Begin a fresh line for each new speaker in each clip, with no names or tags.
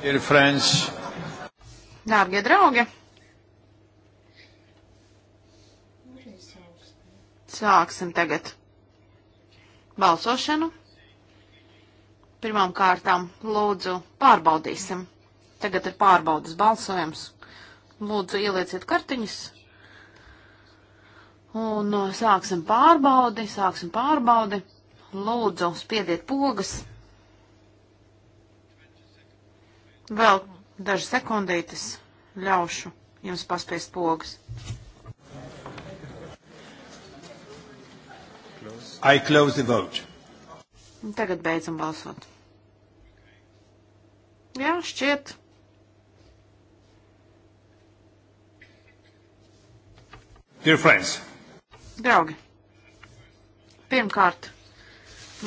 Dear friends.
Dārgie draugi. Sāksim tagad balsošanu. Pirmām kārtām lūdzu pārbaudīsim. Tagad ir pārbaudas balsojums. Lūdzu ielieciet kartiņas. Un uh, sāksim pārbaudi, sāksim pārbaudi. Lūdzu spiediet pogas. Vēl dažas sekundītes ļaušu jums paspiest pogas.
I close the vote.
Tagad beidzam balsot. Jā, šķiet. Dear friends. Draugi, pirmkārt,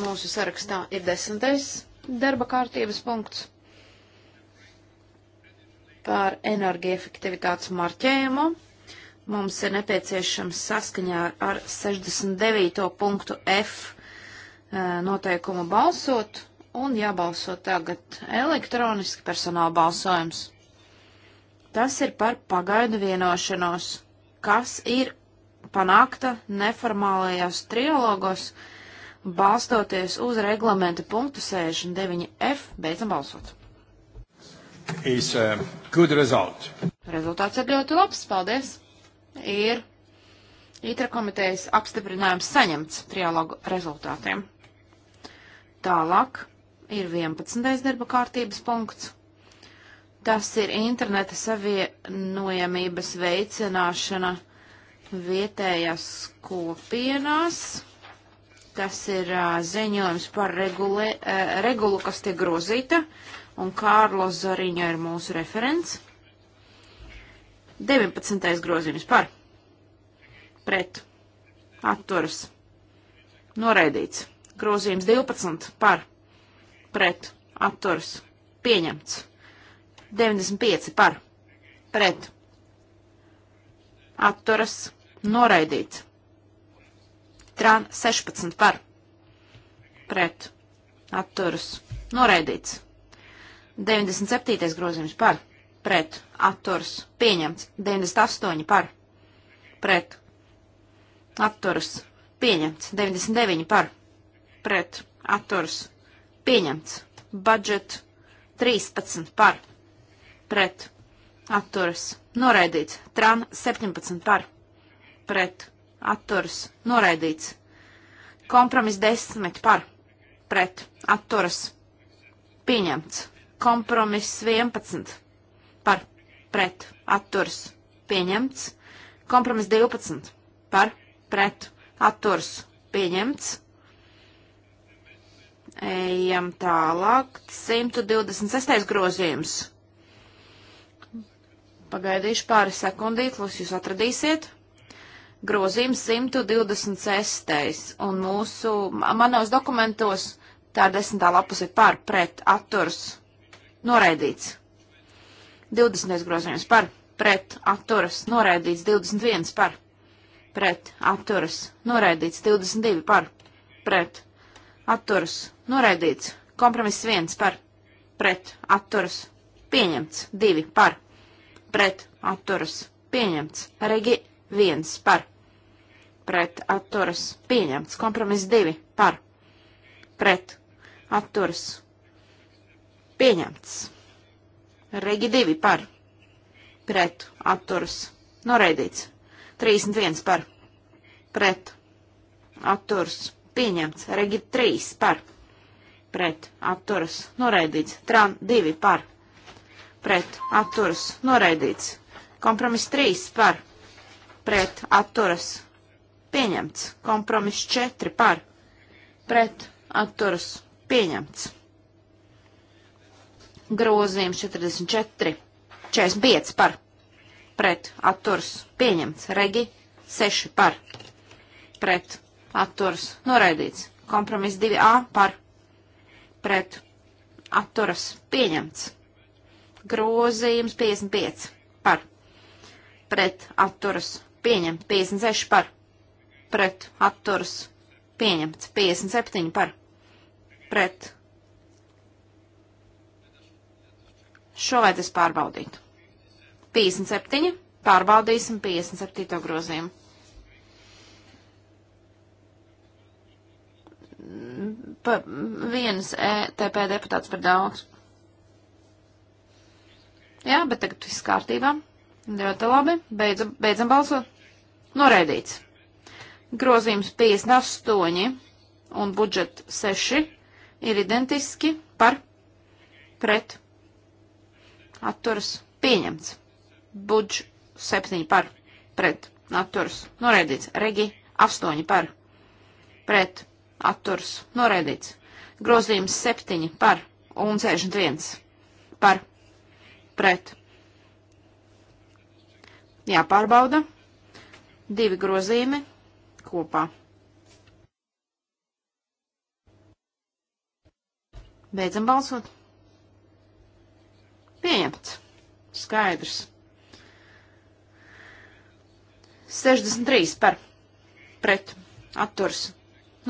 mūsu sarakstā ir desmitais darba kārtības punkts par energoefektivitātes marķējumu. Mums ir nepieciešams saskaņā ar 69. punktu F eh, noteikumu balsot un jābalso tagad elektroniski personāla balsojums. Tas ir par pagaidu vienošanos, kas ir panākta neformālajās trialogos, balstoties uz reglamenta punktu 69F. Beidzam balsot!
is a good result.
Rezultāts ir ļoti labs, paldies. Ir ITRA komitejas apstiprinājums saņemts trialogu rezultātiem. Tālāk ir 11. darba kārtības punkts. Tas ir interneta savienojamības veicināšana vietējās kopienās. Tas ir uh, ziņojums par regulē, uh, regulu, kas tiek grozīta. Uh, un Kārlos Zariņa ir mūsu referents. 19. grozījums par pret atturas noraidīts. Grozījums 12 par pret atturas pieņemts. 95 par pret atturas noraidīts. Tran 16 par pret atturas noraidīts. 97. grozījums par, pret, atturs, pieņemts. 98 par, pret, atturs, pieņemts. 99 par, pret, atturs, pieņemts. Budžet 13 par, pret, atturs, noraidīts. Tran 17 par, pret, atturs, noraidīts. Kompromis 10 par, pret, atturs, pieņemts. Kompromiss 11 par pret atturs pieņemts. Kompromiss 12 par pret atturs pieņemts. Ejam tālāk. 126. grozījums. Pagaidīšu pāris sekundīt, lūs jūs atradīsiet grozījums 126. un mūsu manos dokumentos tā desmitā lapus ir pār pret atturs noraidīts. 20. grozījums par, pret, atturas, noraidīts 21 par, pret, atturas, noraidīts 22 par, pret, atturas, noraidīts, kompromiss 1 par, pret, atturas, pieņemts, 2 par, pret, atturas, pieņemts, regi 1 par, pret, atturas, pieņemts, kompromiss 2 par, pret, atturas, Pieņemts. Regi 2 par. Pret. Atturas. Noraidīts. 31 par. Pret. Atturas. Pieņemts. Regi 3 par. Pret. Atturas. Noraidīts. Tran 2 par. Pret. Atturas. Noraidīts. Kompromiss 3 par. Pret. Atturas. Pieņemts. Kompromiss 4 par. Pret. Atturas. Pieņemts grozījums 44, 45 par, pret atturs pieņemts, regi 6 par, pret atturs noraidīts, kompromiss 2a par, pret atturs pieņemts, grozījums 55 par, pret atturs pieņemts, 56 par, pret atturs pieņemts, 57 par, pret atturs Šo vajadzēs pārbaudīt. 57. Pārbaudīsim 57. grozījumu. Pa, vienas ETP deputāts par daudz. Jā, bet tagad viss kārtībā. Ļoti labi. Beidzam, beidzam balsot. Noraidīts. Grozījums 58 un budžet 6 ir identiski par pret atturas pieņemts. Budž 7 par pret atturas noraidīts. Regi 8 par pret atturas noraidīts. Grozījums 7 par un 61 par pret. Jāpārbauda divi grozīmi kopā. Beidzam balsot. Pieņemts. Skaidrs. 63 par pret atturs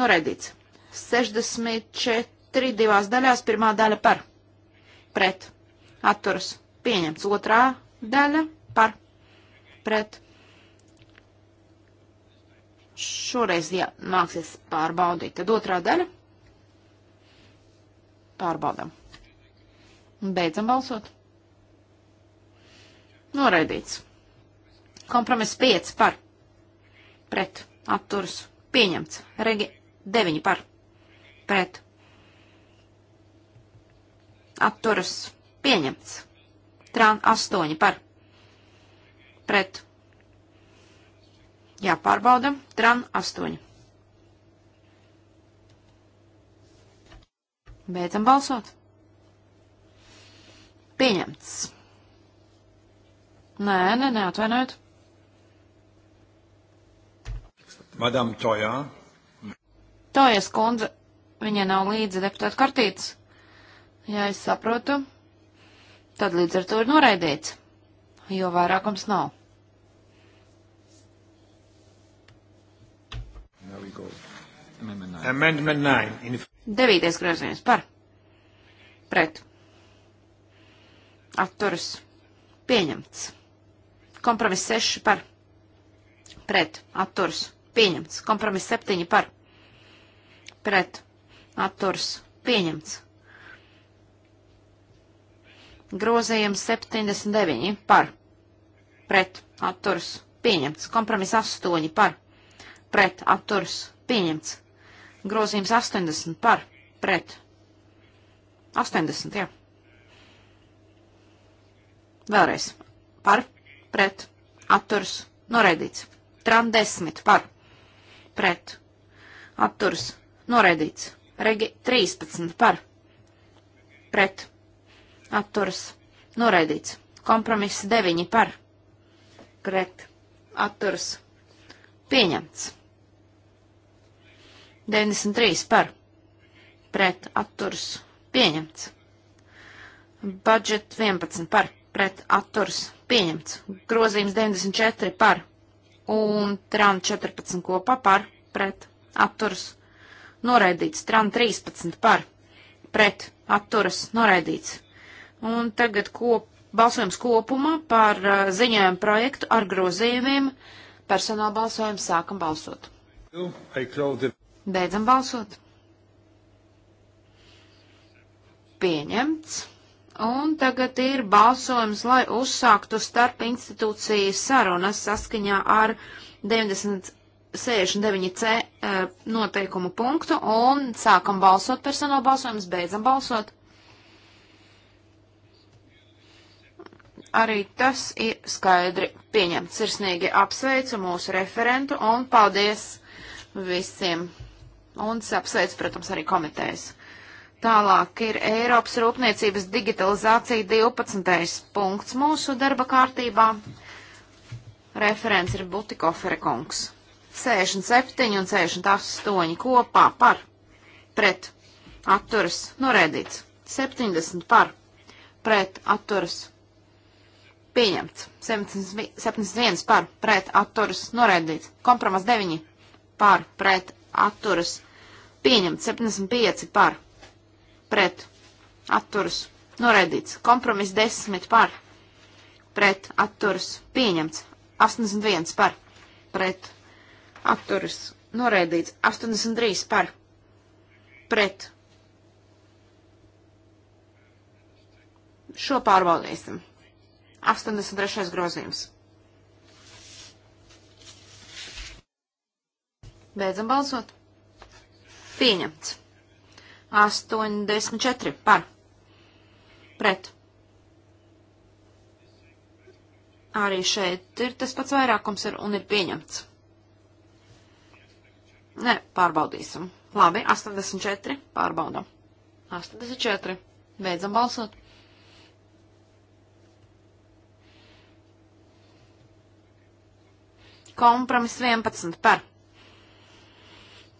noraidīts. 64 divās daļās, pirmā daļa par pret atturs pieņemts. Otrā daļa par pret. Šoreiz, ja nāksies pārbaudīt, tad otrā daļa pārbaudam. Beidzam balsot. Noraidīts. Kompromiss 5 par. Pret. Atturas. Pieņemts. Regi 9 par. Pret. Atturas. Pieņemts. Tran 8 par. Pret. Jāpārbauda. Tran 8. Beidzam balsot. Pieņemts. Nē, nē, nē, atvainojiet.
Madam Tojā.
Tojas kundze, viņai nav līdzi deputāta kartītes. Jā, es saprotu. Tad līdz ar to ir noraidīts, jo vairākums nav.
Amendment 9.
Devītais grozījums par. Pret. Atturas. Pieņemts. Kompromiss 6 par. Pret. Atturs. Pieņemts. Kompromiss 7 par. Pret. Atturs. Pieņemts. Grozījums 79 par. Pret. Atturs. Pieņemts. Kompromiss 8 par. Pret. Atturs. Pieņemts. Grozījums 80 par. Pret. 80, jā. Vēlreiz. Par pret atturs noraidīts. Tran 10 par pret atturs noraidīts. Regi 13 par pret atturs noraidīts. Kompromiss 9 par pret atturs pieņemts. 93 par pret atturs pieņemts. Budžet 11 par pret atturs pieņemts pieņemts. Grozījums 94 par un tran 14 kopā par pret atturas noraidīts. Tran 13 par pret atturas noraidīts. Un tagad kop, balsojums kopumā par uh, ziņojumu projektu ar grozījumiem. Personāla balsojumu sākam balsot. Beidzam balsot. Pieņemts. Un tagad ir balsojums, lai uzsāktu starp institūciju sarunas saskaņā ar 9069C eh, noteikumu punktu un sākam balsot personāla balsojums, beidzam balsot. Arī tas ir skaidri pieņemts. Sirsnīgi apsveicu mūsu referentu un paldies visiem. Un apsveicu, protams, arī komitejas. Tālāk ir Eiropas rūpniecības digitalizācija 12. punkts mūsu darba kārtībā. Referents ir Butikofere kungs. 67 un 68 kopā par, pret, atturas, norēdīts. 70 par, pret, atturas, pieņemts. 71 par, pret, atturas, norēdīts. Kompromas 9 par, pret, atturas, pieņemts. 75 par, pret, atturas, noraidīts. Kompromiss 10 par, pret, atturas, pieņemts. 81 par, pret, atturas, noraidīts. 83 par, pret. Šo pārbaudīsim. 83. grozījums. Beidzam balsot. Pieņemts. 84 par pret. Arī šeit ir tas pats vairākums ir un ir pieņemts. Nē, pārbaudīsim. Labi, 84, pārbaudam. 84, beidzam balsot. Kompromis 11 par.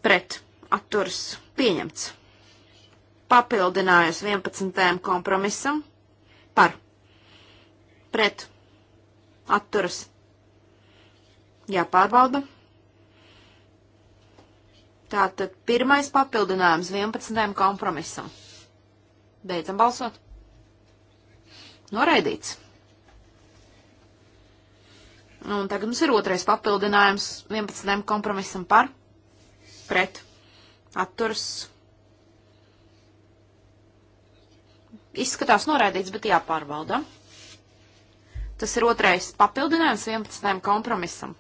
Pret. Atturs. Pieņemts papildinājusi 11. kompromisam par pret atturas jāpārbauda. Tātad pirmais papildinājums 11. kompromisam. Beidzam balsot. Noraidīts. Un tagad mums ir otrais papildinājums 11. kompromisam par pret atturas Izskatās noraidīts, bet jāpārbauda. Tas ir otrais papildinājums 11. kompromisam.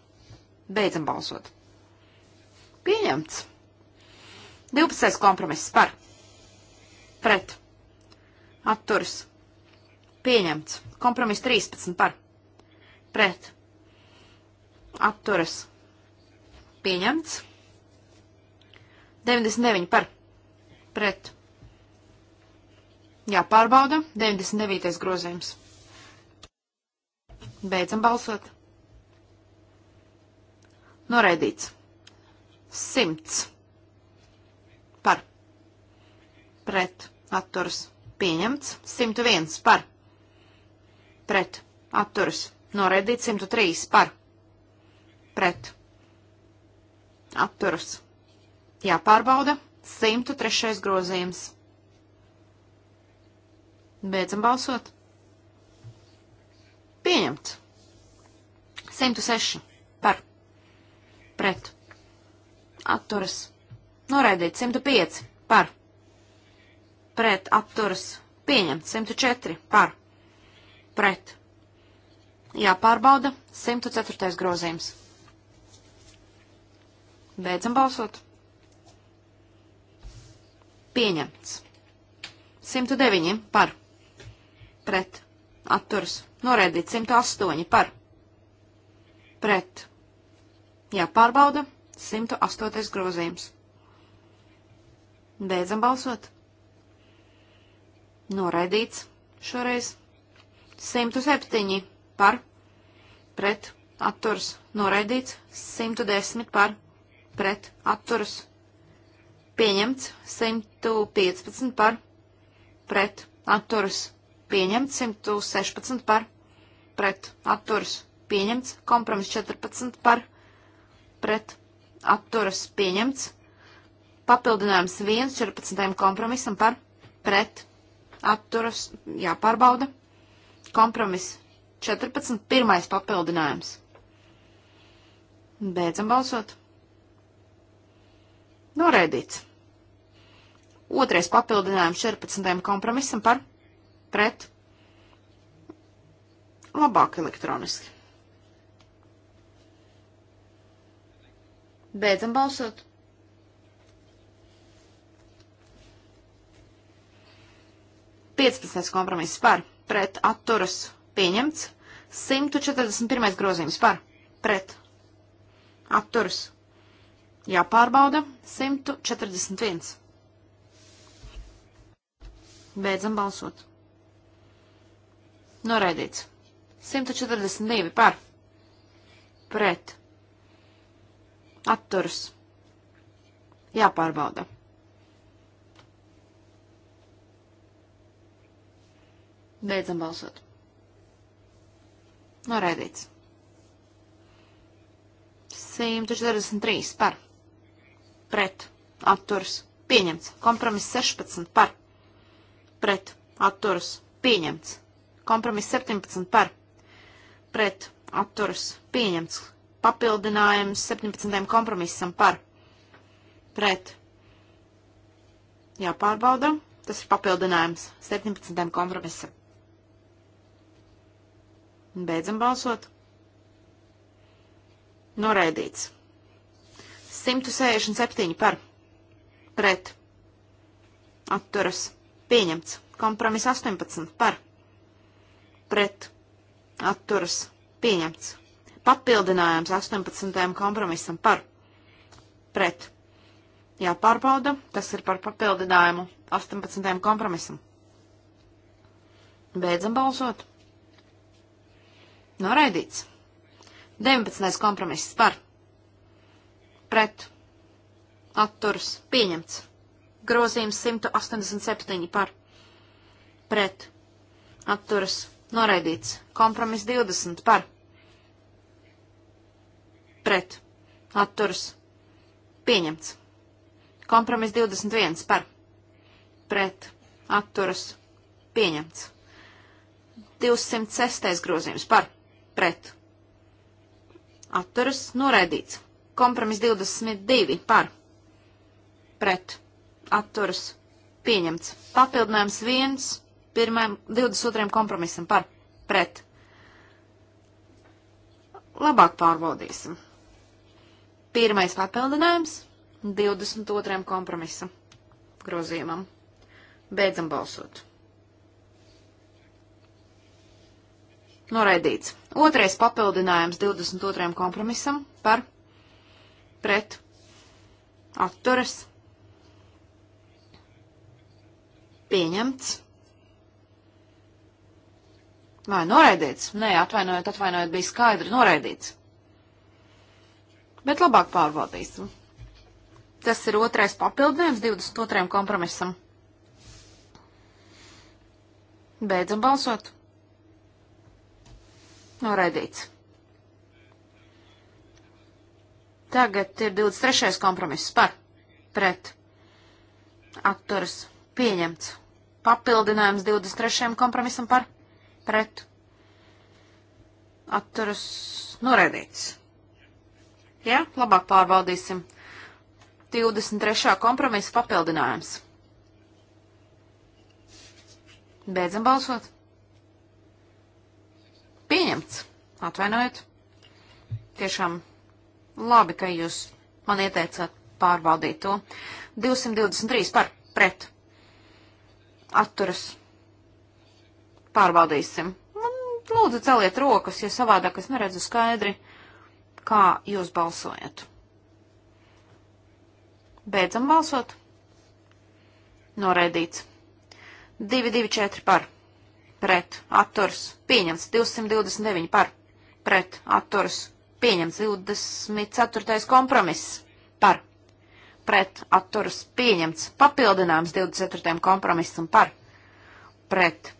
Beidzam balsot. Pieņemts. 12. kompromiss par. Pret. Atturs. Pieņemts. Kompromiss 13 par. Pret. Atturas. Pieņemts. 99 par. Pret. Jāpārbauda. 99. grozījums. Beidzam balsot. Noraidīts. 100. Par. Pret. Atturs. Pieņemts. 101. Par. Pret. Atturs. Noraidīts. 103. Par. Pret. Atturs. Jāpārbauda. 103. grozījums. Beidzam balsot. Pieņemts. 106 par pret atturas. Noraidīt 105 par pret atturas. Pieņemts 104 par pret. Jāpārbauda 104. grozījums. Beidzam balsot. Pieņemts. 109 par pret pret, atturas, noraidīt 108 par, pret, jāpārbauda 108 grozījums. Beidzam balsot. Noraidīts šoreiz 107 par, pret, atturas, noraidīts 110 par, pret, atturas, pieņemts 115 par, pret, atturas, pieņemts 116 par pret atturas pieņemts, kompromis 14 par pret atturas pieņemts, papildinājums 1 14. kompromisam par pret atturas jāpārbauda, kompromis 14 pirmais papildinājums. Beidzam balsot. Noraidīts. Otrais papildinājums 14. kompromisam par pret pret, labāk elektroniski. Beidzam balsot. Piecpadsmitais kompromiss par, pret atturas pieņemts, 141. grozījums par, pret atturas jāpārbauda, 141. Beidzam balsot. Noraidīts. 142 par. Pret. Atturs. Jāpārbauda. Beidzam balsot. Noraidīts. 143 par. Pret. Atturs. Pieņemts. Kompromiss 16 par. Pret. Atturs. Pieņemts. Kompromiss 17 par pret atturas pieņemts. Papildinājums 17. kompromisam par pret. Jāpārbauda. Tas ir papildinājums 17. kompromisam. Beidzam balsot. Noraidīts. 167 par pret atturas pieņemts. Kompromiss 18 par pret pret atturas pieņemts. Papildinājums 18. kompromisam par pret. Jāpārbauda, tas ir par papildinājumu 18. kompromisam. Beidzam balsot. Noraidīts. 19. kompromiss par pret atturas pieņemts. Grozījums 187 par pret atturas pieņemts Noraidīts. Kompromiss 20 par. Pret. Atturas. Pieņemts. Kompromiss 21 par. Pret. Atturas. Pieņemts. 206. grozījums par. Pret. Atturas. Noraidīts. Kompromiss 22 par. Pret. Atturas. Pieņemts. Papildinājums 1 21. 22. kompromisam par pret. Labāk pārbaudīsim. Pirmais papildinājums 22. kompromisam grozījumam. Beidzam balsot. Noraidīts. Otrais papildinājums 22. kompromisam par pret atturas pieņemts. Vai noraidīts? Nē, atvainojiet, atvainojiet, bija skaidri noraidīts. Bet labāk pārbaudīsim. Tas ir otrais papildinājums 22. kompromisam. Beidzam balsot. Noraidīts. Tagad ir 23. kompromiss par, pret, atturas, pieņemts. Papildinājums 23. kompromisam par, pret atturas noraidīts. Jā, ja? labāk pārbaudīsim. 23. kompromisa papildinājums. Beidzam balsot. Pieņemts. Atvainojiet. Tiešām labi, ka jūs man ieteicāt pārbaudīt to. 223 par pret. Atturas Pārbaudīsim. Lūdzu, celiet rokas, jo savādāk es neredzu skaidri, kā jūs balsojat. Beidzam balsot. Noraidīts. 224 par. Pret. Atturs. Pieņemts. 229 par. Pret. Atturs. Pieņemts. 24. kompromiss. Par pret atturas pieņemts papildinājums 24. kompromisam par pret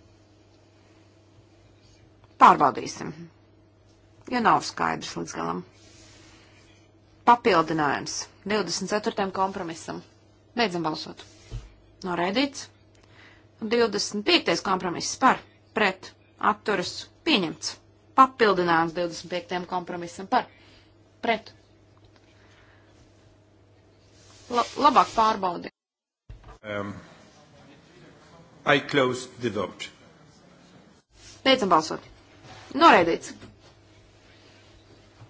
Pārbaudīsim, ja nav skaidrs līdz galam. Papildinājums 24. kompromisam. Beidzam balsot. Noraidīts. 25. kompromiss par, pret, atturas, pieņemts. Papildinājums 25. kompromisam par, pret. La labāk pārbaudi.
Um,
I closed the vote.
Beidzam balsot. Noraidīts.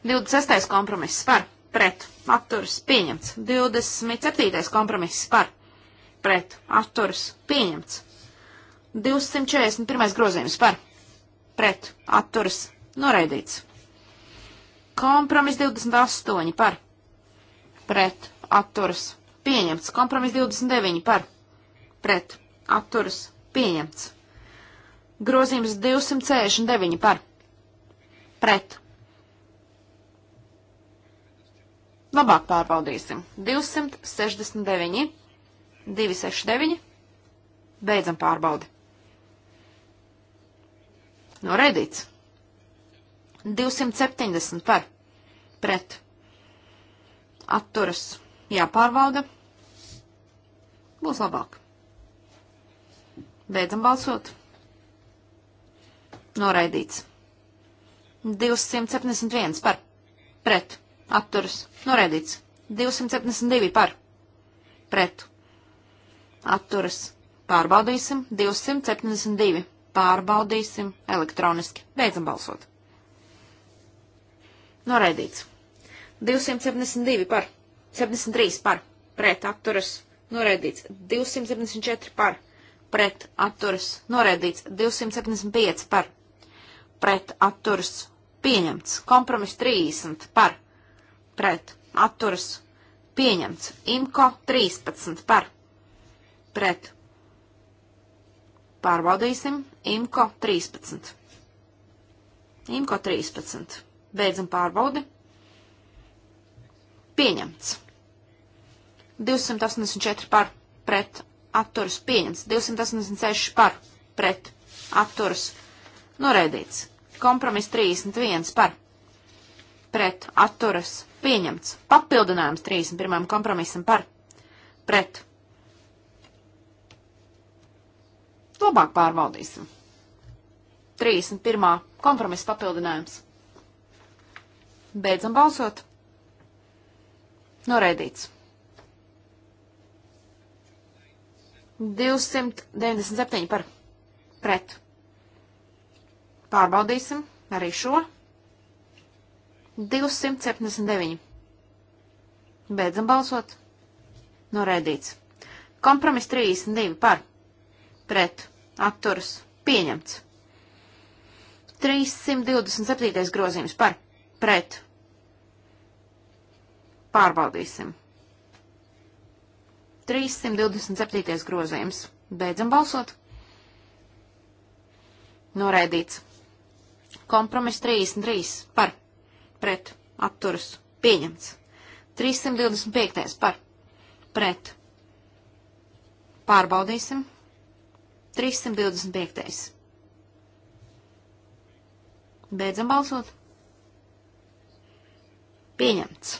26. kompromiss par, pret, atturas, pieņemts. 27. kompromiss par, pret, atturas, pieņemts. 241. grozījums par, pret, atturas, noraidīts. Kompromiss 28 par, pret, atturas, pieņemts. Kompromiss 29 par, pret, atturas, pieņemts. Grozījums 269 par pret. Labāk pārbaudīsim. 269, 269, beidzam pārbaudi. Noredīts. 270 par pret. Atturas jāpārbauda. Būs labāk. Beidzam balsot. Noraidīts. 271 par pret atturas norēdīts. 272 par pret atturas pārbaudīsim. 272 pārbaudīsim elektroniski. Beidzam balsot. Norēdīts. 272 par 73 par pret atturas norēdīts. 274 par pret atturas norēdīts. 275 par pret atturas pieņemts. Kompromiss 30 par pret atturas pieņemts. Imko 13 par pret. Pārbaudīsim. Imko 13. Imko 13. Beidzam pārbaudi. Pieņemts. 284 par pret atturas pieņemts. 286 par pret atturas noraidīts. Kompromiss 31 par pret atturas pieņemts. Papildinājums 31. kompromisam par pret. Labāk pārbaudīsim. 31. kompromisa papildinājums. Beidzam balsot. Noreidīts. 297 par pret. Pārbaudīsim arī šo. 279. Beidzam balsot. Noraidīts. Kompromis 32 par. Pret. Atturas. Pieņemts. 327. grozījums par. Pret. Pārbaudīsim. 327. grozījums. Beidzam balsot. Noraidīts. Kompromiss 33 par pret atturas pieņemts. 325 par pret. Pārbaudīsim. 325. Beidzam balsot. Pieņemts.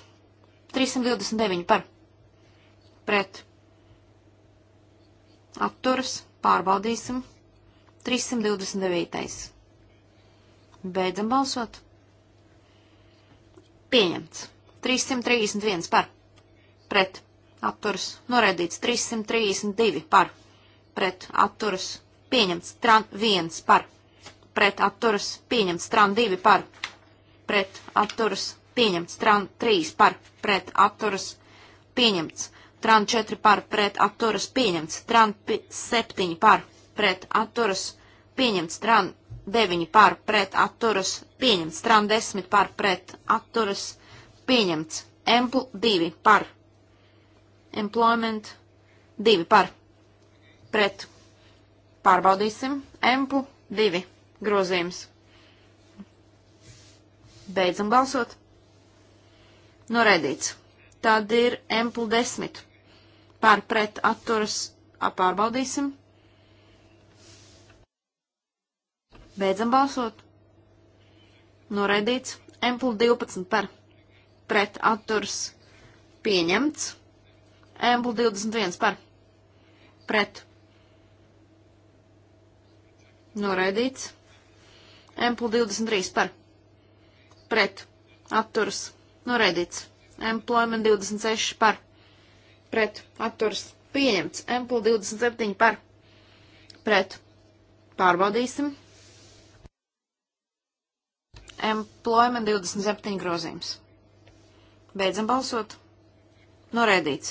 329 par. Pret. Atturas. Pārbaudīsim. 329. Beidzam balsot. Pieņemts. 331 par. Pret. Atturas. Noraidīts. 332 par. Pret. Atturas. Pieņemts. Tran 1 par. Pret. Atturas. Pieņemts. Tran 2 par. Pret. Atturas. Pieņemts. Tran 3 par. Pret. Atturas. Pieņemts. Tran 4 par. Pret. Atturas. Pieņemts. Tran 7 par. Pret. Atturas. Pieņemts. Tran 9 pār pret atturas pieņemts, tram 10 pār pret atturas pieņemts, empl 2 par, employment 2 par, pret pārbaudīsim, empl 2 grozījums. Beidzam balsot. Noraidīts. Tad ir empl 10 pār pret atturas, apārbaudīsim. Beidzam balsot. Noraidīts. Empul 12 par. Pret atturs pieņemts. Empul 21 par. Pret. Noraidīts. Empul 23 par. Pret. Atturs. Noraidīts. Employment 26 par. Pret. Atturs. Pieņemts. Empul 27 par. Pret. Pārbaudīsim. Employment 27 grozījums. Beidzam balsot. Norēdīts.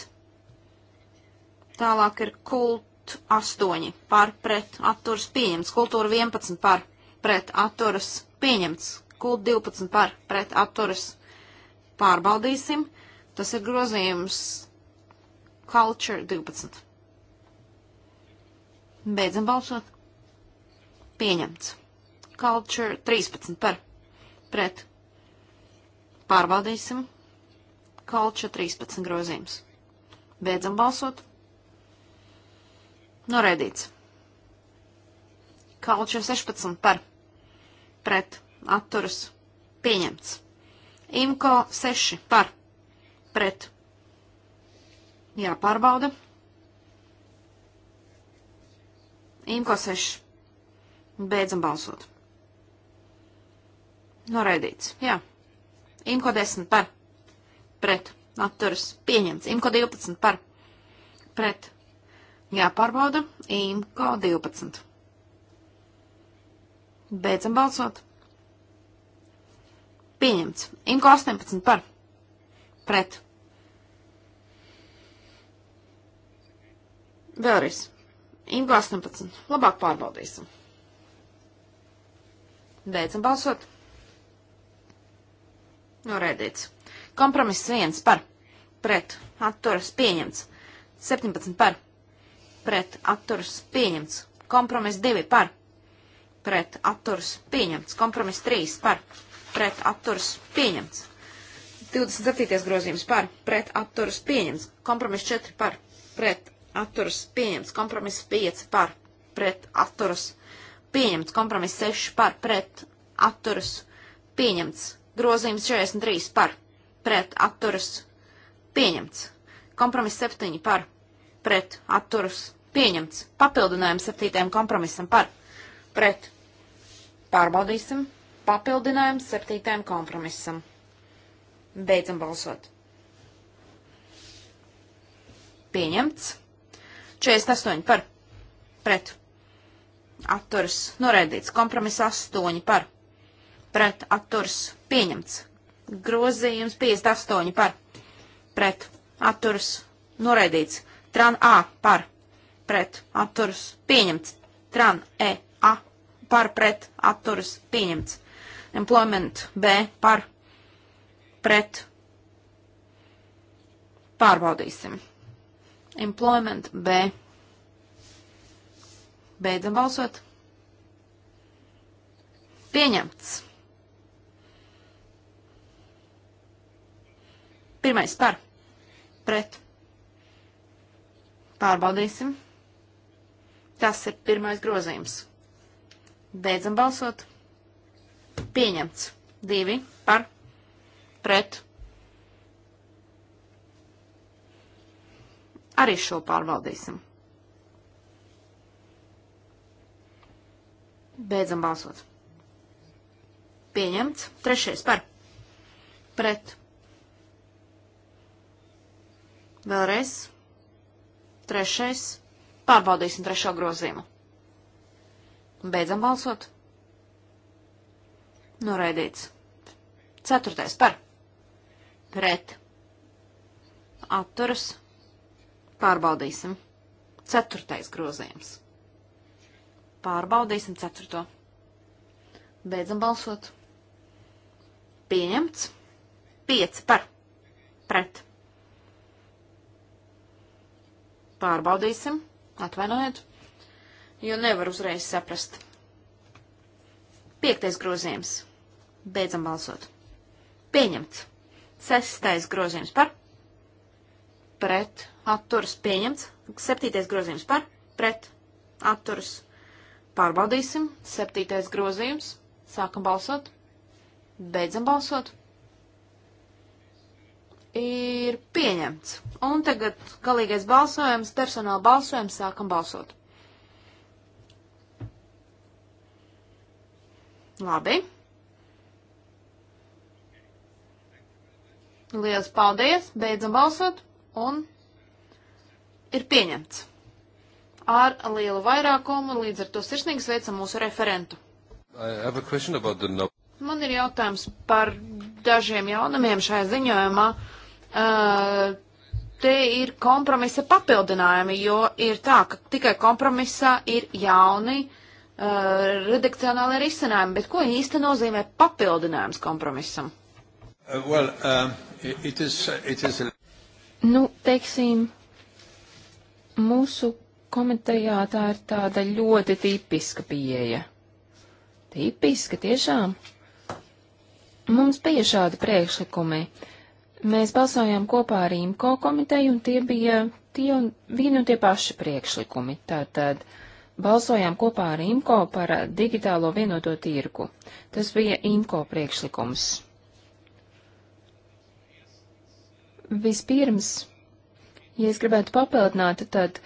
Tālāk ir kult 8 par pret atturas pieņemts. Kultūra 11 par pret atturas pieņemts. Kult 12 par pret atturas pārbaudīsim. Tas ir grozījums Culture 12. Beidzam balsot. Pieņemts. Culture 13 par pret. Pārbaudīsim. Kolča 13 grozījums. Beidzam balsot. Noraidīts. Kalča 16 par. Pret. Atturas. Pieņemts. Imko 6 par. Pret. Jāpārbauda. Imko 6. Beidzam balsot. Noraidīts. Jā. Imko 10 par. Pret. Atturas. Pieņemts. Imko 12 par. Pret. Jāpārbauda. Imko 12. Beidzam balsot. Pieņemts. Imko 18 par. Pret. Vēlreiz. Imko 18. Labāk pārbaudīsim. Beidzam balsot. Noraidīts. Kompromiss 1 par. Pret. Atturas pieņemts. 17 par. Pret. Atturas pieņemts. Kompromiss 2 par. Pret. Atturas pieņemts. Kompromiss 3 par. Pret. Atturas pieņemts. 27. grozījums par. Pret. Atturas pieņemts. Kompromiss 4 par. Pret. Atturas pieņemts. Kompromiss 5 par. Pret. Atturas pieņemts. Kompromiss 6 par. Pret. Atturas pieņemts Grozījums 43 par pret atturas pieņemts. Kompromiss 7 par pret atturas pieņemts. Papildinājums 7. kompromisam par pret. Pārbaudīsim. Papildinājums 7. kompromisam. Beidzam balsot. Pieņemts. 48 par pret. Atturs noraidīts. Kompromiss 8 par pret. Atturs pieņemts. Grozījums 58 par, pret, atturs, noraidīts. Tran A par, pret, atturs, pieņemts. Tran E A par, pret, atturs, pieņemts. Employment B par, pret, pārbaudīsim. Employment B. Beidzam balsot. Pieņemts. Pirmais par. Pret. Pārbaudīsim. Tas ir pirmais grozījums. Beidzam balsot. Pieņemts. Divi par. Pret. Arī šo pārbaudīsim. Beidzam balsot. Pieņemts. Trešais par. Pret. Vēlreiz. Trešais. Pārbaudīsim trešo grozījumu. Beidzam balsot. Noraidīts. Ceturtais par. Pret. Atturas. Pārbaudīsim. Ceturtais grozījums. Pārbaudīsim ceturto. Beidzam balsot. Pieņemts. Pieci par. Pret. Pārbaudīsim, atvainojiet, jo nevar uzreiz saprast. Piektais grozījums. Beidzam balsot. Pieņemts. Sestais grozījums par. Pret. Atturas pieņemts. Septītais grozījums par. Pret. Atturas. Pārbaudīsim. Septītais grozījums. Sākam balsot. Beidzam balsot ir pieņemts. Un tagad galīgais balsojums, personāla balsojums, sākam balsot. Labi. Lielas paldies, beidzam balsot un ir pieņemts. Ar lielu vairākumu līdz ar to sirsnīgi sveicam mūsu referentu.
The...
Man ir jautājums par dažiem jaunumiem šajā ziņojumā. Uh, Uh, te ir kompromisa papildinājumi, jo ir tā, ka tikai kompromisā ir jauni uh, redakcionāli risinājumi, bet ko īsti nozīmē papildinājums kompromisam?
Uh, well, uh, it is, uh, it is...
Nu, teiksim, mūsu komitejā tā ir tāda ļoti tipiska pieeja. Tipiska, tiešām. Mums bija šādi priekšlikumi. Uh, Mēs balsojām kopā ar IMCO komiteju, un tie bija tie un vieni un tie paši priekšlikumi. Tātad balsojām kopā ar IMCO par digitālo vienoto tirgu. Tas bija IMCO priekšlikums. Vispirms, ja es gribētu papildināt, tad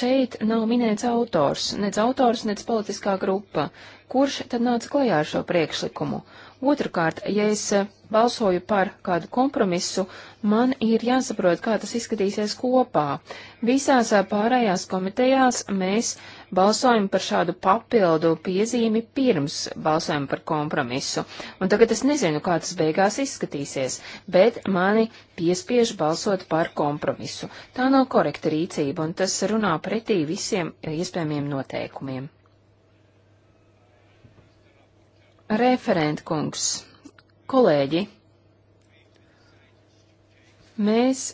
šeit nav minēts autors, nec autors, nec politiskā grupa. Kurš tad nāca klajā ar šo priekšlikumu? Uh, Otrakārt, ja es eh, balsoju par kādu kompromisu, man ir jāsaprot, kā tas izskatīsies kopā. Visās eh, pārējās komitejās mēs balsojam par šādu papildu piezīmi pirms balsojam par kompromisu. Un tagad es nezinu, kā tas beigās izskatīsies, bet mani piespiež balsot par kompromisu. Tā nav korekta rīcība, un tas runā pretī visiem iespējamiem noteikumiem. Referent kungs, kolēģi, mēs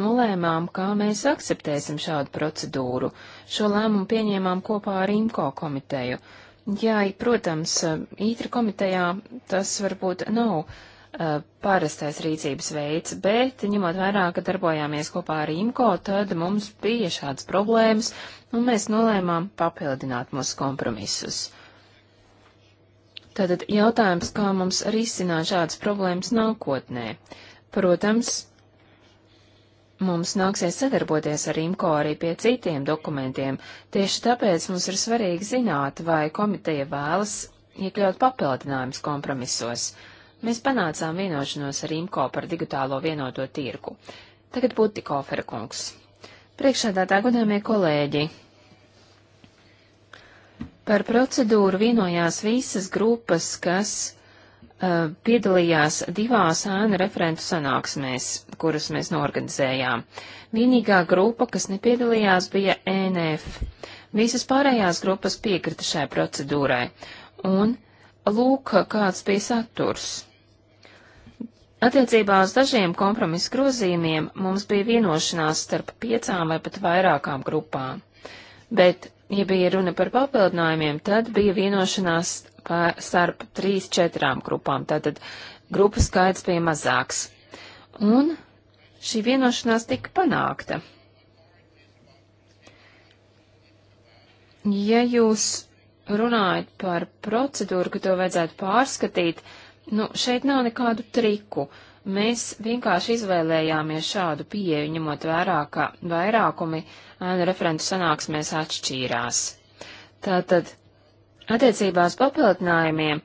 nolēmām, kā mēs akceptēsim šādu procedūru. Šo lēmumu pieņēmām kopā ar IMCO komiteju. Jā, protams, ītra komitejā tas varbūt nav uh, parastais rīcības veids, bet ņemot vērā, ka darbojāmies kopā ar IMCO, tad mums bija šādas problēmas, un mēs nolēmām papildināt mūsu kompromisus. Tātad jautājums, kā mums risināt šādas problēmas nākotnē. Protams, mums nāksies sadarboties ar IMCO arī pie citiem dokumentiem. Tieši tāpēc mums ir svarīgi zināt, vai komiteja vēlas iekļaut papildinājumus kompromisos. Mēs panācām vienošanos ar IMCO par digitālo vienoto tirku. Tagad būtu tik ofera kungs. Priekšādā tā godāmie kolēģi, Par procedūru vienojās visas grupas, kas uh, piedalījās divās ēnu referentu sanāksmēs, kuras mēs norganizējām. Vienīgā grupa, kas nepiedalījās, bija ENF. Visas pārējās grupas piekrita šai procedūrai. Un lūk, kāds bija saturs. Attiecībā uz dažiem kompromisu grozījumiem mums bija vienošanās starp piecām vai pat vairākām grupām, bet ja bija runa par papildinājumiem, tad bija vienošanās pār, starp trīs, četrām grupām, tātad grupu skaits bija mazāks. Un šī vienošanās tika panākta. Ja jūs runājat par procedūru, ka to vajadzētu pārskatīt, nu, šeit nav nekādu triku. Uh, Mēs vienkārši izvēlējāmies šādu pieeju, ņemot vērā, ka vairākumi referentu sanāksmēs atšķīrās. Tātad, attiecībās papildinājumiem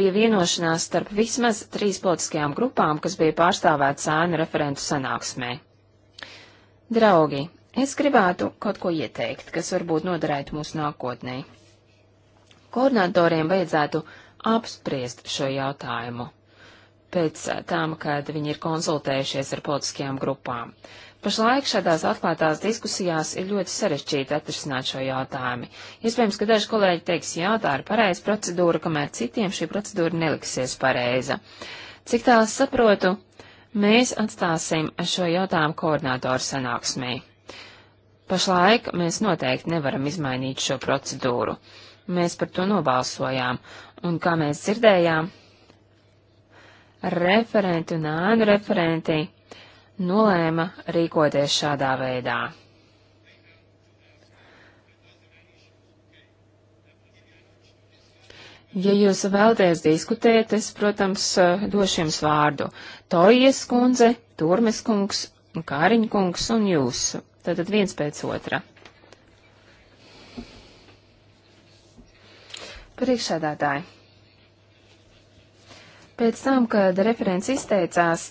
bija vienošanās starp vismaz trīs politiskajām grupām, kas bija pārstāvētas ēnu referentu sanāksmē. Draugi, es gribētu kaut ko ieteikt, kas varbūt noderētu mūsu nākotnē. Koordinatoriem vajadzētu apspriest šo jautājumu pēc tam, kad viņi ir konsultējušies ar politiskajām grupām. Pašlaik šādās atklātās diskusijās ir ļoti sarežģīti atrisināt šo jautājumu. Iespējams, ka daži kolēģi teiks, jā, tā ir pareiza procedūra, kamēr citiem šī procedūra neliksies pareiza. Cik tās saprotu, mēs atstāsim šo jautājumu koordinātoru sanāksmē. Pašlaik mēs noteikti nevaram izmainīt šo procedūru. Mēs par to nobalsojām, un kā mēs dzirdējām, referenti un ēnu referenti nolēma rīkoties šādā veidā. Ja jūs vēlaties diskutēt, es, protams, došu jums vārdu. Tojies kundze, Turmes kungs, Kāriņa kungs un jūs. Tātad viens pēc otra. Priekšsēdētāji. Pēc tam, kad referents izteicās,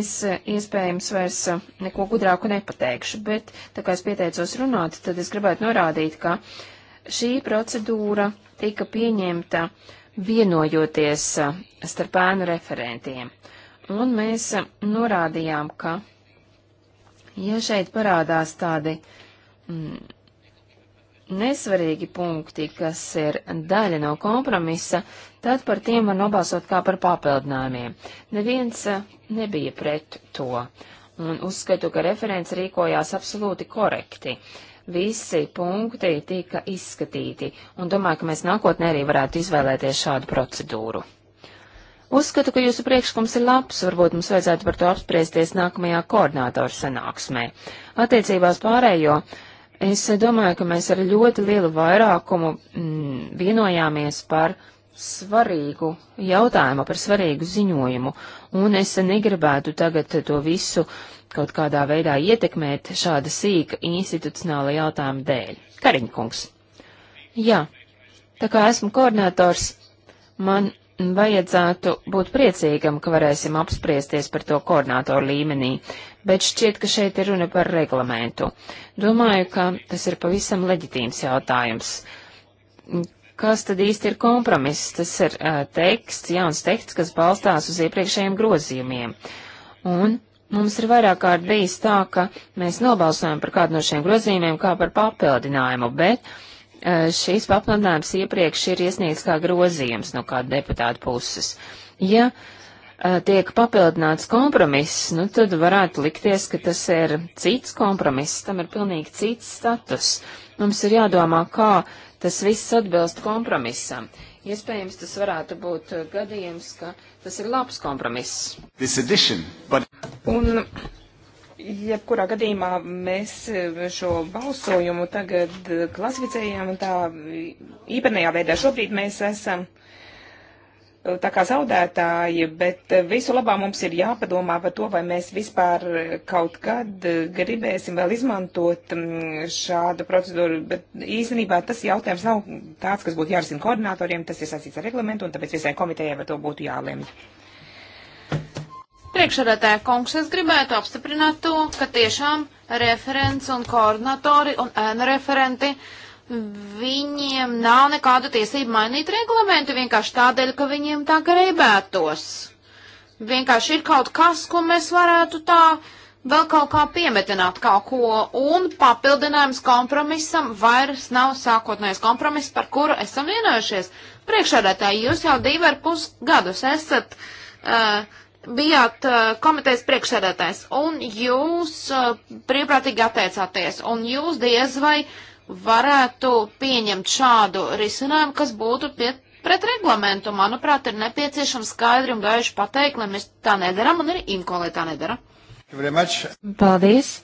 es eh, iespējams vairs eh, neko gudrāku nepateikšu, bet tā kā es pieteicos runāt, tad es gribētu norādīt, ka šī procedūra tika pieņemta vienojoties eh, starp ēnu referentiem. Un mēs norādījām, ka, ja šeit parādās tādi mm, nesvarīgi punkti, kas ir daļa no kompromisa, tad par tiem var nobalsot kā par papildinājumiem. Neviens eh, nebija pret to, un uzskatu, ka referents rīkojās absolūti korekti. Visi punkti tika izskatīti, un domāju, ka mēs nākotnē arī varētu izvēlēties šādu procedūru. Uzskatu, ka jūsu priekšlikums ir labs, varbūt mums vajadzētu par to apspriesties nākamajā koordinātoru sanāksmē. Attiecībās pārējo Es domāju, ka mēs ar ļoti lielu vairākumu mm, vienojāmies par svarīgu jautājumu, par svarīgu ziņojumu, un es negribētu tagad to visu kaut kādā veidā ietekmēt šāda sīka institucionāla jautājuma dēļ. Kariņkungs. Jā, tā kā esmu koordinators, man vajadzētu būt priecīgam, ka varēsim apspriesties par to koordinātoru līmenī, bet šķiet, ka šeit ir runa par reglamentu. Domāju, ka tas ir pavisam leģitīms jautājums. Kas tad īsti ir kompromiss? Tas ir uh, teksts, jauns teksts, kas balstās uz iepriekšējiem grozījumiem. Un mums ir vairāk kārt bijis tā, ka mēs nobalsojam par kādu no šiem grozījumiem kā par papildinājumu, bet uh, šīs papildinājums iepriekš ir iesniegts kā grozījums no kāda deputāta puses. Ja uh, tiek papildināts kompromiss, nu tad varētu likties, ka tas ir cits kompromiss, tam ir pilnīgi cits status. Mums ir jādomā, kā tas viss atbilst kompromisam. Iespējams, tas varētu būt
gadījums, ka tas ir labs kompromiss.
Edition, but...
Un jebkurā gadījumā mēs šo balsojumu tagad klasificējam tā īpenajā veidā. Šobrīd mēs esam. Uh, tā kā zaudētāji, bet visu labā mums ir jāpadomā par to, vai mēs vispār kaut kad gribēsim vēl izmantot mm, šādu procedūru, bet īstenībā tas jautājums nav tāds, kas būtu jārisina koordinatoriem, tas ir sasīts ar reglamentu, un tāpēc visai komitejai par to būtu jālemj.
Priekšsēdētāja kungs, es gribētu apstiprināt to, ka tiešām referents un koordinatori un ēna referenti uh, viņiem nav nekāda tiesība mainīt reglamentu vienkārši tādēļ, ka viņiem tā gribētos. Vienkārši ir kaut kas, ko mēs varētu tā vēl kaut kā piemetināt kaut ko, un papildinājums kompromisam vairs nav sākotnējais kompromiss, par kuru esam vienojušies. Priekšādētāji, jūs jau divi ar pus gadus esat, uh, bijāt uh, komitejas priekšsēdētājs, un jūs uh, brīvprātīgi atteicāties, un jūs diez vai uh, varētu pieņemt šādu risinājumu, kas būtu pie, pret reglamentu. Manuprāt, ir nepieciešams skaidri un gaiši pateikt, lai mēs tā nedaram, un arī IMCO, lai tā nedara.
Paldies!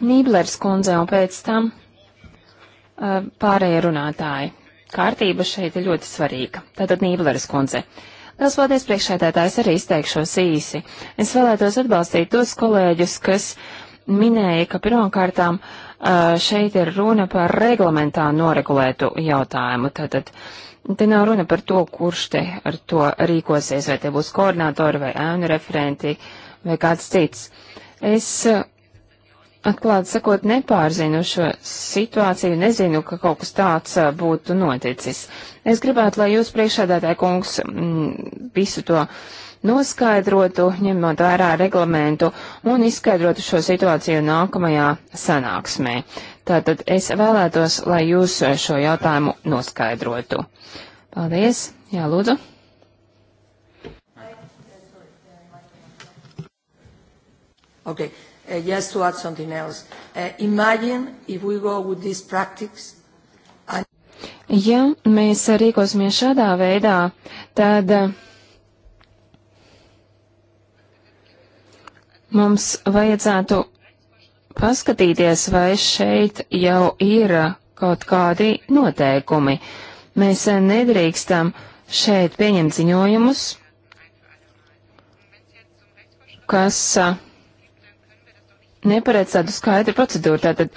Nīblers kundze un pēc tam uh, pārējie runātāji. Kārtība šeit ir ļoti svarīga. Tātad Nīblers kundze. Liels paldies priekšētētājs arī izteikšos īsi. Es vēlētos atbalstīt tos kolēģus, kas minēja, ka pirmkārtām uh, Uh, šeit ir runa par reglamentā noregulētu jautājumu. Tātad te nav runa par to, kurš te ar to rīkosies, vai te būs koordinātori vai ēnu referenti vai kāds cits. Es uh, atklāti sakot nepārzinu šo situāciju, nezinu, ka kaut kas tāds uh, būtu noticis. Es gribētu, lai jūs priekšādātāji kungs m, mm, visu to. Uh, noskaidrotu, ņemot vērā reglamentu un izskaidrotu šo situāciju nākamajā sanāksmē. Tātad es vēlētos, lai jūs šo jautājumu noskaidrotu. Paldies! Jā, lūdzu! Okay. Uh, just to add something else. Uh, imagine if we go with this practice. And... Ja mēs rīkosimies šādā veidā, tad uh, Mums vajadzētu paskatīties, vai šeit jau ir kaut kādi noteikumi. Mēs nedrīkstam šeit pieņemt ziņojumus, kas neparedz tādu skaidru procedūru. Tātad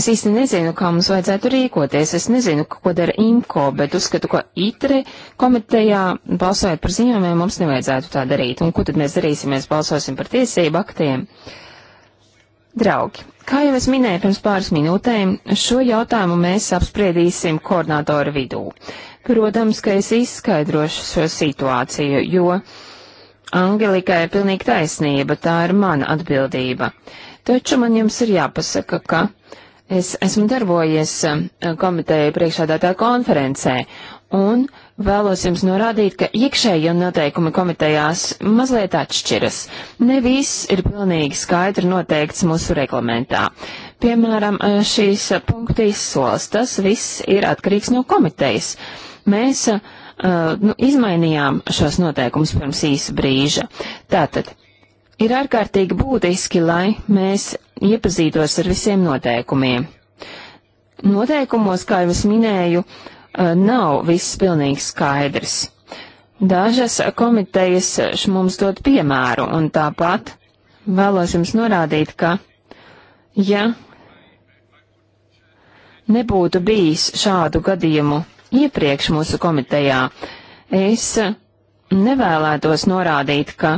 Es īsti nezinu, kā mums vajadzētu rīkoties. Es nezinu, ko dara IMCO, bet uzskatu, ka ITRE komitejā balsojot par ziņojumiem mums nevajadzētu tā darīt. Un ko tad mēs darīsim, mēs balsosim par tiesību aktiem? Draugi, kā jau es minēju pirms pāris minūtēm, šo jautājumu mēs apspriedīsim koordinātoru vidū. Protams, ka es izskaidrošu šo situāciju, jo Angelikai ir pilnīgi taisnība, tā ir mana atbildība. Taču man jums ir jāpasaka, ka Es esmu darbojies um, komiteja priekšādātā konferencē un vēlos jums norādīt, ka iekšējie noteikumi komitejās mazliet atšķiras. Ne viss ir pilnīgi skaidri noteikts mūsu reglamentā. Piemēram, uh, šīs uh, punktu izsoles, tas viss ir atkarīgs no komitejas. Mēs uh, uh, nu, izmainījām šos noteikumus pirms īsa brīža. Tātad Ir ārkārtīgi būtiski, lai mēs iepazītos ar visiem noteikumiem. Noteikumos, kā jau es minēju, eh, nav viss pilnīgi skaidrs. Dažas komitejas mums dod piemēru, un tāpat vēlos jums norādīt, ka, ja nebūtu bijis šādu gadījumu iepriekš mūsu komitejā, es nevēlētos norādīt, ka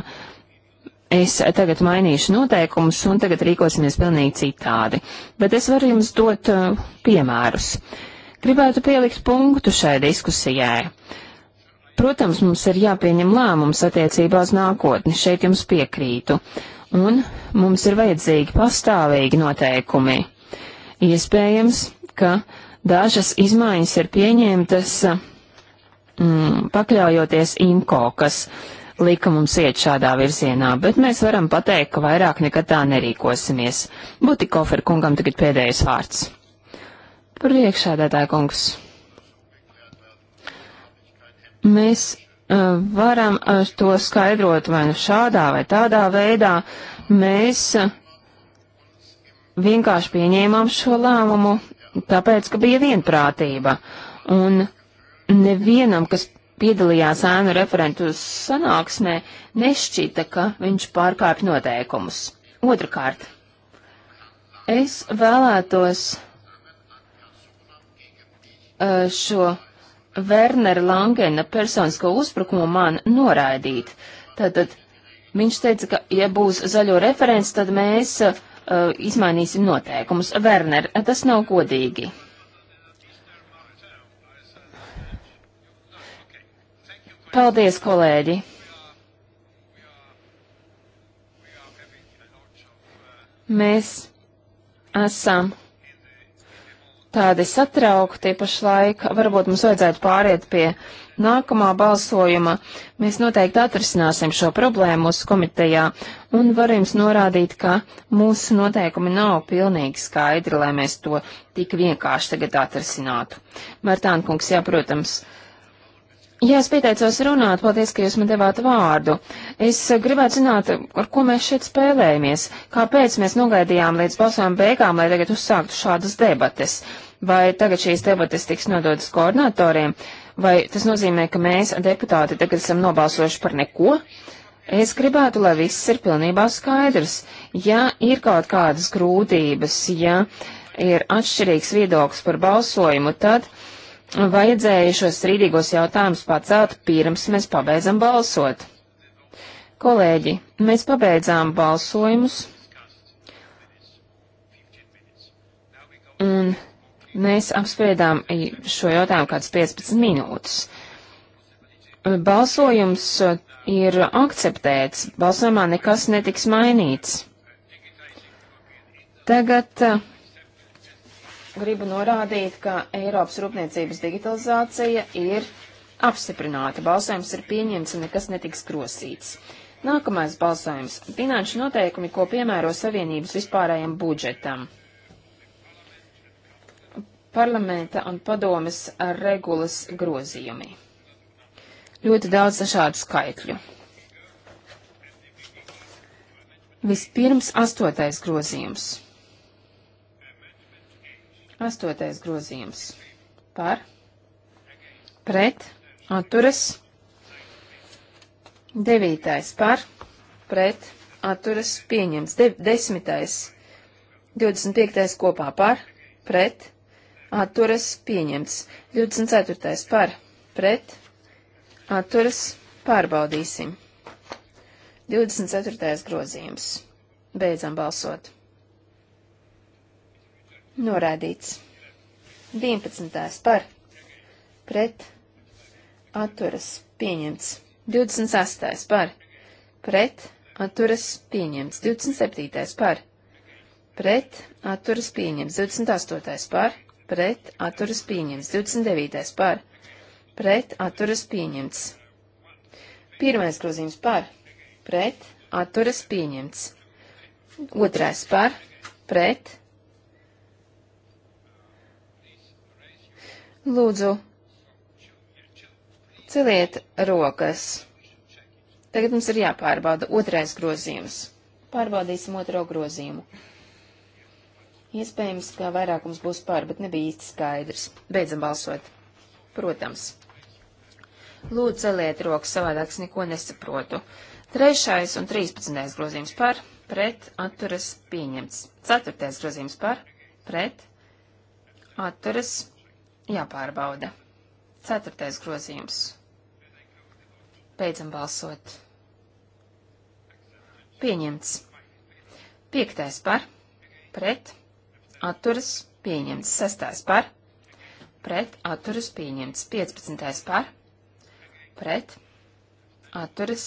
es tagad mainīšu noteikumus un tagad rīkosimies pilnīgi citādi, bet es varu jums dot uh, piemērus. Gribētu pielikt punktu šai diskusijai. Protams, mums ir jāpieņem lēmums attiecībā uz nākotni, šeit jums piekrītu, un mums ir vajadzīgi pastāvīgi noteikumi. Iespējams, ka dažas izmaiņas ir pieņemtas mm, pakļaujoties IMCO, kas uh, lika mums iet šādā virzienā, bet mēs varam pateikt, ka vairāk nekad tā nerīkosimies. Butikofer kungam tagad pēdējais vārds. Priekšādātāja kungs. Mēs uh, varam uh, to skaidrot vai nu šādā vai tādā veidā. Mēs uh, vienkārši pieņēmām šo lēmumu, tāpēc, ka bija vienprātība. Un nevienam, kas piedalījās ēnu referentu sanāksmē, nešķita, ka viņš pārkāpj noteikumus. Otrakārt, es vēlētos šo Wernera Langena personisko uzbrukumu man noraidīt. Tātad viņš teica, ka ja būs zaļo referents, tad mēs uh, izmainīsim noteikumus. Werner, tas nav godīgi. Paldies, kolēģi! Mēs esam tādi satraukti pašlaik. Varbūt mums vajadzētu pāriet pie nākamā balsojuma. Mēs noteikti atrisināsim šo problēmu mūsu komitejā un varu jums norādīt, ka mūsu noteikumi nav pilnīgi skaidri, lai mēs to tik vienkārši tagad atrisinātu. Mērtānkungs, jā, protams. Uh, Jā, es pieteicos runāt, paldies, ka jūs man devāt vārdu. Es gribētu zināt, ar ko mēs šeit spēlējamies, kāpēc mēs nogaidījām līdz balsojuma beigām, lai tagad uzsāktu šādas debates. Vai tagad šīs debates tiks nodotas koordinatoriem, vai tas nozīmē, ka mēs, deputāti, tagad esam nobalsojuši par neko? Es gribētu, lai viss ir pilnībā skaidrs. Ja ir kaut kādas grūtības, ja ir atšķirīgs viedoklis par balsojumu, tad. Uh, vajadzēja šos strīdīgos jautājumus pacelt pirms mēs pabeidzam balsot. Kolēģi, mēs pabeidzām balsojumus, un mēs apspriedām šo jautājumu kāds 15 minūtes. Balsojums uh, ir akceptēts, balsojumā nekas netiks mainīts. Tagad uh, gribu norādīt, ka Eiropas rūpniecības digitalizācija ir apstiprināta. Balsojums ir pieņemts un nekas netiks krosīts. Nākamais balsojums - finanšu noteikumi, ko piemēro Savienības vispārējiem budžetam. Parlamenta un padomes regulas grozījumi. Ļoti daudz dažādu skaitļu. Vispirms astotais grozījums. Astotais grozījums par pret atturas. Devītais par pret atturas pieņems. De desmitais. 25. kopā par pret atturas pieņemts. 24. par pret atturas pārbaudīsim. 24. grozījums. Beidzam balsot. Norādīts. 11. par pret atturas pieņemts. 28. par pret atturas pieņemts. 27. par pret atturas pieņemts. 28. par pret atturas pieņemts. 29. par pret atturas pieņemts. Pirmais grozījums par pret atturas pieņemts. Otrais par pret Lūdzu, celiet rokas. Tagad mums ir jāpārbauda otrais grozījums. Pārbaudīsim otro grozījumu. Iespējams, ka vairākums būs pār, bet nebija īsti skaidrs. Beidzam balsot. Protams. Lūdzu, celiet rokas, savādāk es neko nesaprotu. Trešais un 13. grozījums par, pret, atturas, pieņemts. Ceturtais grozījums par, pret, atturas, pieņemts jāpārbauda. Ceturtais grozījums. Beidzam balsot. Pieņemts. Piektais par, pret, atturas, pieņemts. Sestais par, pret, atturas, pieņemts. Piecpadsmitais par, pret, atturas,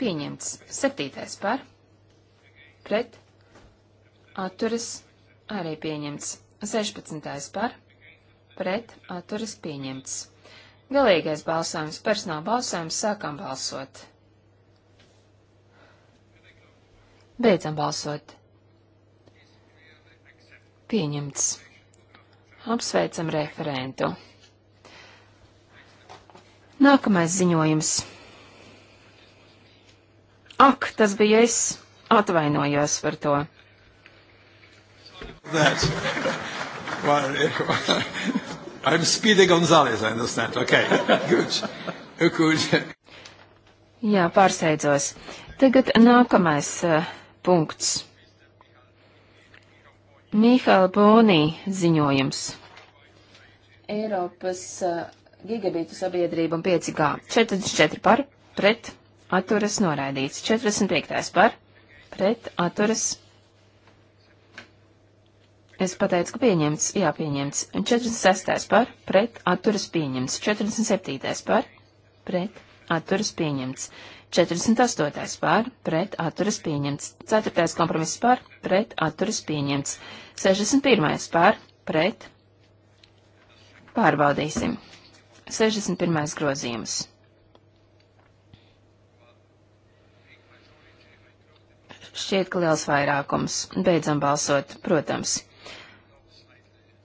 pieņemts. Septītais par, pret, atturas, arī pieņemts. Sešpadsmitais par, pret pret atturas pieņemts. Galīgais balsojums, personāla balsojums, sākam balsot. Beidzam balsot. Pieņemts. Apsveicam referentu. Nākamais ziņojums. Ak, tas bija es. Atvainojos par to.
That.
Well, I'm Speedy Gonzales, I understand. Okay, good. good. Jā, pārsteidzos. Tagad nākamais uh, punkts. Mihāla Bonī ziņojums. Eiropas uh, gigabītu sabiedrība un 5G. 44 par, pret, atturas noraidīts. 45 par, pret, atturas noraidīts Es pateicu, ka pieņemts, jā, pieņemts. 46. par, pret, atturas pieņemts. 47. par, pret, atturas pieņemts. 48. par, pret, atturas pieņemts. 4. kompromiss par, pret, atturas pieņemts. 61. par, pret, pārbaudīsim. 61. grozījums. Šķiet, ka liels vairākums. Beidzam balsot, protams.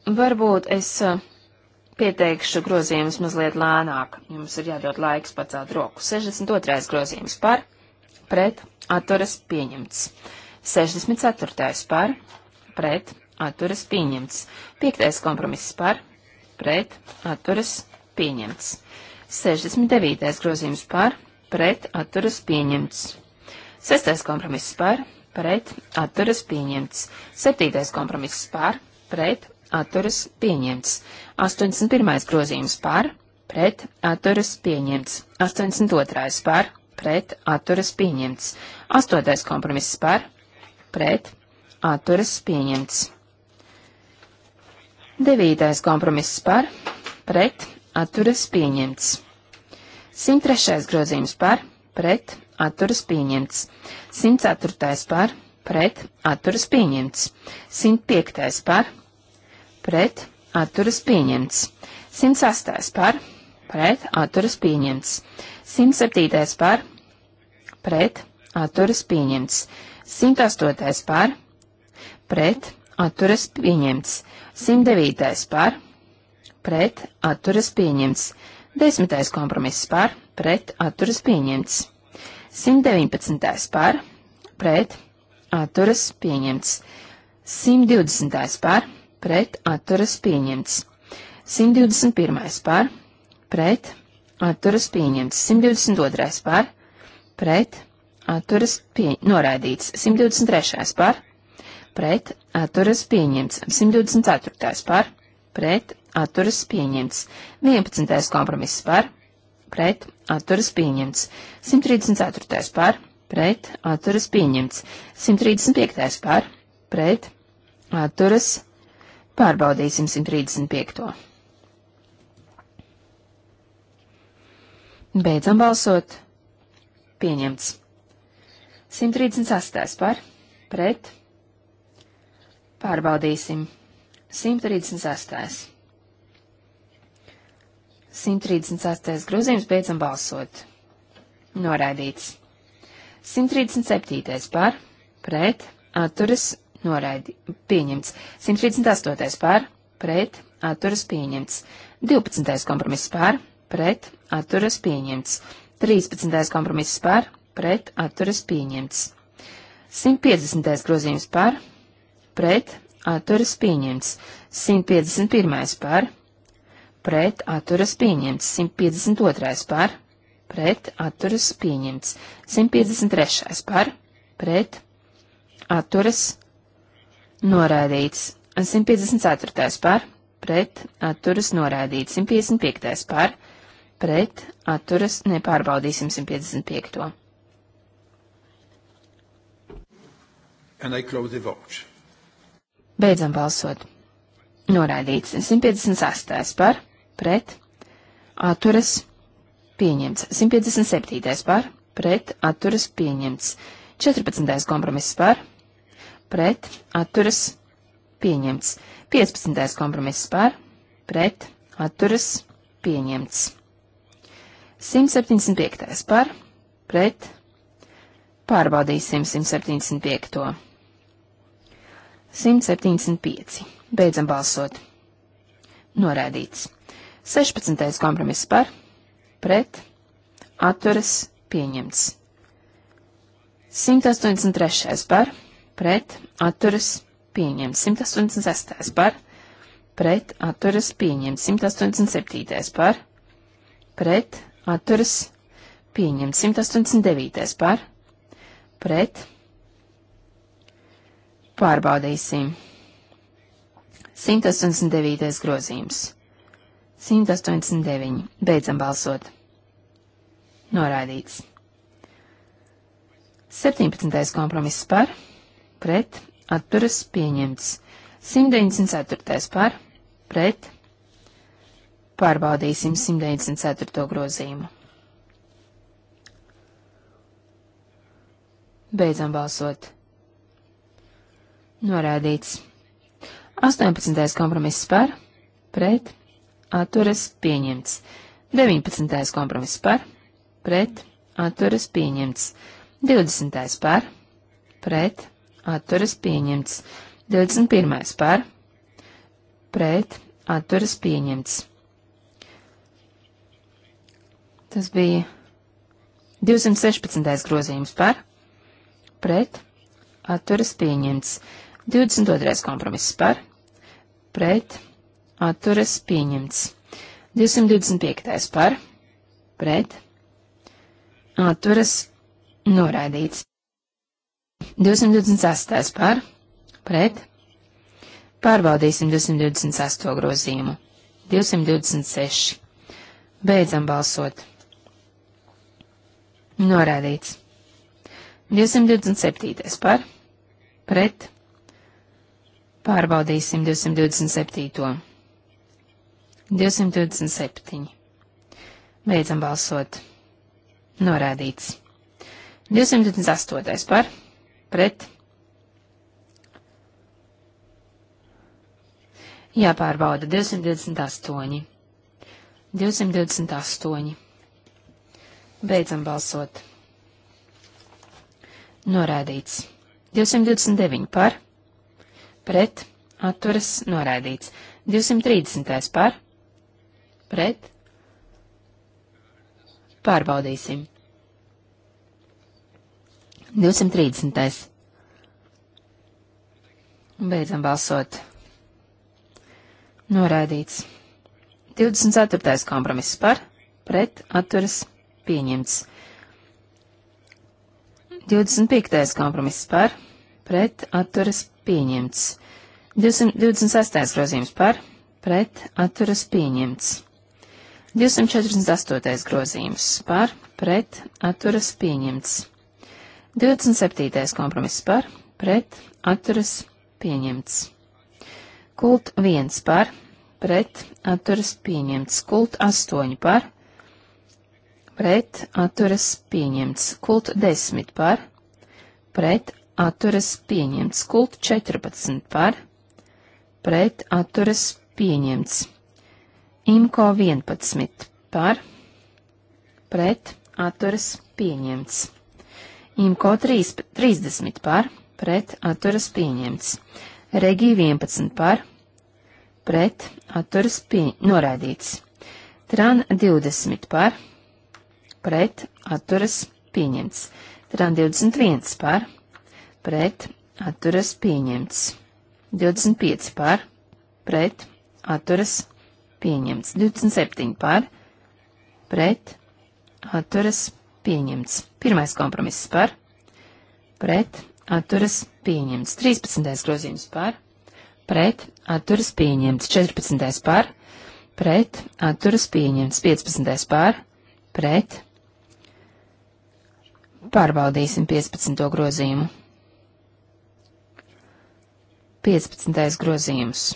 Varbūt es eh, pieteikšu grozījumus mazliet lēnāk. Jums ir jādod laiks pacelt roku. 62. grozījums par, pret, atturas pieņemts. 64. par, pret, atturas pieņemts. 5. kompromiss par, pret, atturas pieņemts. 69. grozījums par, pret, atturas pieņemts. 6. kompromiss par, pret, atturas pieņemts. 7. kompromiss par, pret, atturas pieņemts. 81. grozījums par, pret, atturas pieņemts. 82. par, pret, atturas pieņemts. 8. kompromiss par, pret, atturas pieņemts. 9. kompromiss par, pret, atturas pieņemts. 103. grozījums par, pret, atturas pieņemts. 104. par, pret, atturas pieņemts. 105. par, pret atturas pieņemts. 108. par pret atturas pieņemts. 107. par pret atturas pieņemts. 108. par pret atturas pieņemts. 109. par pret atturas pieņemts. 10. kompromiss par pret atturas pieņemts. 119. par pret atturas pieņemts. 120. par pret atturas pieņemts. 121. par, pret atturas pieņemts. 122. par, pret atturas pie... noraidīts. 123. par, pret atturas pieņemts. 124. par, pret atturas pieņemts. 11. kompromiss par, pret atturas pieņemts. 134. par, pret atturas pieņemts. 135. par, pret atturas pieņemts. Pārbaudīsim 135. Beidzam balsot. Pieņemts. 138 par, pret. Pārbaudīsim. 138. 138. grozījums beidzam balsot. Noraidīts. 137. par, pret, atturas noraidi pieņemts. 138. pār, pret, atturas pieņemts. 12. kompromiss pār, pret, atturas pieņemts. 13. kompromiss pār, pret, atturas pieņemts. 150. grozījums par, pret, atturas pieņemts, 151. par, pret, atturas pieņemts, 152. par, pret, atturas pieņemts, 153. par, pret, atturas Norādīts. 154. par, pret, atturas norādīts. 155. par, pret, atturas nepārbaudīsim 155. Beidzam balsot. Noraidīts 158. par, pret, atturas pieņemts. 157. par, pret, atturas pieņemts. 14. kompromiss par, pret, atturas, pieņemts. 15. kompromiss par, pret, atturas, pieņemts. 175. par, pret, pārbaudīsim 175. 175. Beidzam balsot. Norādīts. 16. kompromiss par, pret, atturas, pieņemts. 183. par, pret, pret atturas pieņemts. 186. par pret atturas pieņemts. 187. par pret atturas pieņemts. 189. par pret pārbaudīsim. 189. grozījums. 189. Beidzam balsot. Noraidīts. 17. kompromiss par pret, atturas pieņemts. 194. par, pret, pārbaudīsim 194. grozījumu. Beidzam balsot. Norādīts. 18. kompromiss par, pret, atturas pieņemts. 19. kompromiss par, pret, atturas pieņemts. 20. par, pret, atturas pieņemts. 21. par, pret, atturas pieņemts. Tas bija 216. grozījums par, pret, atturas pieņemts. 22. kompromiss par, pret, atturas pieņemts. 225. par, pret, atturas noraidīts. 228. par, pret, pārbaudīsim 228. grozījumu. 226. Beidzam balsot. Norādīts. 227. par, pret, pārbaudīsim 227. 227. Beidzam balsot. Norādīts. 228. par, pret pret. Jāpārbauda 228. 228. Beidzam balsot. Norādīts. 229 par, pret, atturas, norādīts. 230 par, pret, pārbaudīsim. 230. Beidzam balsot. Noraidīts. 24. kompromiss par, pret, atturas, pieņemts. 25. kompromiss par, pret, atturas, pieņemts. 226. grozījums par, pret, atturas, pieņemts. 248. grozījums par, pret, atturas, pieņemts. 27. kompromiss par, pret, atturas, pieņemts. Kult 1 par, pret, atturas, pieņemts. Kult 8 par, pret, atturas, pieņemts. Kult 10 par, pret, atturas, pieņemts. Kult 14 par, pret, atturas, pieņemts. Imko 11 par, pret, atturas, pieņemts. Imko 3, 30 par, pret atturas pieņemts. Regī 11 par, pret atturas pie, noraidīts. Tran 20 par, pret atturas pieņemts. Tran 21 par, pret atturas pieņemts. 25 par, pret atturas pieņemts. 27 par, pret atturas pieņemts pieņemts. Pirmais kompromiss par, pret, atturas pieņemts. 13. grozījums par, pret, atturas pieņemts. 14. par, pret, atturas pieņemts. 15. par, pret. Pārbaudīsim 15. grozījumu. 15. grozījums.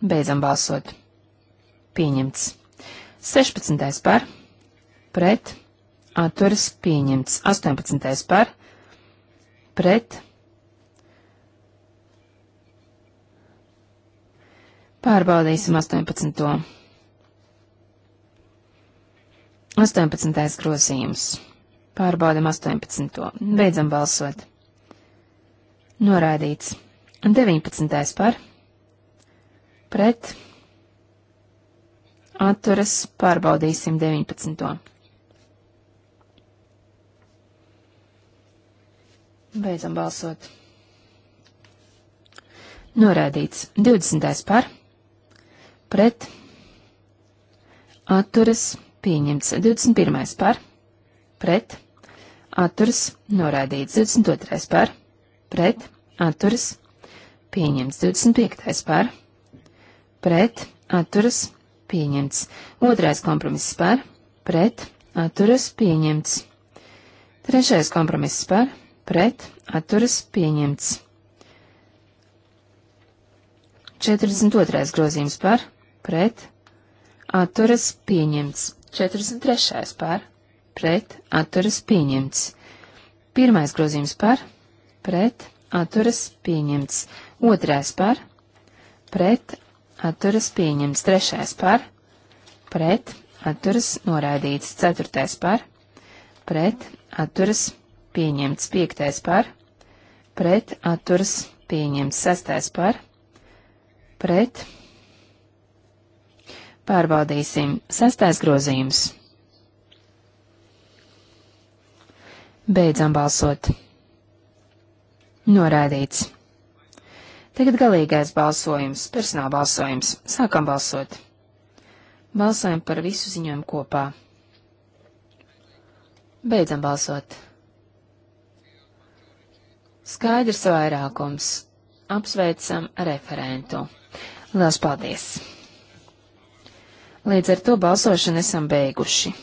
Beidzam balsot. Pieņemts. 16. par, pret, atturas pieņemts. 18. par pret pārbaudīsim 18. 18. grozījums. Pārbaudam 18. Beidzam balsot. Noraidīts. 19. par pret atturas pārbaudīsim 19. Beidzam balsot. Norādīts 20. par, pret, atturas, pieņemts 21. par, pret, atturas, norādīts 22. par, pret, atturas, pieņemts 25. par, pret, atturas, pieņemts. Otrais kompromiss par, pret, atturas, pieņemts. Trešais kompromiss par, pret, atturas pieņemts. 42. grozījums par, pret, atturas pieņemts. 43. par, pret, atturas pieņemts. 1. grozījums par, pret, atturas pieņemts. 2. par, pret, atturas pieņemts. 3. par, pret, atturas noraidīts. 4. par, pret, atturas pieņemts pieņemts 5. par, pret atturas pieņemts 6. par, pret. Pārbaudīsim 6. grozījums. Beidzam balsot. Norādīts. Tagad galīgais balsojums, personāla balsojums. Sākam balsot. Balsojam par visu ziņojumu kopā. Beidzam balsot. Skaidrs vairākums. Apsveicam referentu. Lielas paldies! Līdz ar to balsošanu esam beiguši.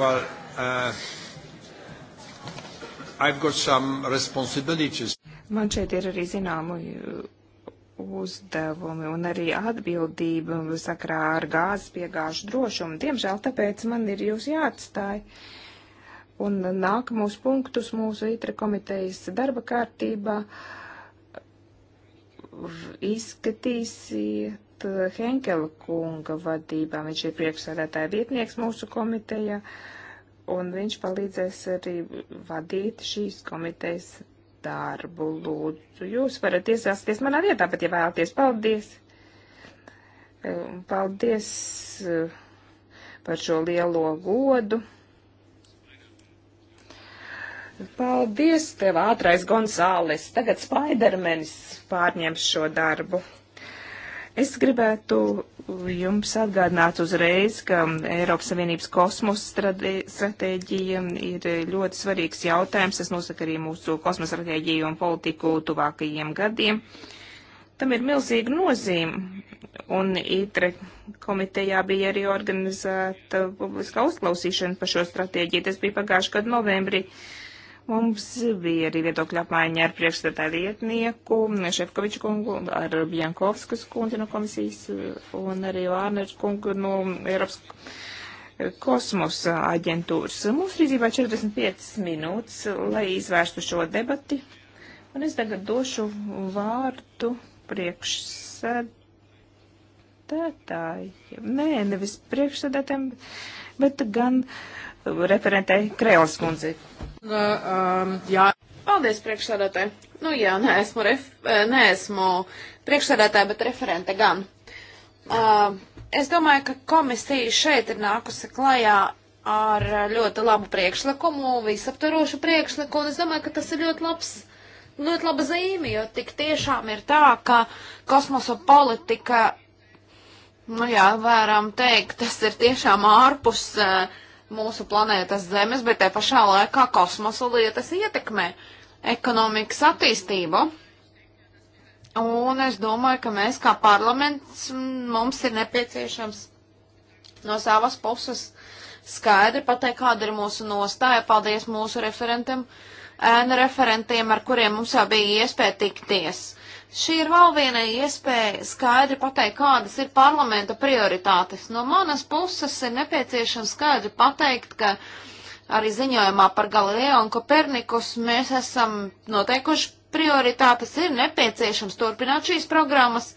Well, uh, I've got some responsibilities. Man šeit ir arī zināmi uh, uzdevumi un arī atbildība sakrā ar gāzes piegāžu drošumu. Diemžēl tāpēc man ir jūs jāatstāj. Un nākamos punktus mūsu itra komitejas darba kārtībā izskatīsiet tagad eh, Henkela kunga vadībā. Viņš ir priekšsēdētāja vietnieks mūsu komiteja, un viņš palīdzēs arī vadīt šīs komitejas darbu. Lūdzu, jūs varat iesaisties manā vietā, bet ja vēlaties, paldies! Eh, paldies eh, par šo lielo godu! Paldies tev, ātrais Gonzāles. Tagad Spaidermenis pārņems šo darbu. Es gribētu jums atgādināt uzreiz, ka Eiropas Savienības kosmosa stratēģija ir ļoti svarīgs jautājums. Tas nosaka arī mūsu kosmosa stratēģiju un politiku tuvākajiem gadiem. Tam ir milzīga nozīme. Un ITRE komitejā bija arī organizēta publiska uzklausīšana par šo stratēģiju. Tas bija pagājušajā gadu novembrī. Uh, Mums bija arī viedokļa apmaiņa ar priekšstādāju vietnieku, Šefkoviču kungu, ar Bjankovskas kungu no komisijas un arī Vārneru kungu no Eiropas kosmosa aģentūras. Mums rīzībā 45 minūtes, lai izvērstu šo debati. Un es tagad došu vārdu priekšsēdētājiem. Nē, nevis priekšsēdētājiem, bet gan. Uh, referentei Kreolas kundzi. Uh, um, jā. Paldies, priekšsēdētāji. Nu jā, neesmu, ref,
eh, neesmu priekšsēdētāja, bet referente gan. Uh, es domāju, ka komisija šeit ir nākusi klajā ar ļoti labu priekšlikumu, visaptarošu priekšlikumu. Es domāju, ka tas ir ļoti labs ļoti laba zīme, jo tik tiešām ir tā, ka kosmosa politika, nu jā, varam teikt, tas ir tiešām ārpus uh, mūsu planētas Zemes, bet te pašā laikā kosmosa lietas ietekmē ekonomikas attīstību. Un es domāju, ka mēs kā parlaments mums ir nepieciešams no savas puses skaidri pateikt, kāda ir mūsu nostāja. Paldies mūsu referentam, ēnu referentiem, ar kuriem mums jau bija iespēja tikties. Šī ir vēl viena iespēja skaidri pateikt, kādas ir parlamenta prioritātes. No manas puses ir nepieciešams skaidri pateikt, ka arī ziņojumā par Galileo un Kopernikus mēs esam noteikuši prioritātes, ir nepieciešams turpināt šīs programmas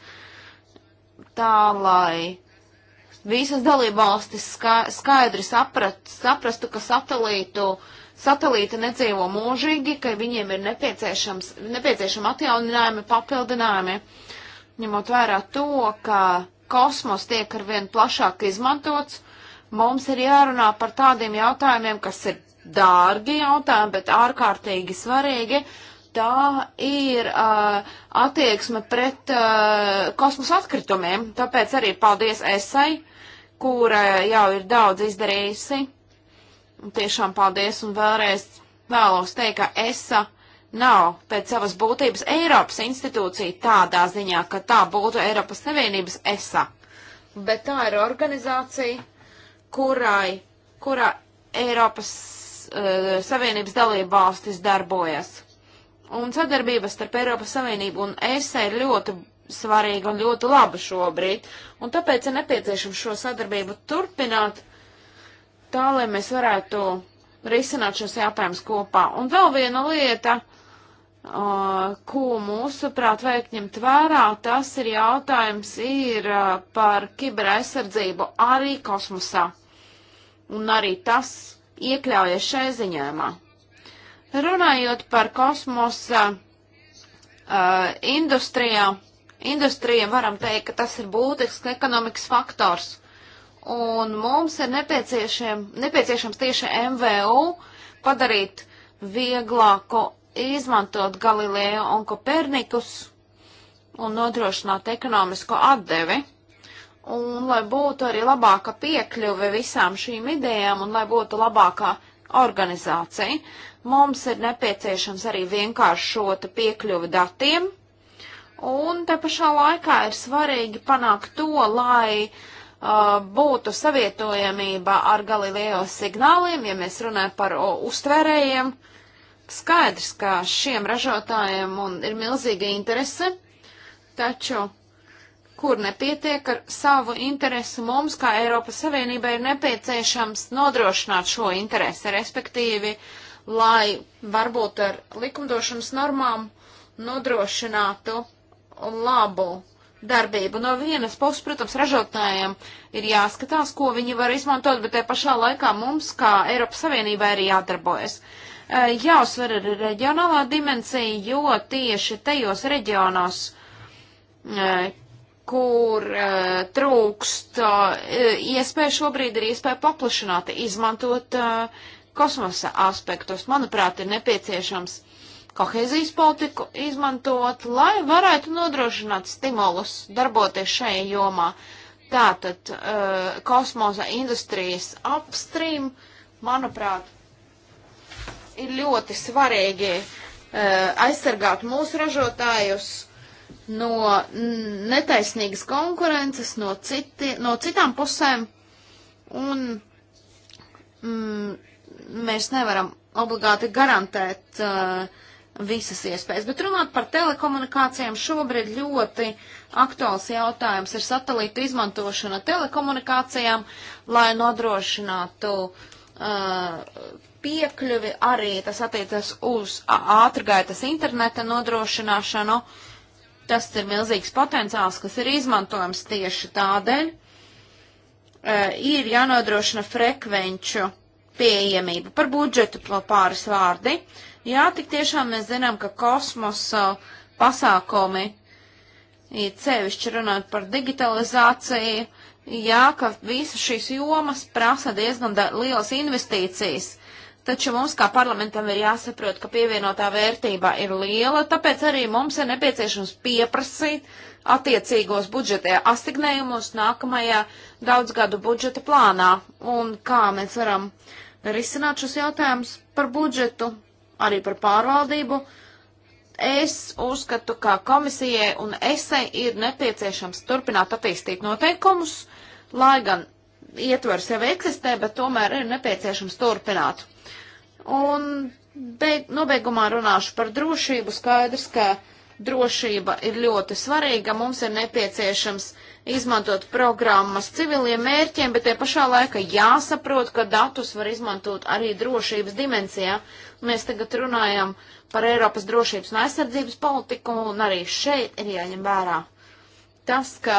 tā, lai visas dalībvalstis skaidri saprat, saprastu, ka satelītu uh, satelīti nedzīvo mūžīgi, ka viņiem ir nepieciešami atjauninājumi, papildinājumi, ņemot vērā to, ka kosmos tiek arvien plašāk izmantots, mums ir jārunā par tādiem jautājumiem, kas ir dārgi jautājumi, bet ārkārtīgi svarīgi. Tā ir uh, attieksme pret uh, kosmosa atkritumiem, tāpēc arī paldies Esai, kura jau ir daudz izdarījusi Un tiešām paldies un vēlreiz vēlos teikt, ka ESA nav pēc savas būtības Eiropas institūcija tādā ziņā, ka tā būtu Eiropas Savienības ESA, bet tā ir organizācija, kurai, kurā Eiropas uh, Savienības dalība valstis darbojas. Un sadarbības starp Eiropas Savienību un ESA ir ļoti svarīga un ļoti laba šobrīd, un tāpēc ir nepieciešams šo sadarbību turpināt tā lai mēs varētu risināt šos jautājumus kopā. Un vēl viena lieta, uh, ko mūsuprāt vajag ņemt vērā, tas ir jautājums ir uh, par kiberaizsardzību arī kosmosā. Un arī tas iekļaujas šai ziņojumā. Runājot par kosmosa uh, industrijā, industrijā varam teikt, ka tas ir būtisks ekonomikas faktors un mums ir nepieciešam, nepieciešams tieši MVU padarīt vieglāku izmantot Galileo un Kopernikus un nodrošināt ekonomisko atdevi. Un lai būtu arī labāka piekļuve visām šīm idejām un lai būtu labākā organizācija, mums ir nepieciešams arī vienkāršota piekļuve datiem. Un te pašā laikā ir svarīgi panākt to, lai uh, Uh, būtu savietojamība ar Galileo signāliem, ja mēs runājam par uztvērējiem. Skaidrs, ka šiem ražotājiem ir milzīga interese, taču kur nepietiek ar savu interesi, mums kā Eiropas Savienībai ir nepieciešams nodrošināt šo interesi, respektīvi, lai varbūt ar likumdošanas normām nodrošinātu labu darbību. No vienas puses, protams, ražotājiem ir jāskatās, ko viņi var izmantot, bet te pašā laikā mums, kā Eiropas Savienībai, ir jādarbojas. E, jāuzsver arī reģionālā dimensija, jo tieši tajos reģionos, e, kur e, trūkst iespēja šobrīd, ir iespēja paplašināt, izmantot kosmosa aspektus. Manuprāt, ir nepieciešams kohēzijas politiku izmantot, lai varētu nodrošināt stimulus darboties šajā jomā. Tātad uh, kosmosa industrijas upstream, manuprāt, ir ļoti svarīgi uh, aizsargāt mūsu ražotājus no netaisnīgas konkurences, no, citi, no citām pusēm, un mm, mēs nevaram obligāti garantēt uh, visas iespējas. Bet runāt par telekomunikācijām šobrīd ļoti aktuāls jautājums ir satelīta izmantošana telekomunikācijām, lai nodrošinātu uh, piekļuvi arī tas attiecas uz ātrgaitas interneta nodrošināšanu. Tas ir milzīgs potenciāls, kas ir izmantojams tieši tādēļ. Uh, ir jānodrošina frekvenču pieejamību. Par budžetu pāris vārdi. Jā, tik tiešām mēs zinām, ka kosmosa uh, pasākumi, cevišķi runājot par digitalizāciju, jā, ka visas šīs jomas prasa diezgan lielas investīcijas. Taču mums kā parlamentam ir jāsaprot, ka pievienotā vērtība ir liela, tāpēc arī mums ir nepieciešams pieprasīt attiecīgos budžetē asignējumus nākamajā daudzgadu budžeta plānā. Un kā mēs varam uh, risināt šos jautājumus par budžetu, arī par pārvaldību. Es uzskatu, ka komisijai un esai ir nepieciešams turpināt attīstīt noteikumus, lai gan ietvers jau eksistē, bet tomēr ir nepieciešams turpināt. Un beig, nobeigumā runāšu par drošību. Skaidrs, ka drošība ir ļoti svarīga. Mums ir nepieciešams izmantot programmas civiliem mērķiem, bet tie pašā laikā jāsaprot, ka datus var izmantot arī drošības dimensijā. Mēs tagad runājam par Eiropas drošības un aizsardzības politiku, un arī šeit ir jāņem vērā tas, ka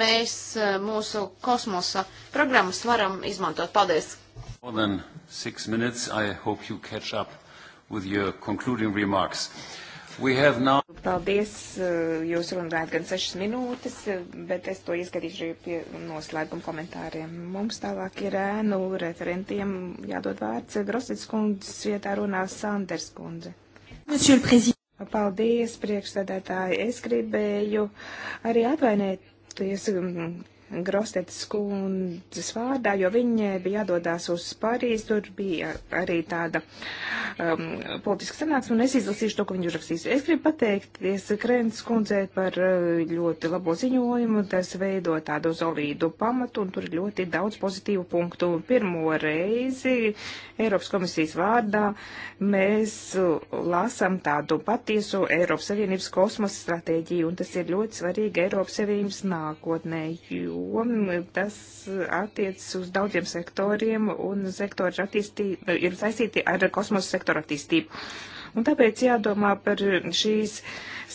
mēs eh, mūsu kosmosa programmas varam izmantot. Paldies!
More than six minutes. I hope you catch up with your concluding remarks. Now... Paldies, eh, jūs runājat gan 6 minūtes, eh, bet es to ieskatīšu arī pie noslēguma komentāriem. Mums tālāk ir ēnu referentiem jādod vārds. Grosits kundzes vietā runās Sanders kundze. Paldies, priekšsēdētāji. Es gribēju arī atvainēties mm, Grostetes kundzes vārdā, jo viņai bija jādodās uz Parīzi, tur bija arī tāda um, politiska sanāksme, un es izlasīšu to, ko viņa uzrakstīs. Es gribu pateikties Krents kundzei par uh, ļoti labo ziņojumu, tas veido tādu solīdu pamatu, un tur ir ļoti daudz pozitīvu punktu. Pirmo reizi Eiropas komisijas vārdā mēs lasam tādu patiesu Eiropas Savienības kosmosa stratēģiju, un tas ir ļoti svarīgi Eiropas Savienības nākotnē. Jo jo tas attiecas uz daudziem sektoriem un sektori attīstība ir saistīti ar kosmosa sektoru attīstību. Un tāpēc jādomā par šīs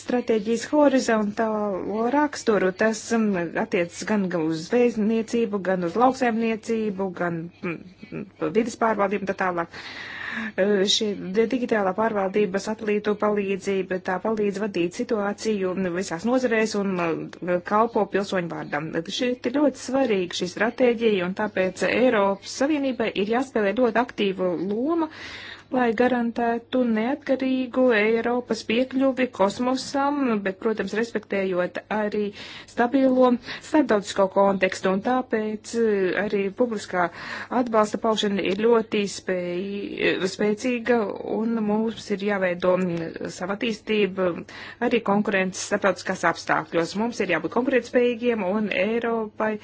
stratēģijas horizontālo raksturu. Tas um, attiecas gan uz zvejniecību, gan uz lauksaimniecību, gan mm, vidas pārvaldību un tā tālāk. Uh, Eh, šī digitālā pārvaldība satelītu palīdzība, tā palīdz vadīt situāciju visās nozarēs un eh, kalpo pilsoņu vārdam. Šī ir ļoti svarīga šī stratēģija, un tāpēc Eiropas Savienībai ir jāspēlē ļoti aktīvu lomu lai garantētu neatkarīgu Eiropas piekļuvi kosmosam, bet, protams, respektējot arī stabilo starptautisko kontekstu, un tāpēc eh, arī publiskā atbalsta paušana ir ļoti spēj, spēcīga, un mums ir jāveido mm, savatīstība arī konkurences starptautiskās apstākļos. Mums ir jābūt konkurētspējīgiem, un Eiropai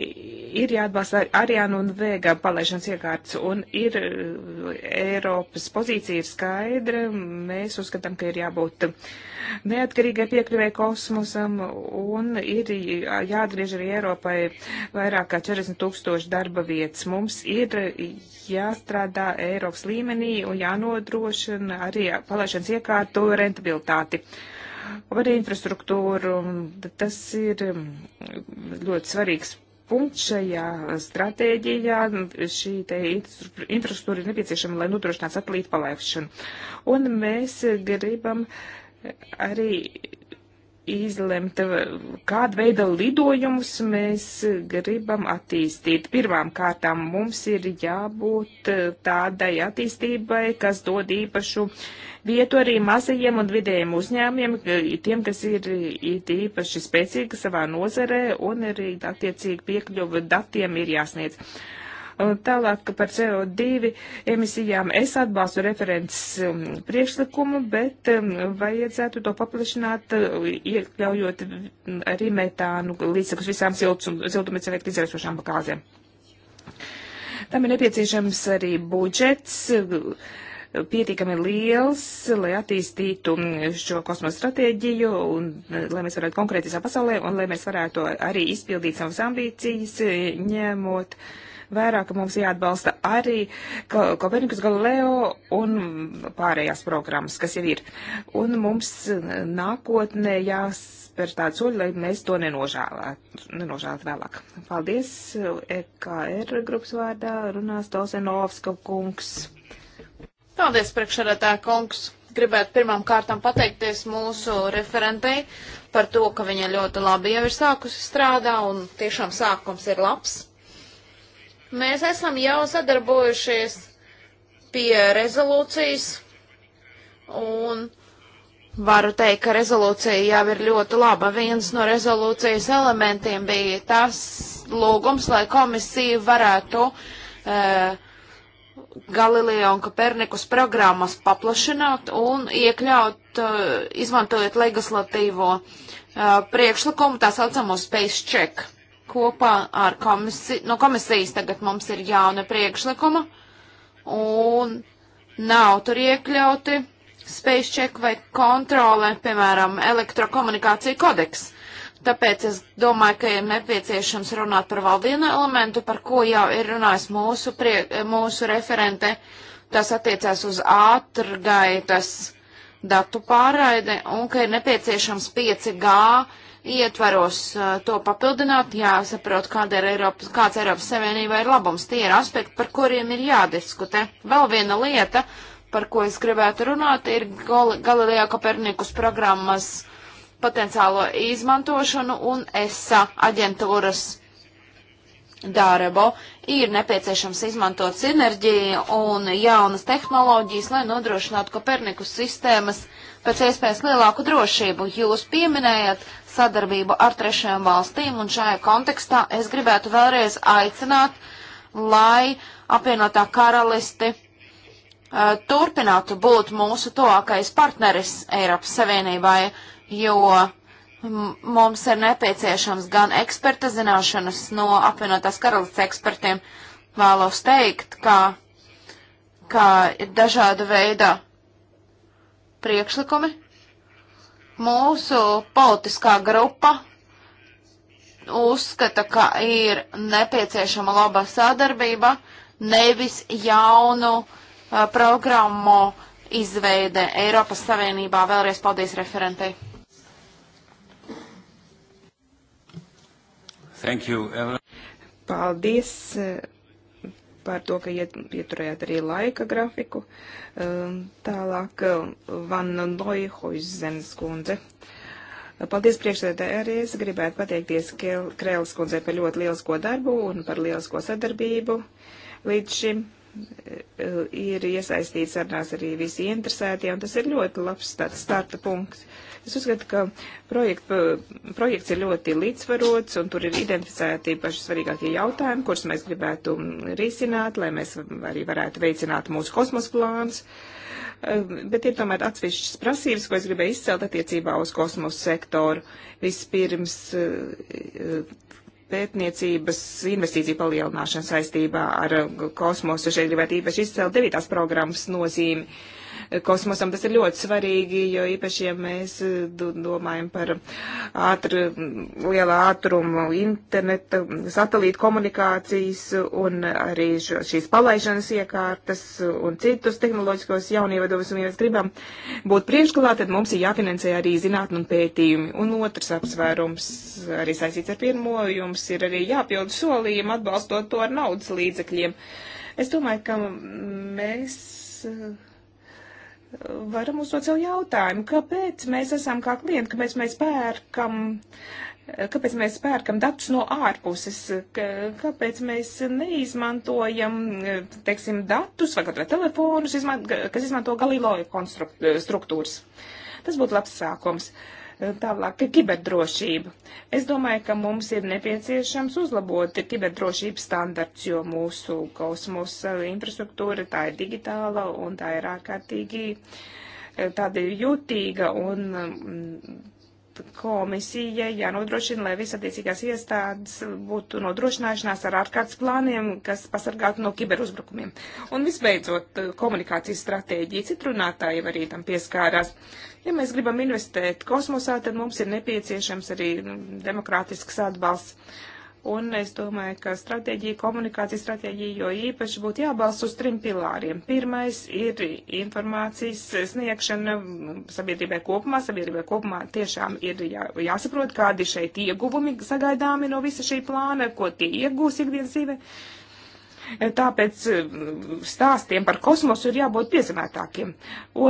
ir jāatbalsta Arianu un Vēga palaišanas iekārtas, un ir eh, Eiropa Eiropas pozīcija ir skaidra. Mēs uzskatām, ka ir jābūt neatkarīgai piekļuvē kosmosam un ir jāatgriež arī Eiropai vairāk kā 40 tūkstoši darba vietas. Mums ir jāstrādā Eiropas līmenī un jānodrošina arī palaišanas iekārtu rentabilitāti. Arī infrastruktūru, tas ir ļoti svarīgs punkts šajā stratēģijā. Šī te infrastruktūra ir nepieciešama, lai nodrošinātu satelītu palaikšanu. Un mēs gribam arī izlemt, kādu veidu lidojumus mēs gribam attīstīt. Pirmām kārtām mums ir jābūt tādai attīstībai, kas dod īpašu vietu arī mazajiem un vidējiem uzņēmiem, tiem, kas ir īpaši spēcīgi savā nozarē un arī attiecīgi piekļuva datiem ir jāsniedz. Tālāk par CO2 emisijām es atbalstu referents um, priekšlikumu, bet um, vajadzētu to paplašināt, uh, iekļaujot arī metānu līdzsakus visām siltumēs efektu izraisošām gāzēm. Tam ir nepieciešams arī budžets uh, pietiekami liels, lai attīstītu um, šo kosmosa stratēģiju, un, uh, lai mēs varētu konkurēt visā pasaulē, un lai mēs varētu arī izpildīt savas ambīcijas, ņemot uh, vairāk mums jāatbalsta arī Kopernikus Galileo un pārējās programmas, kas jau ir. Un mums nākotnē jāspēr tādu soļu, lai mēs to nenožēlētu, nenožēlētu vēlāk. Paldies, EKR grupas vārdā runās Tolsenovska kungs.
Paldies, priekšsēdētā kungs gribētu pirmām kārtām pateikties mūsu referentei par to, ka viņa ļoti labi jau ir sākusi strādā un tiešām sākums ir labs. Mēs esam jau sadarbojušies pie rezolūcijas, un varu teikt, ka rezolūcija jau ir ļoti laba. Viens no rezolūcijas elementiem bija tas lūgums, lai komisija varētu uh, Galileo un Kopernikus programmas paplašināt un iekļaut, uh, izmantojot legislatīvo uh, priekšlikumu, tā saucamo Space Check kopā ar komisiju. No komisijas tagad mums ir jauna priekšlikuma un nav tur iekļauti spējas ček vai kontrole, piemēram, elektrokomunikācija kodeks. Tāpēc es domāju, ka ir nepieciešams runāt par vēl vienu elementu, par ko jau ir runājis mūsu, prie, mūsu referente. Tas attiecās uz ātrgaitas datu pārraide un ka ir nepieciešams 5G ietvaros uh, to papildināt, jāsaprot, kāda ir Eiropas, kāds Eiropas Savienībā ir labums. Tie ir aspekti, par kuriem ir jādiskutē. Vēl viena lieta, par ko es gribētu runāt, ir Galileo Kopernikus programmas potenciālo izmantošanu un ESA aģentūras darbu. Ir nepieciešams izmantot sinerģiju un jaunas tehnoloģijas, lai nodrošinātu Kopernikus sistēmas uh, pēc iespējas lielāku drošību. Jūs pieminējat sadarbību ar trešajām valstīm, un šajā kontekstā es gribētu vēlreiz aicināt, lai apvienotā karalisti uh, turpinātu būt mūsu tuvākais partneris Eiropas Savienībai, jo mums ir nepieciešams gan eksperta zināšanas no apvienotās karalists ekspertiem. Vēlos teikt, ka, ka ir dažāda veida priekšlikumi. Mūsu politiskā grupa uzskata, ka ir nepieciešama laba sadarbība, nevis jaunu uh, programmu izveide Eiropas Savienībā. Vēlreiz paldies referentei.
Thank you, Evelyn. Paldies, par to, ka ieturējāt arī laika grafiku. Ehm, tālāk eh, Van Noihoizens kundze. Paldies priekšsēdētāji, arī es gribētu pateikties Krēlas kundzei par ļoti lielisko darbu un par lielisko sadarbību līdz šim. Eh, ir iesaistīti sarunās arī visi interesētie, un tas ir ļoti labs tāds starta punkts. Es uzskatu, ka projekt, eh, projekts ir ļoti līdzsvarots, un tur ir identificēti paši svarīgākie jautājumi, kurus mēs gribētu mm, risināt, lai mēs arī varētu veicināt mūsu kosmos plāns. Eh, bet ir tomēr atsevišķas prasības, ko es gribēju izcelt attiecībā uz kosmosu sektoru. Vispirms pētniecības investīciju palielināšanu saistībā ar uh, kosmosu. Šeit gribētu īpaši izcelt devītās programmas nozīmi. Uh, kosmosam. Tas ir ļoti svarīgi, jo īpaši, ja mēs eh, domājam par ātru, lielā ātrumu interneta, satelīta komunikācijas un arī šo, šīs palaišanas iekārtas un citus tehnoloģiskos jaunievedumus, un ja mēs gribam būt priekšgalā, tad mums ir jāfinansē arī zinātni un pētījumi. Un otrs apsvērums arī saistīts ar pirmo, jums ir arī jāpild solījumi atbalstot to ar naudas līdzekļiem. Es domāju, ka mēs varam uzdot sev jautājumu, kāpēc mēs esam kā klienti, kāpēc mēs pērkam, kāpēc mēs pērkam datus no ārpuses, kāpēc mēs neizmantojam, teiksim, datus vai katru telefonus, izmant, kas izmanto Galileo struktūras. Tas būtu labs sākums. Uh, Tālāk ir kiberdrošība. Es domāju, ka mums ir nepieciešams uzlabot kiberdrošības standarts, jo mūsu kosmosa eh, infrastruktūra tā ir digitāla un tā ir ārkārtīgi eh, tāda jutīga un mm, komisija jānodrošina, lai visas attiecīgās iestādes būtu nodrošināšanās ar ārkārtas plāniem, kas pasargātu no kiberuzbrukumiem. Un visbeidzot, komunikācijas stratēģija citrunātāji arī tam pieskārās. Ja mēs gribam investēt kosmosā, tad mums ir nepieciešams arī mm, demokrātisks atbalsts. Un es domāju, ka stratēģija, komunikācijas stratēģija, jo īpaši būtu jābalsta uz trim pilāriem. Pirmais ir informācijas sniegšana sabiedrībai kopumā. Sabiedrībai kopumā tiešām ir jā, jāsaprot, kādi šeit ieguvumi sagaidāmi no visa šī plāna, ko tie iegūs ikdienas dzīvē. Uh, Tāpēc eh, stāstiem par kosmosu ir jābūt piezemētākiem.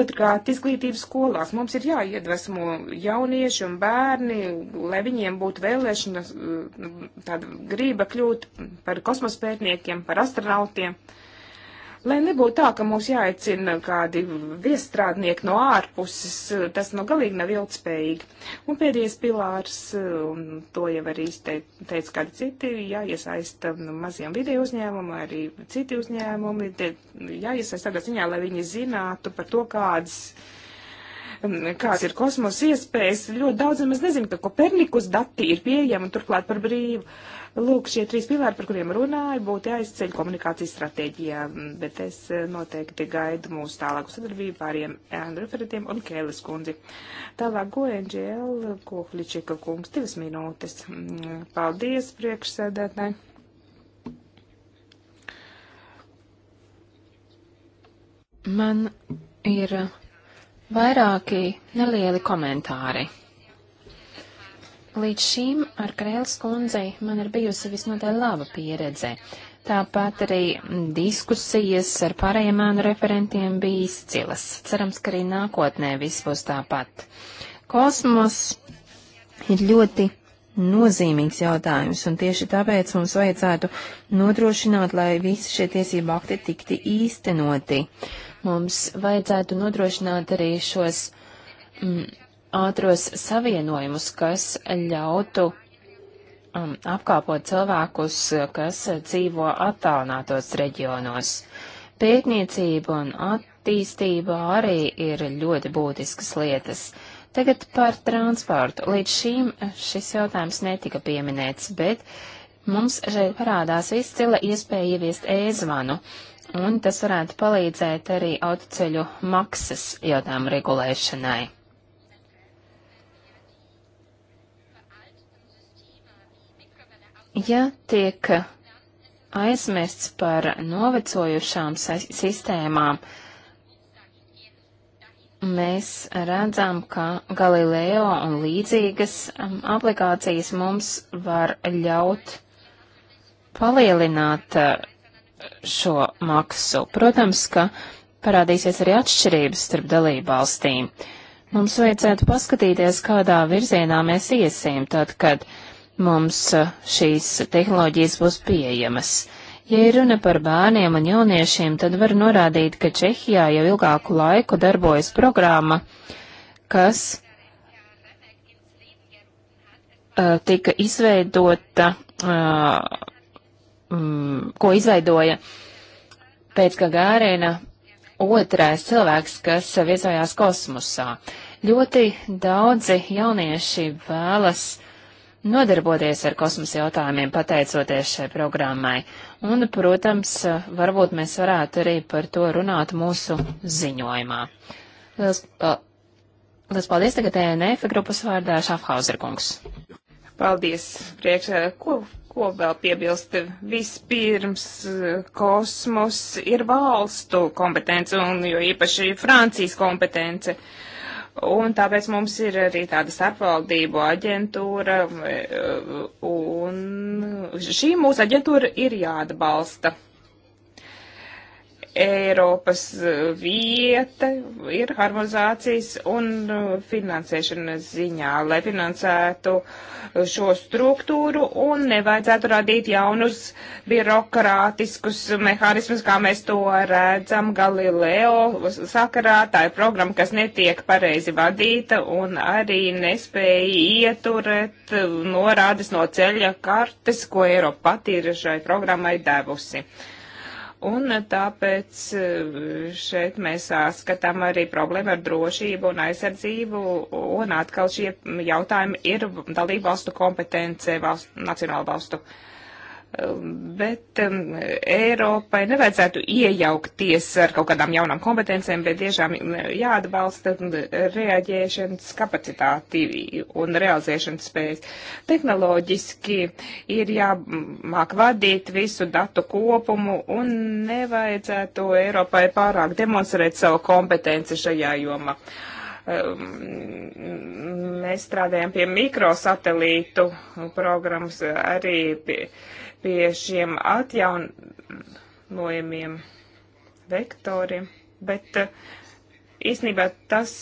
Otrkārt, izglītības skolās mums ir jāiedvesmo jaunieši un bērni, lai viņiem būtu vēlēšana, eh, tāda grība kļūt par kosmospētniekiem, par astronautiem. Uh, Lai nebūtu tā, ka mums jāicina kādi viestrādnieki no ārpuses, tas nu no galīgi nav ilgspējīgi. Un pēdējais pilārs, un to jau arī teica kādi citi, jāiesaista nu, maziem video uzņēmumi, arī citi uzņēmumi, jāiesaista tādā ziņā, lai viņi zinātu par to, kādas mm, kāds ir kosmosa iespējas. Ļoti daudz mēs nezinām, ka Kopernikus dati ir pieejami turklāt par brīvu. Lūk, šie trīs pilāri, par kuriem runāju, būtu jāizceļ komunikācijas stratēģijā, bet es eh, noteikti gaidu mūsu tālāku sadarbību pāriem Andru Feretiem un Kēles kundzi. Tālāk GoNGL, Kohličika kungs, divas minūtes. Mm, paldies priekšsēdētāji. Man
ir vairāki nelieli komentāri. Līdz šim ar Krēls kundzei man ir bijusi visnotaļ laba pieredze. Tāpat arī diskusijas ar pārējiem mēnu referentiem bija izcilas. Cerams, ka arī nākotnē viss būs tāpat. Kosmos ir ļoti nozīmīgs jautājums, un tieši tāpēc mums vajadzētu nodrošināt, lai visi šie tiesību akti tikti īstenoti. Mums vajadzētu nodrošināt arī šos mm, ātros savienojumus, kas ļautu um, apkāpot cilvēkus, kas dzīvo attālinātos reģionos. Pētniecība un attīstība arī ir ļoti būtiskas lietas. Tagad par transportu. Līdz šīm šis jautājums netika pieminēts, bet mums šeit parādās izcila iespēja ieviest ēzvanu, e un tas varētu palīdzēt arī autoceļu maksas jautājumu regulēšanai. ja tiek aizmirsts par novecojušām sistēmām, mēs redzam, ka Galileo un līdzīgas um, aplikācijas mums var ļaut palielināt uh, šo maksu. Protams, ka parādīsies arī atšķirības starp dalībvalstīm. Mums vajadzētu paskatīties, kādā virzienā mēs iesim, tad, kad uh, mums eh, šīs tehnoloģijas būs pieejamas. Ja ir runa par bērniem un jauniešiem, tad var norādīt, ka Čehijā jau ilgāku laiku darbojas programma, kas uh, tika izveidota, uh, um, ko izveidoja pēc Gagārēna otrais cilvēks, kas viesojās kosmosā. Ļoti daudzi jaunieši vēlas uh, nodarboties ar kosmosa jautājumiem pateicoties šai programmai. Un, protams, varbūt mēs varētu arī par to runāt mūsu
ziņojumā.
Lielas, Lielas paldies tagad ENF grupas vārdā Šafhauser kungs.
Paldies, priekšā. Ko, ko vēl piebilst? Vispirms kosmos ir valstu kompetence un jo īpaši Francijas kompetence. Uh, Un tāpēc mums ir arī tāda starpvaldību aģentūra, eh, un šī mūsu aģentūra ir jāatbalsta. Eiropas eh, vieta ir harmonizācijas un eh, finansēšanas ziņā, lai finansētu eh, šo struktūru un nevajadzētu radīt jaunus birokrātiskus mehānismus, kā mēs to redzam Galileo sakarā. Tā ir programma, kas netiek pareizi vadīta un arī nespēja ieturēt norādes no ceļa kartes, ko Eiropa pati ir šai programmai devusi. Un tāpēc eh, šeit mēs skatām arī problēmu ar drošību un aizsardzību, un atkal šie jautājumi ir dalību valstu kompetence, valstu, nacionālu valstu uh, Um, bet um, Eiropai nevajadzētu iejaukties ar kaut kādām jaunām kompetencēm, bet tiešām um, jāatbalsta um, reaģēšanas kapacitāti un realizēšanas spējas. Tehnoloģiski ir jāmāk vadīt visu datu kopumu un nevajadzētu Eiropai pārāk demonstrēt savu kompetenci šajā jomā. Um, mēs strādājam pie mikrosatelītu programmas arī pie pie šiem atjaunojumiem vektoriem, bet eh, īstenībā tas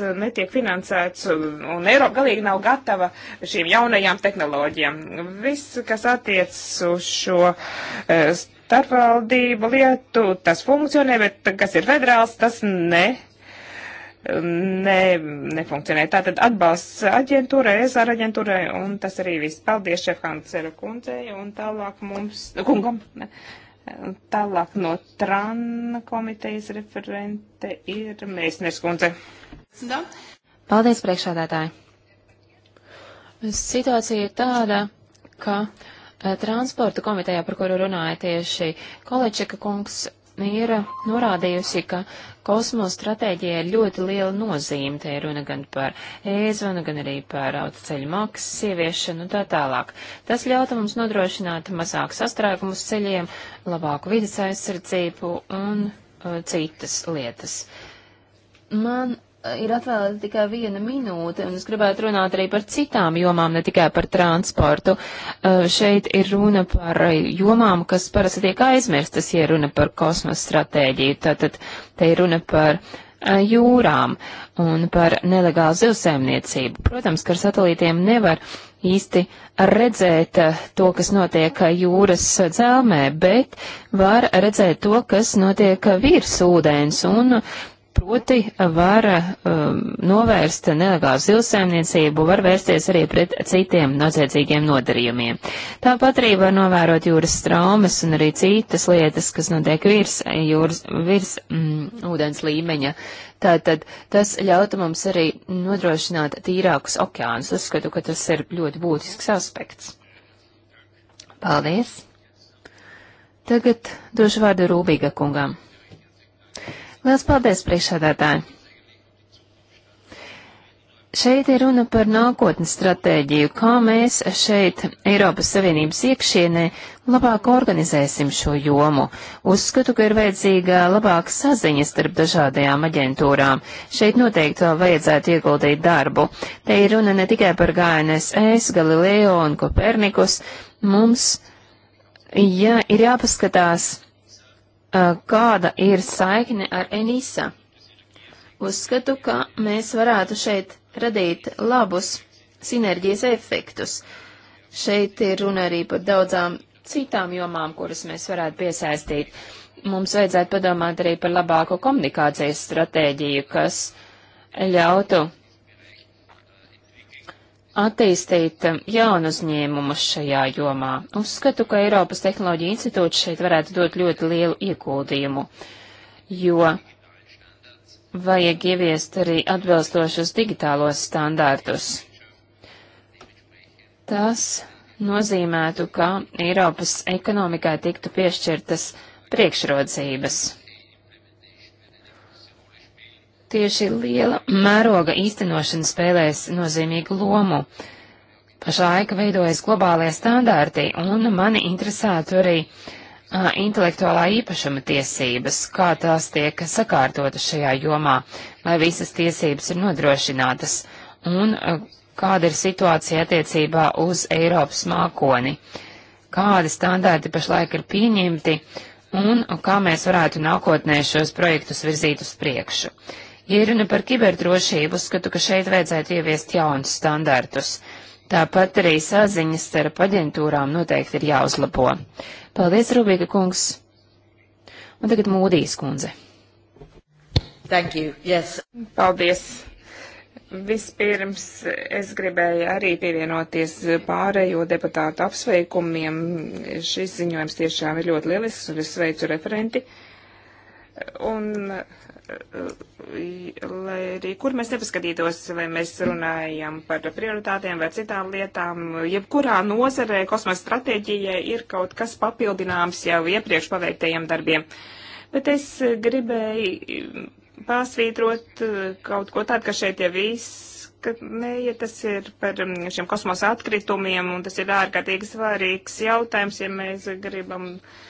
eh, netiek finansēts, un Eiropa galīgi nav gatava šīm jaunajām tehnoloģijām. Viss, kas attiec uz šo eh, starpvaldību lietu, tas funkcionē, bet kas ir federāls, tas ne ne, nefunkcionē. Tātad atbalsts aģentūrai, ESR aģentūrai, un tas arī viss. Paldies Šefhanceru kundzei, un tālāk mums, kungam, ne, tālāk no TRAN komitejas referente ir Mēsnes kundze. Da.
Paldies priekšādātāji. Situācija ir tāda, ka eh, transporta komitejā, par kuru runāja tieši Kolečika kungs, ir norādījusi, ka Kosmostratēģijai ir ļoti liela nozīme, te ir runa gan par ēzonu, gan arī par autoceļu maksas ieviešanu un tā tālāk. Tas ļauta mums nodrošināt mazāk sastrēgumus ceļiem, labāku vidas aizsardzību un uh, citas lietas. Man Eh, ir atvēlēta tikai viena minūte, un es gribētu runāt arī par citām jomām, ne tikai par transportu. Eh, šeit ir runa par jomām, kas parasti tiek aizmirstas, ja runa par kosmosa stratēģiju. Tātad te ir runa par eh, jūrām un par nelegālu zivsēmniecību. Protams, ka ar satelītiem nevar īsti redzēt to, kas notiek jūras dzelmē, bet var redzēt to, kas notiek virs ūdens, un Proti var um, novērst nelegālu zilsēmniecību, var vērsties arī pret citiem noziedzīgiem nodarījumiem. Tāpat arī var novērot jūras traumas un arī citas lietas, kas notiek virs, jūras, virs mm, ūdens līmeņa. Tātad tas ļautu mums arī nodrošināt tīrākus okeānus. Uzskatu, ka tas ir ļoti būtisks aspekts. Paldies! Tagad došu vārdu Rūbīga kungam. Liels paldies, priekšādātāji! Šeit ir runa par nākotnes stratēģiju, kā mēs šeit Eiropas Savienības iekšienē labāk organizēsim šo jomu. Uzskatu, ka ir vajadzīga labāka saziņa starp dažādajām aģentūrām. Šeit noteikti vēl vajadzētu ieguldīt darbu. Te ir runa ne tikai par GNSS, Galileo un Kopernikus. Mums ja, ir jāpaskatās Uh, kāda ir saikne ar Enisa. Uzskatu, ka mēs varētu šeit radīt labus sinerģijas efektus. Šeit ir runa arī par daudzām citām jomām, kuras mēs varētu piesaistīt. Mums vajadzētu padomāt arī par labāko komunikācijas stratēģiju, kas ļautu attīstīt um, jaunu uzņēmumus šajā jomā. Uzskatu, ka Eiropas Tehnoloģija institūts šeit varētu dot ļoti lielu ieguldījumu, jo vajag ieviest arī atbilstošus digitālos standārtus. Tas nozīmētu, ka Eiropas ekonomikai tiktu piešķirtas priekšrocības. Tieši liela mēroga īstenošana spēlēs nozīmīgu lomu. Pašlaik veidojas globālie standārti, un mani interesētu arī a, intelektuālā īpašuma tiesības, kā tās tiek sakārtotas šajā jomā, lai visas tiesības ir nodrošinātas, un a, kāda ir situācija attiecībā uz Eiropas mākoni, kādi standārti pašlaik ir pieņemti, un kā mēs varētu nākotnē šos projektus virzīt uz priekšu. Ja runa par kiberdrošību, skatu, ka šeit vajadzētu ieviest jaunus standartus. Tāpat arī saziņas starp aģentūrām noteikti ir jāuzlabo. Paldies, Rubīga kungs! Un tagad Mūdīs kundze.
Thank you, yes. Paldies! Vispirms es gribēju arī pievienoties pārējo deputātu apsveikumiem. Šis ziņojums tiešām ir ļoti lielisks un es sveicu referenti. Un uh, lai arī kur mēs nepaskatītos, vai mēs runājam par prioritātēm vai citām lietām, jebkurā nozarē kosmosa stratēģijai ir kaut kas papildināms jau iepriekš paveiktajiem darbiem. Bet es gribēju pārsvītrot kaut ko tādu, ka šeit jau viss, ka nē, ja tas ir par mm, šiem kosmosa atkritumiem, un tas ir ārkārtīgi svarīgs jautājums, ja mēs gribam uh,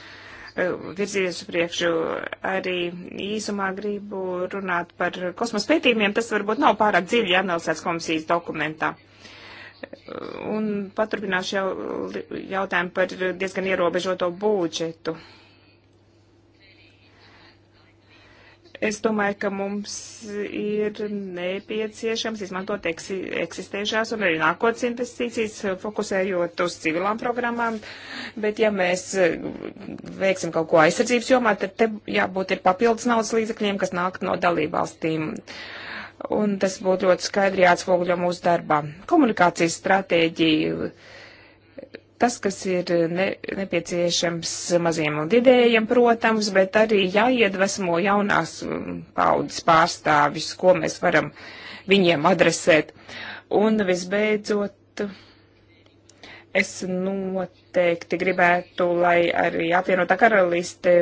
virzīties uz priekšu. Arī īsumā gribu runāt par kosmosa pētījumiem. Tas varbūt nav pārāk dziļi analizēts komisijas dokumentā. Un paturpināšu jau jautājumu par diezgan ierobežoto būdžetu. Es domāju, ka mums ir nepieciešams izmantot eksistējušās un arī nākotnes investīcijas, fokusējot uz civilām programmām, bet ja mēs e, veiksim kaut ko aizsardzības jomā, tad te jābūt ir papildus naudas līdzekļiem, kas nāk no dalībvalstīm. Un tas būtu ļoti skaidri jāatspoguļo mūsu darbā. Komunikācijas stratēģija tas, kas ir ne, nepieciešams maziem un didējiem, protams, bet arī jāiedvesmo jaunās mm, paudzes pārstāvis, ko mēs varam viņiem adresēt. Un visbeidzot, es noteikti gribētu, lai arī apvienotā karaliste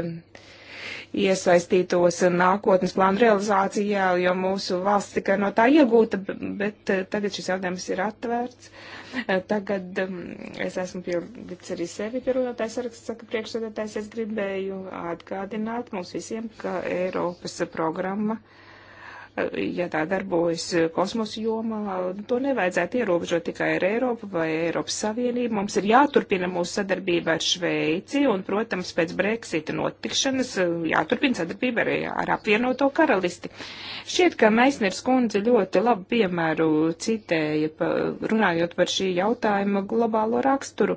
iesaistītos nākotnes plānu realizācijā, jo mūsu valsts tikai no tā iegūta, bet eh, tagad šis jautājums ir atvērts. Uh, Eh, tagad mm, es esmu pielicis arī sevi pie runātājs saraksts, saka priekšsēdētājs, es gribēju atgādināt mums visiem, ka Eiropas programma. Uh, ja tā darbojas kosmosa jomā, to nevajadzētu ierobežot tikai ar Eiropu vai Eiropas Savienību. Mums ir jāturpina mūsu sadarbība ar Šveici un, protams, pēc Brexita notikšanas eh, jāturpina sadarbība arī ar apvienoto karalisti. Šķiet, ka Meisners kundze ļoti labu piemēru citēja, pa, runājot par šī jautājuma globālo raksturu.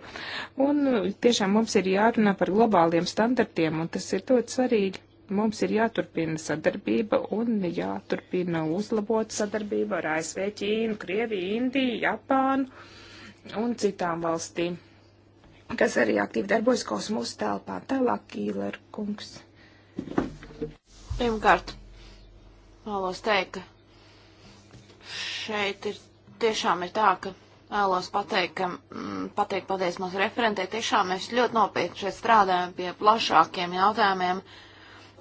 Un tiešām mums ir jārunā par globāliem standartiem, un tas ir ļoti svarīgi mums ir jāturpina sadarbība un jāturpina uzlabot sadarbību ar ASV, Ķīnu, Krieviju, Indiju, Japānu un citām valstīm, kas arī aktīvi darbojas kosmosa telpā. Tālāk, Kīler kungs.
Pirmkārt, vēlos teikt, ka šeit ir tiešām ir tā, ka vēlos pateikt, ka, mm, pateikt pateicis mūsu referentē, tiešām mēs ļoti nopietni šeit strādājam pie plašākiem jautājumiem. Uh,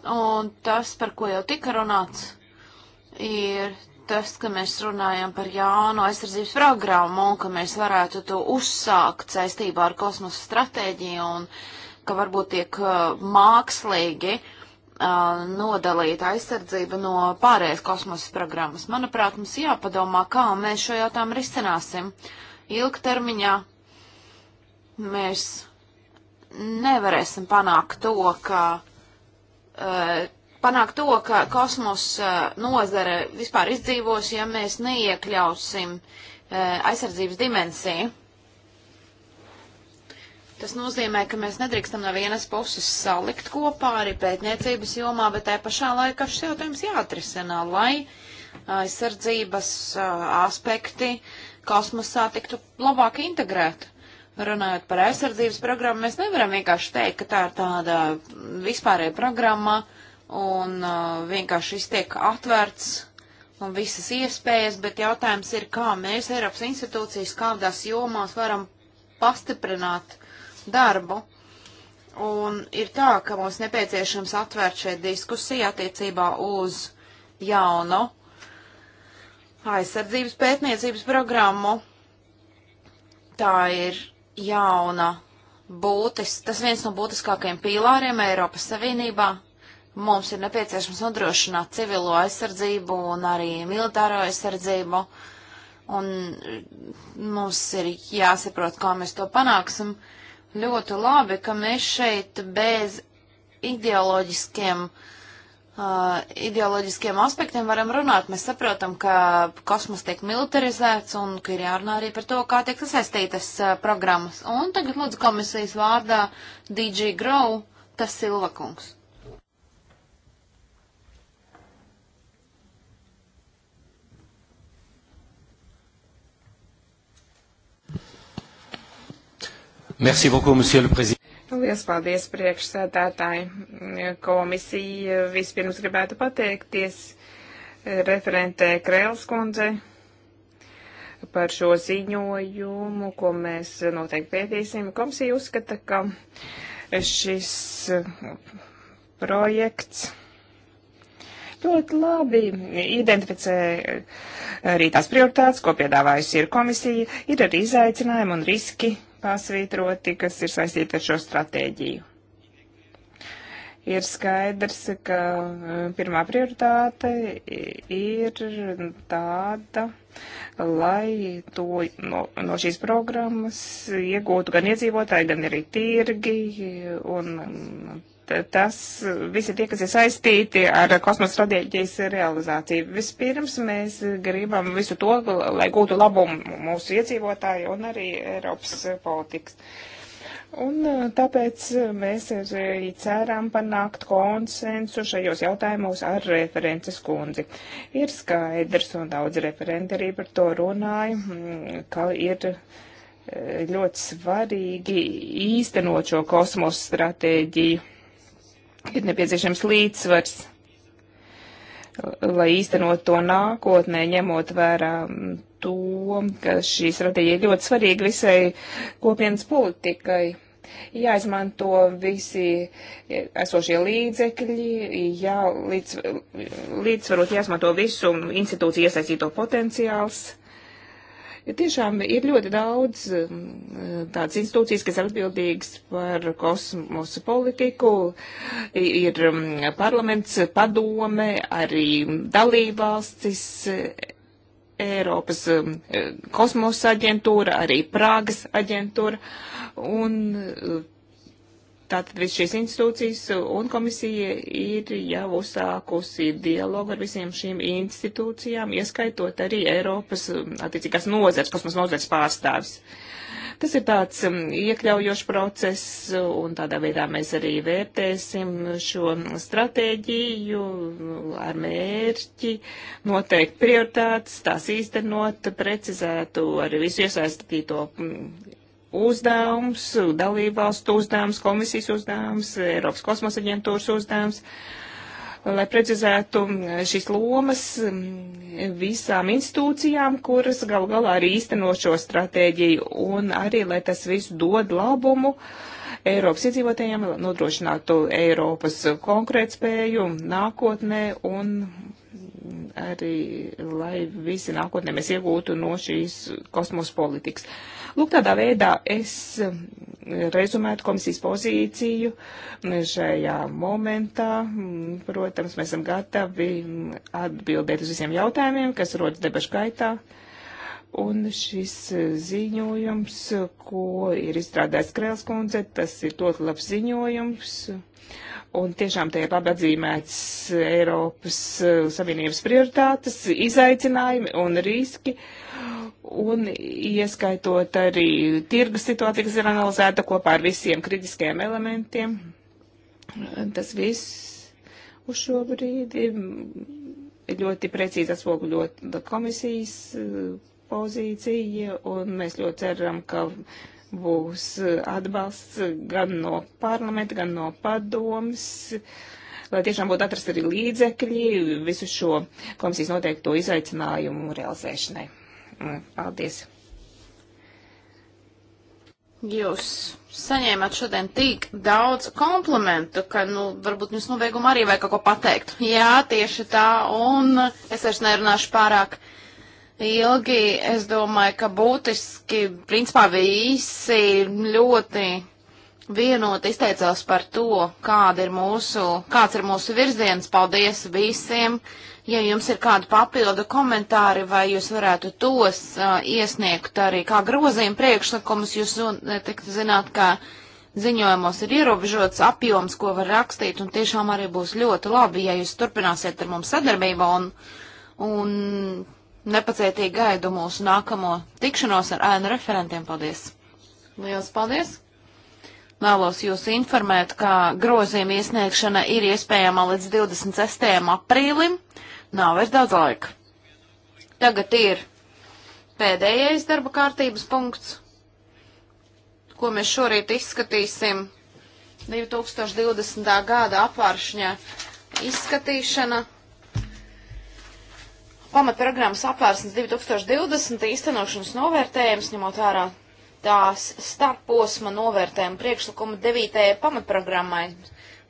Un tas, par ko jau tika runāts, ir tas, ka mēs runājam par jaunu aizsardzības programmu un ka mēs varētu to uzsākt saistībā ar kosmosa stratēģiju un ka varbūt tiek uh, mākslīgi uh, nodalīta aizsardzība no pārējais kosmosa programmas. Manuprāt, mums jāpadomā, kā mēs šo jautājumu risināsim. Ilgtermiņā mēs nevarēsim panākt to, ka Eh, panākt to, ka kosmosa eh, nozare vispār izdzīvos, ja mēs neiekļausim eh, aizsardzības dimensiju. Tas nozīmē, ka mēs nedrīkstam no vienas puses salikt kopā arī pētniecības jomā, bet tajā pašā laikā šis jautājums jāatrisinā, lai aizsardzības aspekti kosmosā tiktu labāk integrēti. Runājot par aizsardzības programmu, mēs nevaram vienkārši teikt, ka tā ir tāda vispārēja programma un uh, vienkārši viss tiek atvērts un visas iespējas, bet jautājums ir, kā mēs Eiropas institūcijas kādās jomās varam pastiprināt darbu. Un ir tā, ka mums nepieciešams atvērt šeit diskusiju attiecībā uz jaunu aizsardzības pētniecības programmu. Tā ir jauna būtis, tas viens no būtiskākajiem pīlāriem Eiropas Savienībā. Mums ir nepieciešams nodrošināt civilo aizsardzību un arī militāro aizsardzību, un mm, mums ir jāsaprot, kā mēs to panāksim. Ļoti labi, ka mēs šeit bez ideoloģiskiem uh, Uh, ideoloģiskiem aspektiem varam runāt. Mēs saprotam, ka kosmos tiek militarizēts un ka ir jārunā arī par to, kā tiek sasaistītas uh, programmas. Un tagad lūdzu komisijas vārdā DG Grow, tas Silvakungs.
Merci beaucoup, monsieur le président.
Lielas paldies priekšsēdētāji. Komisija vispirms gribētu pateikties referentē Krēls kundze par šo ziņojumu, ko mēs noteikti pētīsim. Komisija uzskata, ka šis projekts ļoti labi identificē arī tās prioritātes, ko piedāvājusi ir komisija. Ir arī izaicinājumi un riski pasvītroti, kas ir saistīti ar šo stratēģiju. Ir skaidrs, ka eh, pirmā prioritāte ir tāda, lai to no, no šīs programmas iegūtu gan iedzīvotāji, gan arī tirgi, un Eh, tas eh, visi tie, kas ir saistīti ar eh, kosmosa stratēģijas realizāciju. Vispirms mēs gribam visu to, lai gūtu labumu mūsu iedzīvotāji un arī Eiropas politikas. Un tāpēc mēs arī ceram panākt konsensu šajos jautājumos ar references kundzi. Ir skaidrs, un daudz referenti arī par to runāja, mm, ka ir ļoti svarīgi īstenot šo kosmosa stratēģiju ir nepieciešams līdzsvars, lai īstenot to nākotnē, ņemot vērā mm, to, ka šī stratēģija ir ļoti svarīga visai kopienas politikai. Jāizmanto visi esošie līdzekļi, jā, līdz, līdzsvarot jāizmanto visu institūciju iesaistīto potenciāls Jo tiešām ir ļoti daudz um, tādas institūcijas, kas atbildīgas par kosmosa politiku, ir um, parlaments, padome, arī dalībvalstis, Eiropas um, kosmosa aģentūra, arī Prāgas aģentūra, un Tātad viss šīs institūcijas un komisija ir jau uzsākusi dialogu ar visiem šīm institūcijām, ieskaitot arī Eiropas um, attiecīgās nozars, kosmos nozars pārstāvis. Tas ir tāds um, iekļaujošs process, un tādā veidā mēs arī vērtēsim šo stratēģiju ar mērķi noteikt prioritātes, tās īstenot, precizētu arī visu iesaistīto mm, uzdevums, dalībvalstu uzdevums, komisijas uzdevums, Eiropas kosmosa aģentūras uzdevums, lai precizētu šīs lomas visām institūcijām, kuras gal galā arī īsteno šo stratēģiju, un arī, lai tas viss dod labumu Eiropas iedzīvotājiem, nodrošinātu Eiropas konkurētspēju nākotnē un arī, lai visi nākotnē mēs iegūtu no šīs kosmosa politikas. Uh, Lūk, tādā veidā es eh, rezumētu komisijas pozīciju mm, šajā momentā. Mm, protams, mēs esam gatavi mm, atbildēt uz visiem jautājumiem, kas rodas debašu gaitā. Un šis eh, ziņojums, ko ir izstrādājis Krēls kundze, tas ir ļoti labs ziņojums. Un tiešām te ir labi atzīmēts Eiropas eh, Savienības prioritātes, izaicinājumi un riski. Uh, un ieskaitot arī tirgus situāciju, kas ir analizēta kopā ar visiem kritiskajiem elementiem. Tas viss uz šo brīdi ļoti precīzi atspoguļot komisijas eh, pozīciju, un mēs ļoti ceram, ka būs atbalsts gan no parlamenta, gan no padomas lai tiešām būtu atrast arī līdzekļi visu šo komisijas noteikto izaicinājumu realizēšanai. Paldies!
Jūs saņēmāt šodien tik daudz komplimentu, ka, nu, varbūt jums nobeigumā arī vajag kaut ko pateikt. Jā, tieši tā, un es vairs nerunāšu pārāk ilgi. Es domāju, ka būtiski, principā, visi ļoti vienoti izteicās par to, kāda ir mūsu, kāds ir mūsu virziens. Paldies visiem! Ja jums ir kādi papildu komentāri, vai jūs varētu tos uh, iesniegt arī kā grozījuma priekšlikumus, jūs eh, tiktu zināt, ka ziņojumos ir ierobežots apjoms, ko var rakstīt, un tiešām arī būs ļoti labi, ja jūs turpināsiet ar mums sadarbību un, un nepacietīgi gaidu mūsu nākamo tikšanos ar ēnu referentiem. Paldies! Lielas paldies! Vēlos jūs informēt, ka grozījuma iesniegšana ir iespējama līdz 26. aprīlim. Nav vairs daudz laika. Tagad ir pēdējais darba kārtības punkts, ko mēs šorīt izskatīsim. 2020. gada apvāršņa izskatīšana. Pamatprogrammas apvērsnes 2020 īstenošanas novērtējums, ņemot vērā tās starposma novērtējuma priekšlikuma devītajai pamatprogrammai.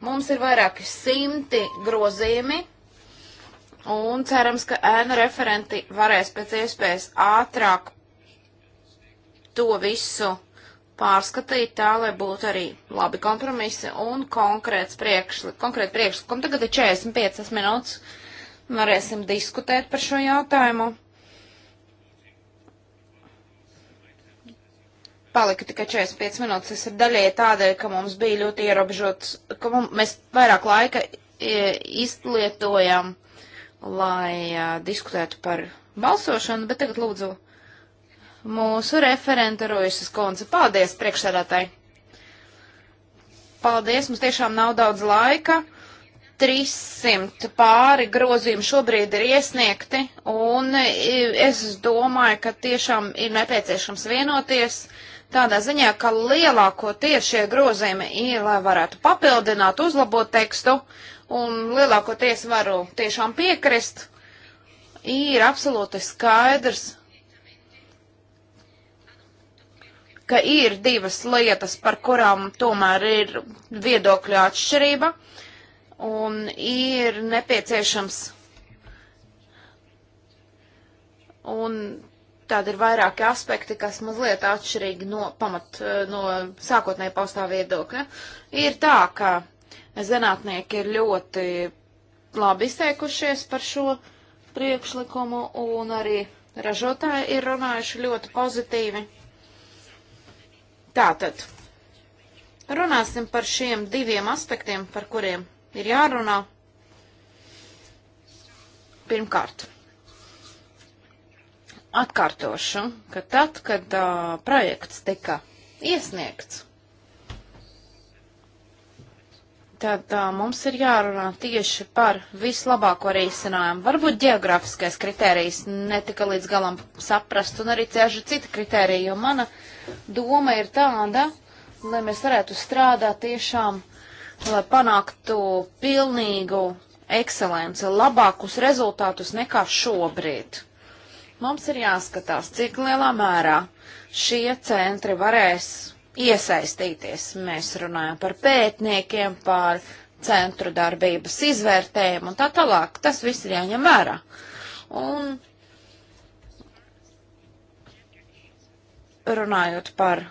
Mums ir vairāki simti grozījumi, un cerams, ka ēnu referenti varēs pēc iespējas ātrāk to visu pārskatīt tā, lai būtu arī labi kompromisi un konkrēts priekšlikums. Konkrēt priekšlikum tagad ir 45 minūtes. Varēsim diskutēt par šo jautājumu. palika tikai 45 minūtes. Tas ir daļai tādēļ, ka mums bija ļoti ierobežots, ka mums, mēs vairāk laika e, izlietojam, lai uh, diskutētu par balsošanu, bet tagad lūdzu mūsu referenta Rojas Konce. Paldies, priekšsēdētāji! Paldies, mums tiešām nav daudz laika. 300 pāri grozījumi šobrīd ir iesniegti, un e, es domāju, ka tiešām ir nepieciešams vienoties. Uh, tādā ziņā, ka lielāko tiešie grozījumi ir, lai varētu papildināt, uzlabot tekstu, un lielāko tiesu varu tiešām piekrist, ir absolūti skaidrs, ka ir divas lietas, par kurām tomēr ir viedokļu atšķirība, un ir nepieciešams un Tāda ir vairāki aspekti, kas mazliet atšķirīgi no pamat, no sākotnēji paustā viedokļa. Ir tā, ka zinātnieki ir ļoti labi izteikušies par šo priekšlikumu un arī ražotāji ir runājuši ļoti pozitīvi. Tātad, runāsim par šiem diviem aspektiem, par kuriem ir jārunā. Pirmkārt, atkārtošu, ka tad, kad uh, projekts tika iesniegts, tad uh, mums ir jārunā tieši par vislabāko risinājumu. Varbūt geogrāfiskais kritērijs netika līdz galam saprast, un arī cieši citi kritēriji, jo mana doma ir tāda, lai mēs varētu strādāt tiešām, lai panāktu pilnīgu ekscelenci, labākus rezultātus nekā šobrīd. Mums ir jāskatās, cik lielā mērā šie centri varēs iesaistīties. Mēs runājam par pētniekiem, par centru darbības izvērtējumu un tā tālāk. Tas viss ir jāņem vērā. Un runājot par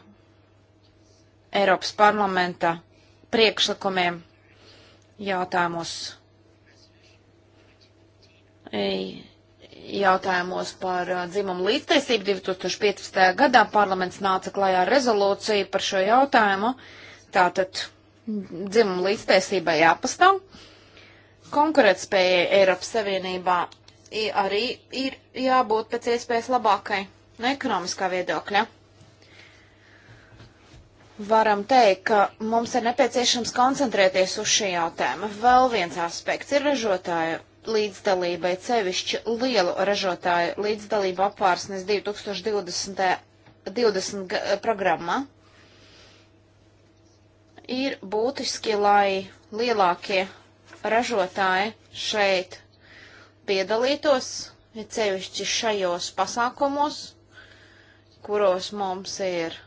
Eiropas parlamenta priekšlikumiem jautājumos, Ei jautājumos par uh, dzimumu līdztaisību 2015. gadā parlaments nāca klajā ar rezolūciju par šo jautājumu. Tātad dzimumu līdztaisībai jāpastāv. Konkurētspējai Eiropas Savienībā arī ir jābūt pēc iespējas labākai no ekonomiskā viedokļa. Varam teikt, ka mums ir nepieciešams koncentrēties uz šī jautājuma. Vēl viens aspekts ir ražotāju līdzdalībai, cevišķi lielu ražotāju līdzdalību apvārsnes 2020. 20 eh, programmā, ir būtiski, lai lielākie ražotāji šeit piedalītos, ir cevišķi šajos pasākumos, kuros mums ir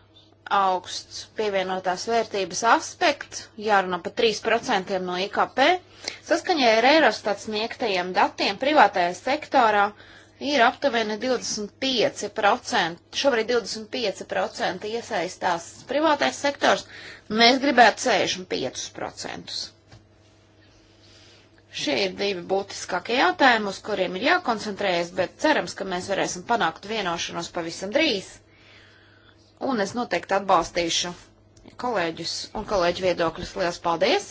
augsts pievienotās vērtības aspekts, jārunā par 3% no IKP. Saskaņā ar Eirostats sniegtajiem datiem privātajā sektorā ir aptuveni 25%, šobrīd 25% iesaistās privātais sektors, mēs gribētu 65%. Šie ir divi būtiskākie jautājumi, uz kuriem ir jākoncentrējas, bet cerams, ka mēs varēsim panākt vienošanos pavisam drīz un es noteikti atbalstīšu kolēģus un kolēģu viedokļus. Lielas paldies!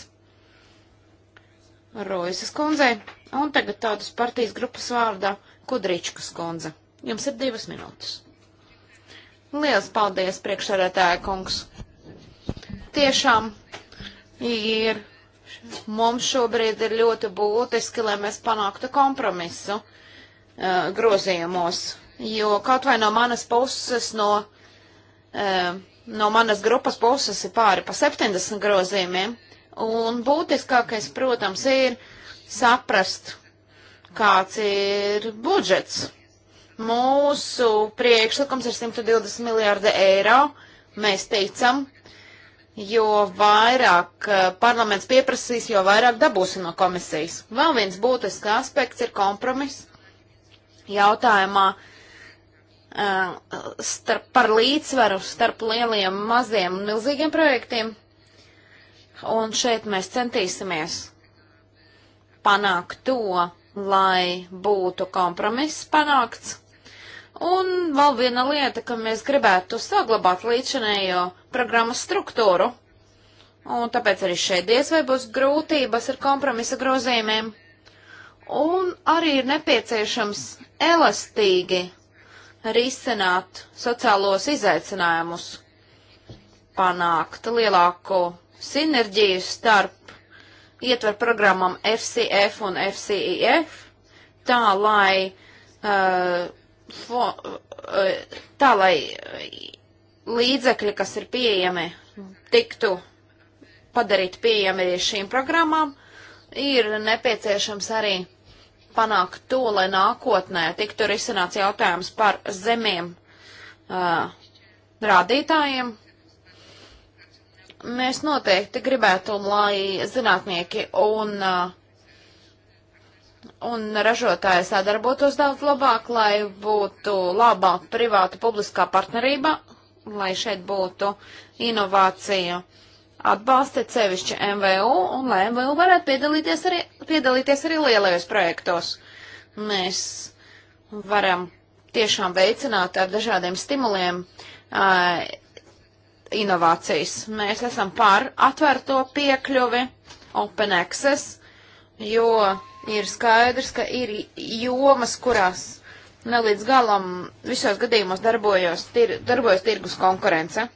Roisas kundzei, un tagad tautas partijas grupas vārdā Kudričkas kundze. Jums ir divas minūtes. Lielas paldies, priekšsarētāja kungs! Tiešām ir mums šobrīd ir ļoti būtiski, lai mēs panāktu kompromisu uh, grozījumos, jo kaut vai no manas puses, no Ehm, no manas grupas puses ir pāri pa 70 grozījumiem, un būtiskākais, protams, ir saprast, kāds ir budžets. Mūsu priekšlikums ir 120 miljārdi eiro, mēs teicam, jo vairāk eh, parlaments pieprasīs, jo vairāk dabūsim no komisijas. Vēl viens būtisks aspekts ir kompromiss jautājumā, uh, Uh, starp, par līdzsvaru starp lieliem, maziem un milzīgiem projektiem. Un šeit mēs centīsimies panākt to, lai būtu kompromiss panākts. Un vēl viena lieta, ka mēs gribētu saglabāt līdzinējo programmas struktūru. Un tāpēc arī šeit diez vai būs grūtības ar kompromisa grozījumiem. Un arī ir nepieciešams elastīgi risināt sociālos izaicinājumus, panākt lielāku sinerģiju starp ietver programmam FCF un FCIF, e tā lai, uh, fo, uh, tā lai līdzekļi, kas ir pieejami, tiktu padarīti pieejami šīm programmām, ir nepieciešams arī panākt to, lai nākotnē tiktu risināts jautājums par zemiem uh, rādītājiem. Mēs noteikti gribētu, lai zinātnieki un, uh, un ražotāji sadarbotos daudz labāk, lai būtu labā privāta publiskā partnerība, lai šeit būtu inovācija. Uh, atbalstat sevišķi MVU un lai MVU varētu piedalīties arī, piedalīties arī lielajos projektos. Mēs varam tiešām veicināt ar dažādiem stimuliem uh, inovācijas. Mēs esam par atvērto piekļuvi, open access, jo ir skaidrs, ka ir jomas, kurās nelīdz galam visos gadījumos darbojos, tir, darbojas tirgus konkurence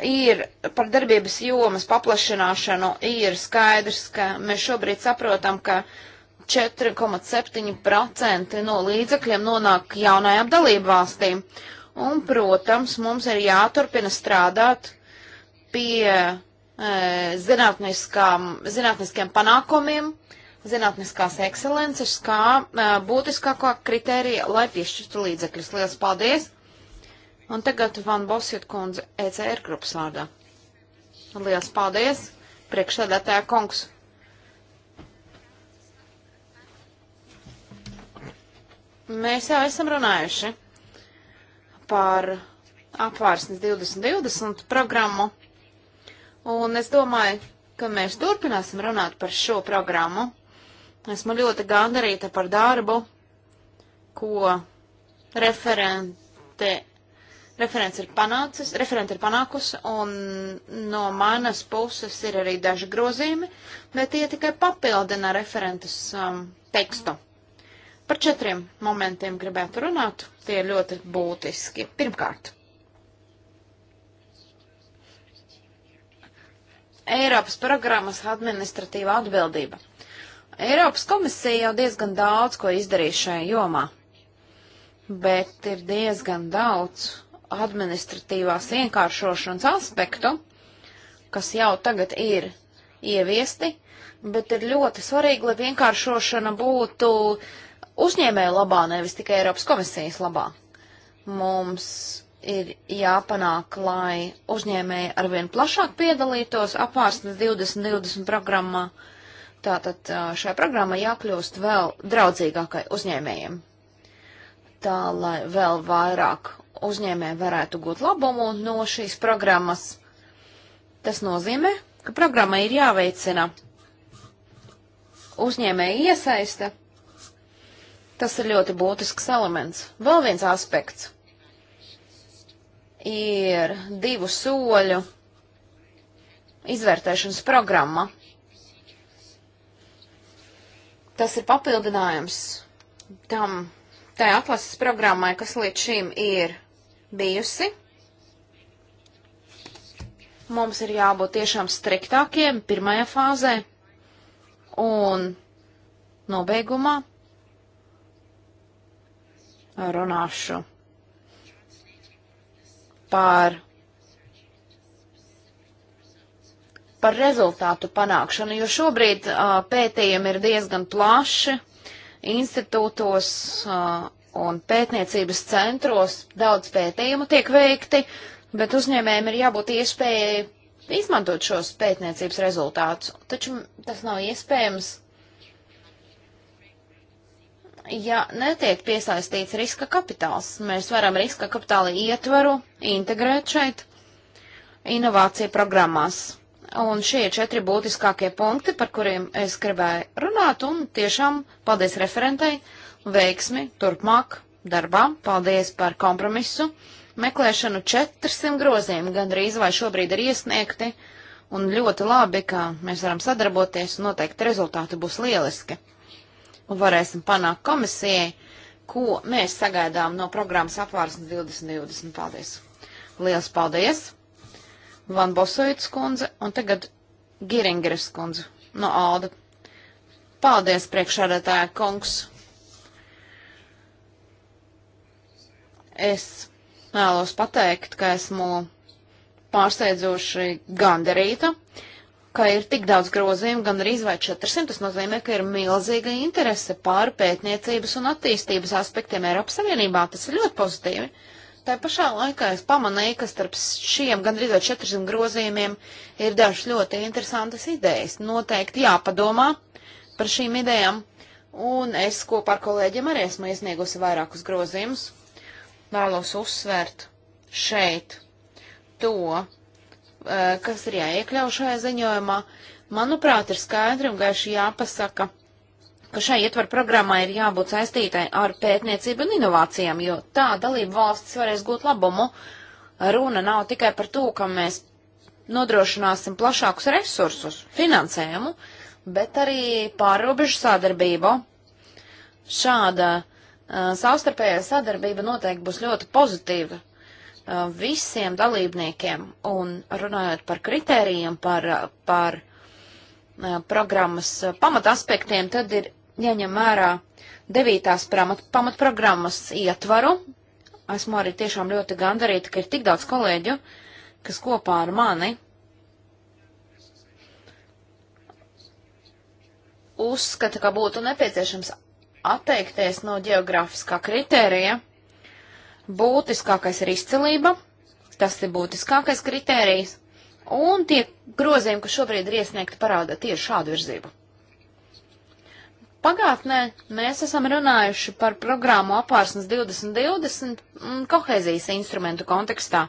ir par darbības jomas paplašināšanu, ir skaidrs, ka mēs šobrīd saprotam, ka 4,7% no līdzekļiem nonāk jaunajām dalību valstīm. Un, protams, mums ir jāturpina strādāt pie e, zinātniskiem panākumiem, zinātniskās ekscelences kā e, būtiskākā kritērija, lai piešķirtu līdzekļus. Lielas paldies! Un tagad Van Bosiet kundze ECR grupas vārdā. Lielas paldies, priekšsēdētāja kungs. Mēs jau esam runājuši par apvārsnes 2020 programmu, un es domāju, ka mēs turpināsim runāt par šo programmu. Esmu ļoti gandarīta par darbu, ko referente Referents ir panācis, referenti ir panākusi, un no manas puses ir arī daži grozījumi, bet tie tikai papildina referentes um, tekstu. Par četriem momentiem gribētu runāt, tie ir ļoti būtiski. Pirmkārt, Eiropas programmas administratīva atbildība. Eiropas komisija jau diezgan daudz ko izdarīja šajā jomā, bet ir diezgan daudz administratīvās vienkāršošanas aspektu, kas jau tagad ir ieviesti, bet ir ļoti svarīgi, lai vienkāršošana būtu uzņēmēju labā, nevis tikai Eiropas komisijas labā. Mums ir jāpanāk, lai uzņēmēji arvien plašāk piedalītos apvārsnes 2020 programmā. Tātad šai programmai jākļūst vēl draudzīgākai uzņēmējiem. Tā, lai vēl vairāk uzņēmēji varētu gūt labumu no šīs programmas. Tas nozīmē, ka programma ir jāveicina uzņēmēji iesaista. Tas ir ļoti būtisks elements. Vēl viens aspekts ir divu soļu izvērtēšanas programma. Tas ir papildinājums tam, tai atlases programmai, kas līdz šim ir bijusi. Mums ir jābūt tiešām striktākiem pirmajā fāzē un nobeigumā runāšu par, par rezultātu panākšanu, jo šobrīd uh, pētījumi ir diezgan plaši institūtos. Uh, un pētniecības centros daudz pētījumu tiek veikti, bet uzņēmējiem ir jābūt iespējai izmantot šos pētniecības rezultātus. Taču tas nav iespējams, ja netiek piesaistīts riska kapitāls. Mēs varam riska kapitāla ietvaru integrēt šeit inovāciju programmās. Un šie ir četri būtiskākie punkti, par kuriem es gribēju runāt, un tiešām paldies referentei veiksmi turpmāk darbā. Paldies par kompromisu. Meklēšanu 400 grozījumu gandrīz vai šobrīd ir iesniegti. Un ļoti labi, ka mēs varam sadarboties un noteikti rezultāti būs lieliski. Un varēsim panākt komisijai, ko mēs sagaidām no programmas apvārsnes 2020. Paldies! Liels paldies! Van Bosoits kundze un tagad Giringeres kundze no Alda. Paldies, priekšādātāja kungs! Es vēlos pateikt, ka esmu pārsteidzoši gandarīta, ka ir tik daudz grozījumu, gan arī vai 400. Tas nozīmē, ka ir milzīga interese pār pētniecības un attīstības aspektiem Eiropas Savienībā. Tas ir ļoti pozitīvi. Tā pašā laikā es pamanīju, ka starp šiem gandrīz 400 grozījumiem ir dažas ļoti interesantas idejas. Noteikti jāpadomā par šīm idejām, un es kopā ar kolēģiem arī esmu iesniegusi vairākus grozījumus vēlos uzsvērt šeit to, eh, kas ir jāiekļauj šajā ziņojumā. Manuprāt, ir skaidri un gaiši jāpasaka, ka šai ietvaru programmai ir jābūt saistītai ar pētniecību un inovācijām, jo tā dalība valsts varēs gūt labumu. Runa nav tikai par to, ka mēs nodrošināsim plašākus resursus, finansējumu, bet arī pārrobežu sadarbību. Šāda Uh, savstarpējā sadarbība noteikti būs ļoti pozitīva uh, visiem dalībniekiem. Un runājot par kritērijiem, par, uh, par programmas pamataspektiem, tad ir jāņem vērā devītās pamatprogrammas ietvaru. Esmu arī tiešām ļoti gandarīta, ka ir tik daudz kolēģu, kas kopā ar mani uzskata, ka būtu nepieciešams atteikties no geogrāfiskā kritērija. Būtiskākais ir izcelība, tas ir būtiskākais kritērijs, un tie grozījumi, kas šobrīd ir iesniegti, parāda tieši šādu virzību. Pagātnē mēs esam runājuši par programmu apārsnes 2020 kohēzijas instrumentu kontekstā,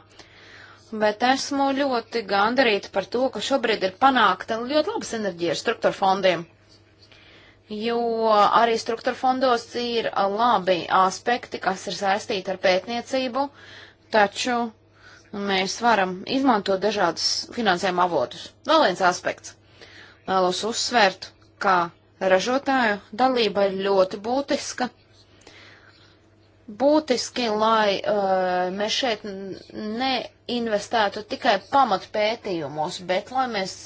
bet esmu ļoti gandarīta par to, ka šobrīd ir panākta ļoti laba sinerģija ar struktūra fondiem jo arī struktūra fondos ir labi aspekti, kas ir saistīti ar pētniecību, taču mēs varam izmantot dažādus finansējuma avotus. Vēl viens aspekts. Vēlos uzsvērt, ka ražotāju dalība ir ļoti būtiska. Būtiski, lai uh, mēs šeit neinvestētu tikai pamatpētījumos, bet lai mēs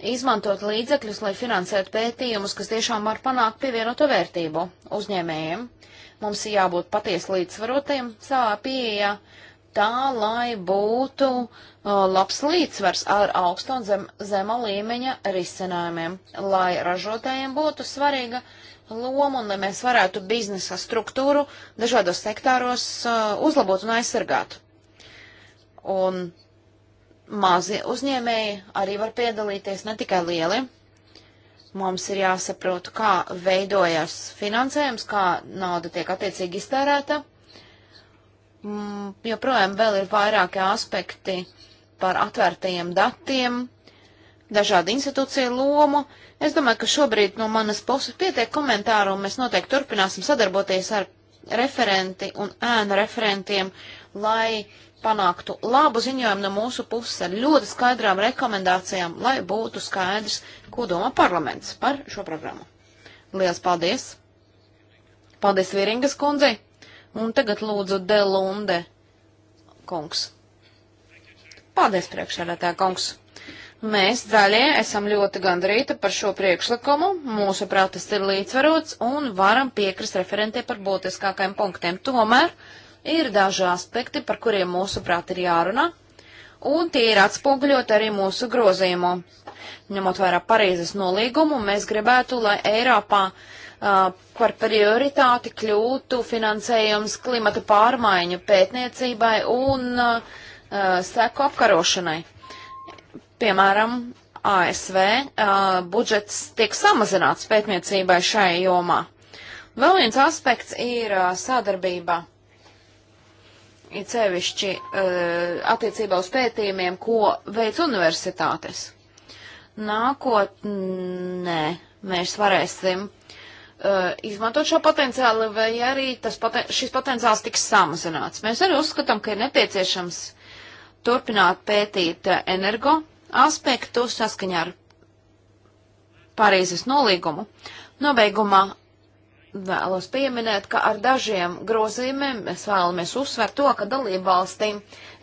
izmantot līdzekļus, lai finansētu pētījumus, kas tiešām var panākt pievienoto vērtību uzņēmējiem. Mums ir jābūt patiesi līdzsvarotiem savā pieejā, tā lai būtu uh, labs līdzsvars ar augstu un zem, zema līmeņa risinājumiem, lai ražotājiem būtu svarīga loma un lai mēs varētu biznesa struktūru dažādos sektāros uh, uzlabot un aizsargāt. Un mazi uzņēmēji arī var piedalīties, ne tikai lieli. Mums ir jāsaprot, kā veidojas finansējums, kā nauda tiek attiecīgi iztērēta. Mm, joprojām vēl ir vairāki aspekti par atvērtajiem datiem, dažādu institūciju lomu. Es domāju, ka šobrīd no manas puses pietiek komentāru, un mēs noteikti turpināsim sadarboties ar referenti un ēnu referentiem, lai panāktu labu ziņojumu no mūsu puses ar ļoti skaidrām rekomendācijām, lai būtu skaidrs, ko domā parlaments par šo programmu. Lielas paldies! Paldies Viringas kundzei! Un tagad lūdzu Delunde kungs. Paldies priekšsēdētā kungs! Mēs zaļie esam ļoti gandrīti par šo priekšlikumu, mūsu prātas ir līdzvarots un varam piekrist referentē par būtiskākajiem punktiem. Tomēr ir daži aspekti, par kuriem mūsuprāt ir jārunā, un tie ir atspoguļot arī mūsu grozījumu. Ņemot vērā Parīzes nolīgumu, mēs gribētu, lai Eiropā uh, par prioritāti kļūtu finansējums klimata pārmaiņu pētniecībai un uh, seku apkarošanai. Piemēram, ASV uh, budžets tiek samazināts pētniecībai šai jomā. Vēl viens aspekts ir sadarbība it sevišķi eh, attiecībā uz pētījumiem, ko veic universitātes. Nākotnē mēs varēsim eh, izmantot šo potenciālu, vai arī tas, poten šis potenciāls tiks samazināts. Mēs arī uzskatām, ka ir nepieciešams turpināt pētīt eh, energo aspektu saskaņā ar Parīzes nolīgumu. Nobeigumā vēlos pieminēt, ka ar dažiem grozījumiem mēs vēlamies uzsvērt to, ka dalībvalstīm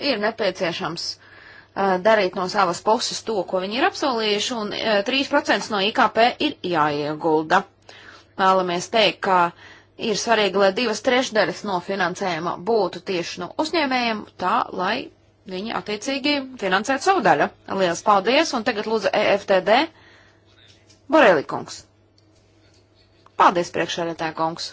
ir nepieciešams uh, darīt no savas puses to, ko viņi ir apsolījuši, un uh, 3% no IKP ir jāiegulda. Vēlamies teikt, ka ir svarīgi, lai divas trešdaļas no finansējuma būtu tieši no uzņēmējiem, tā lai viņi attiecīgi finansētu savu daļu. Lielas paldies, un tagad lūdzu EFTD Borelikungs. Paldies, priekšsēdētāja kungs.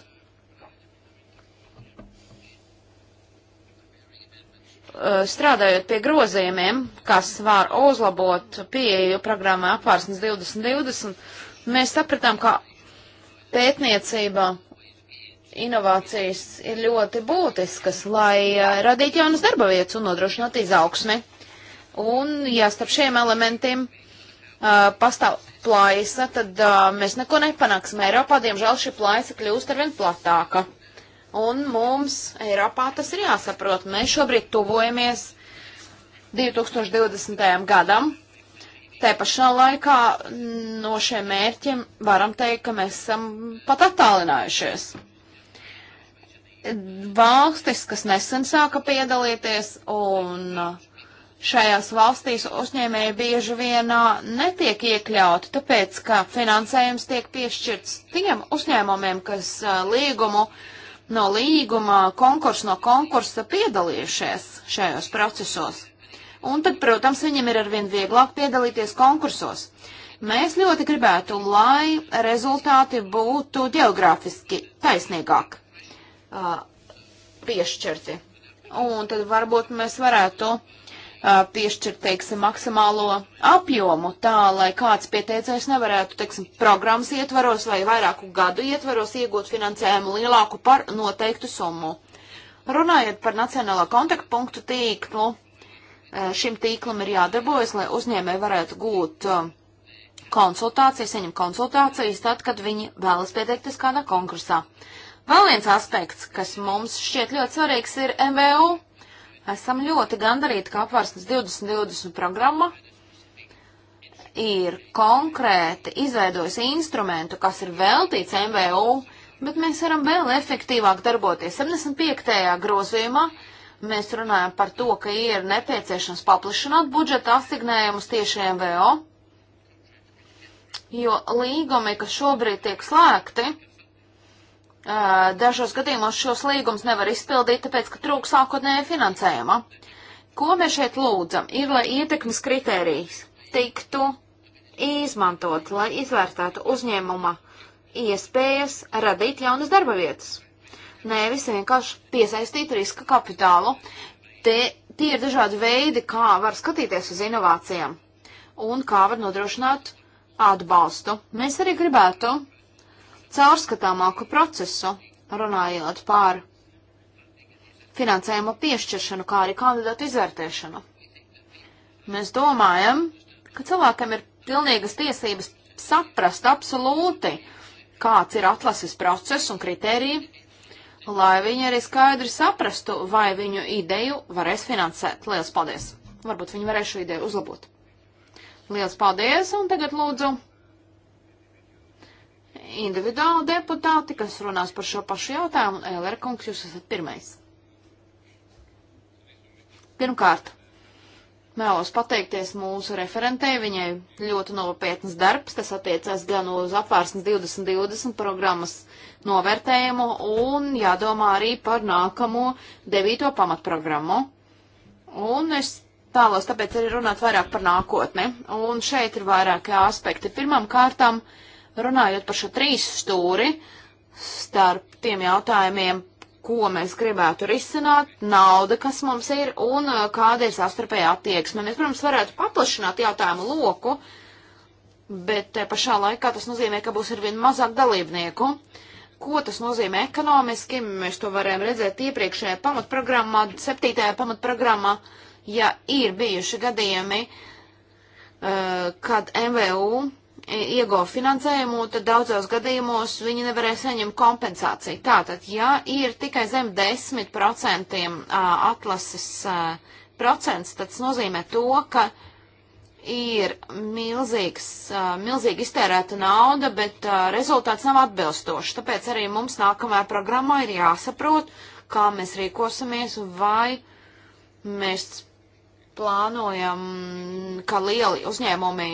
Eh, strādājot pie grozījumiem, kas var uzlabot pieeju programmai apvārsnes 2020, mēs sapratām, ka pētniecība inovācijas ir ļoti būtiskas, lai eh, radītu jaunas darba vietas un nodrošinātu izaugsmi. Un, ja starp šiem elementiem uh, pastāv plaisa, tad uh, mēs neko nepanāksim. Eiropā, diemžēl, šī plaisa kļūst arvien platāka. Un mums Eiropā tas ir jāsaprot. Mēs šobrīd tuvojamies 2020. gadam. Te pašā laikā no šiem mērķiem varam teikt, ka mēs esam pat attālinājušies. Valstis, kas nesen sāka piedalīties un uh, šajās valstīs uzņēmēji bieži vienā netiek iekļauti, tāpēc, ka finansējums tiek piešķirts tiem uzņēmumiem, kas līgumu no līguma, konkursu no konkursa piedalījušies šajos procesos. Un tad, protams, viņiem ir arvien vieglāk piedalīties konkursos. Mēs ļoti gribētu, lai rezultāti būtu geogrāfiski taisnīgāk uh, piešķirti. Un tad varbūt mēs varētu uh, piešķirt, teiksim, maksimālo apjomu tā, lai kāds pieteicējs nevarētu, teiksim, programmas ietvaros vai vairāku gadu ietvaros iegūt finansējumu lielāku par noteiktu summu. Runājot par nacionālo kontaktpunktu tīklu, šim tīklam ir jādarbojas, lai uzņēmēji varētu gūt konsultācijas, saņemt konsultācijas tad, kad viņi vēlas pieteikties kādā konkursā. Vēl viens aspekts, kas mums šķiet ļoti svarīgs, ir MVU Esam ļoti gandarīti, ka apvārsnes 2020 programma ir konkrēti izveidojusi instrumentu, kas ir veltīts MVU, bet mēs varam vēl efektīvāk darboties. 75. grozījumā mēs runājam par to, ka ir nepieciešams paplašināt budžeta asignējumus tieši MVO, jo līgumi, kas šobrīd tiek slēgti, Dažos gadījumos šos līgumus nevar izpildīt, tāpēc, ka trūks sākotnēja finansējuma. Ko mēs šeit lūdzam, ir, lai ietekmes kritērijas tiktu izmantot, lai izvērtētu uzņēmuma iespējas radīt jaunas darba vietas. Nevis vienkārši piesaistīt riska kapitālu. Te, tie ir dažādi veidi, kā var skatīties uz inovācijām un kā var nodrošināt atbalstu. Mēs arī gribētu caurskatāmāku procesu, runājot pār finansējuma piešķiršanu, kā arī kandidātu izvērtēšanu. Mēs domājam, ka cilvēkam ir pilnīgas tiesības saprast absolūti, kāds ir atlases process un kritērija, lai viņi arī skaidri saprastu, vai viņu ideju varēs finansēt. Lielas paldies! Varbūt viņi varēs šo ideju uzlabot. Lielas paldies, un tagad lūdzu individuāli deputāti, kas runās par šo pašu jautājumu. Ēlera kungs, jūs esat pirmais. Pirmkārt, vēlos pateikties mūsu referentei. Viņai ļoti nopietnas darbs, tas attiecās gan uz apvārsnes 2020 programmas novērtējumu un jādomā arī par nākamo devīto pamatprogrammu. Un es tālos tāpēc arī runāt vairāk par nākotni. Un šeit ir vairāki aspekti. Pirmam kārtam. Uh, Runājot par šo trīs stūri, starp tiem jautājumiem, ko mēs gribētu risināt, nauda, kas mums ir un uh, kāda ir sastarpēja attieksme. Mēs, protams, varētu paplašināt jautājumu loku, bet pašā laikā tas nozīmē, ka būs arvien mazāk dalībnieku. Ko tas nozīmē ekonomiski? Mēs to varējām redzēt iepriekšējā pamatprogrammā, septītajā pamatprogrammā, ja ir bijuši gadījumi, uh, kad MVU E, ieguva finansējumu, tad daudzos gadījumos viņi nevarēja saņemt kompensāciju. Tātad, ja ir tikai zem 10% atlases procents, tad tas nozīmē to, ka ir milzīgs, milzīgi iztērēta nauda, bet rezultāts nav atbilstošs. Tāpēc arī mums nākamajā programmā ir jāsaprot, kā mēs rīkosimies, vai mēs plānojam, ka lieli uzņēmumi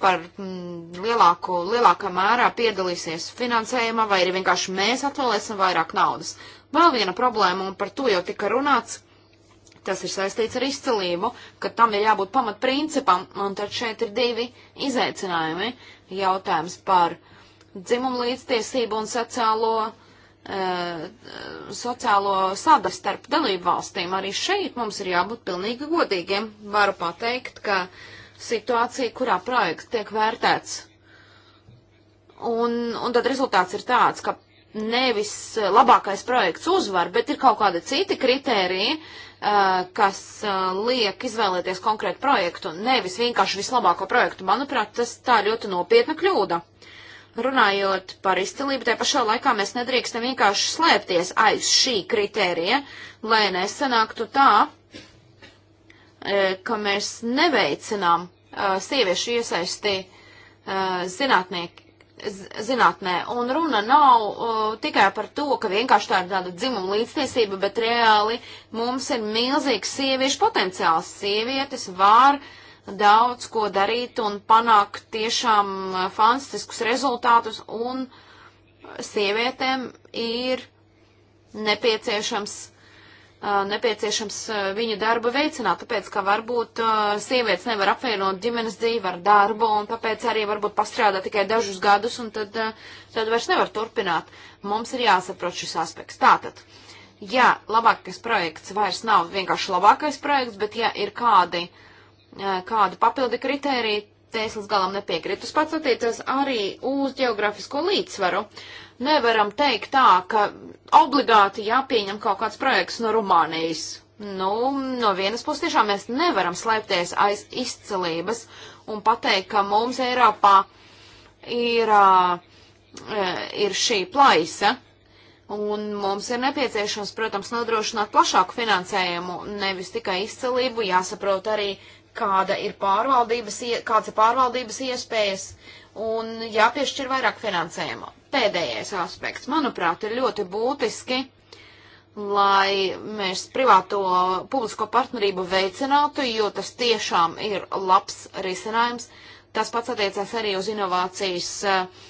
par mm, lielāku, lielākā mērā piedalīsies finansējumā, vai arī vienkārši mēs atvēlēsim vairāk naudas. Vēl viena problēma, un par to jau tika runāts, tas ir saistīts ar izcilību, ka tam ir jābūt pamatprincipam, un tad šeit ir divi izaicinājumi. Jautājums par dzimumu līdztiesību un sociālo Uh, sociālo sada starp dalību valstīm. Arī šeit mums ir jābūt pilnīgi godīgiem. Varu pateikt, ka situācija, kurā projekts tiek vērtēts, un, un tad rezultāts ir tāds, ka nevis labākais projekts uzvar, bet ir kaut kādi citi kritēriji, uh, kas uh, liek izvēlēties konkrētu projektu, nevis vienkārši vislabāko projektu. Manuprāt, tas tā ļoti nopietna kļūda. Uh, runājot par izcilību, te pašā laikā mēs nedrīkstam vienkārši slēpties aiz šī kritērija, lai nesanāktu tā, e, ka mēs neveicinām e, sieviešu iesaisti e, zinātnieki. Zinātnē, un runa nav uh, tikai par to, ka vienkārši tā ir tāda dzimuma līdztiesība, bet reāli mums ir milzīgs sieviešu potenciāls. Sievietes var uh, daudz ko darīt un panākt tiešām eh, fantastiskus rezultātus, un sievietēm ir nepieciešams, eh, nepieciešams eh, viņu darbu veicināt, tāpēc, ka varbūt sievietes nevar apvienot ģimenes dzīvi ar darbu, un tāpēc arī varbūt pastrādā tikai dažus gadus, un tad, tad vairs nevar turpināt. Mums ir jāsaprot šis aspekts. Tātad jā, labākais projekts vairs nav vienkārši labākais projekts, bet ja ir kādi kādu papildi kritēriju, te es līdz galam nepiekrītu. Tas pats attiecas arī uz geogrāfisko līdzsvaru. Nevaram teikt tā, ka obligāti jāpieņem kaut kāds projekts no Rumānijas. Nu, no vienas puses tiešām mēs nevaram slēpties aiz izcelības un pateikt, ka mums Eiropā ir, ir šī plaisa. Un mums ir nepieciešams, protams, nodrošināt plašāku finansējumu, nevis tikai izcelību, jāsaprot arī kāda ir pārvaldības, kāds ir pārvaldības iespējas un jāpiešķir vairāk finansējumu. Pēdējais aspekts, manuprāt, ir ļoti būtiski, lai mēs privāto publisko partnerību veicinātu, jo tas tiešām ir labs risinājums. Tas pats attiecās arī uz inovācijas uh,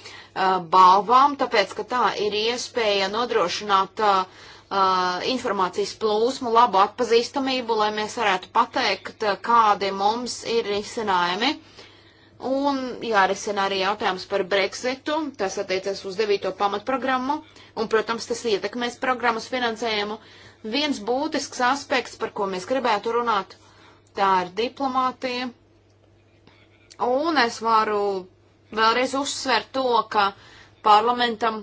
balvām, tāpēc, ka tā ir iespēja nodrošināt uh, uh, informācijas plūsmu, labu atpazīstamību, lai mēs varētu pateikt, kādi mums ir risinājumi. Un jārisina arī jautājums par Brexitu, tas attiecas uz devīto pamatprogrammu, un, protams, tas ietekmēs programmas finansējumu. Viens būtisks aspekts, par ko mēs gribētu runāt, tā ir diplomātija. Un es varu vēlreiz uzsvērt to, ka parlamentam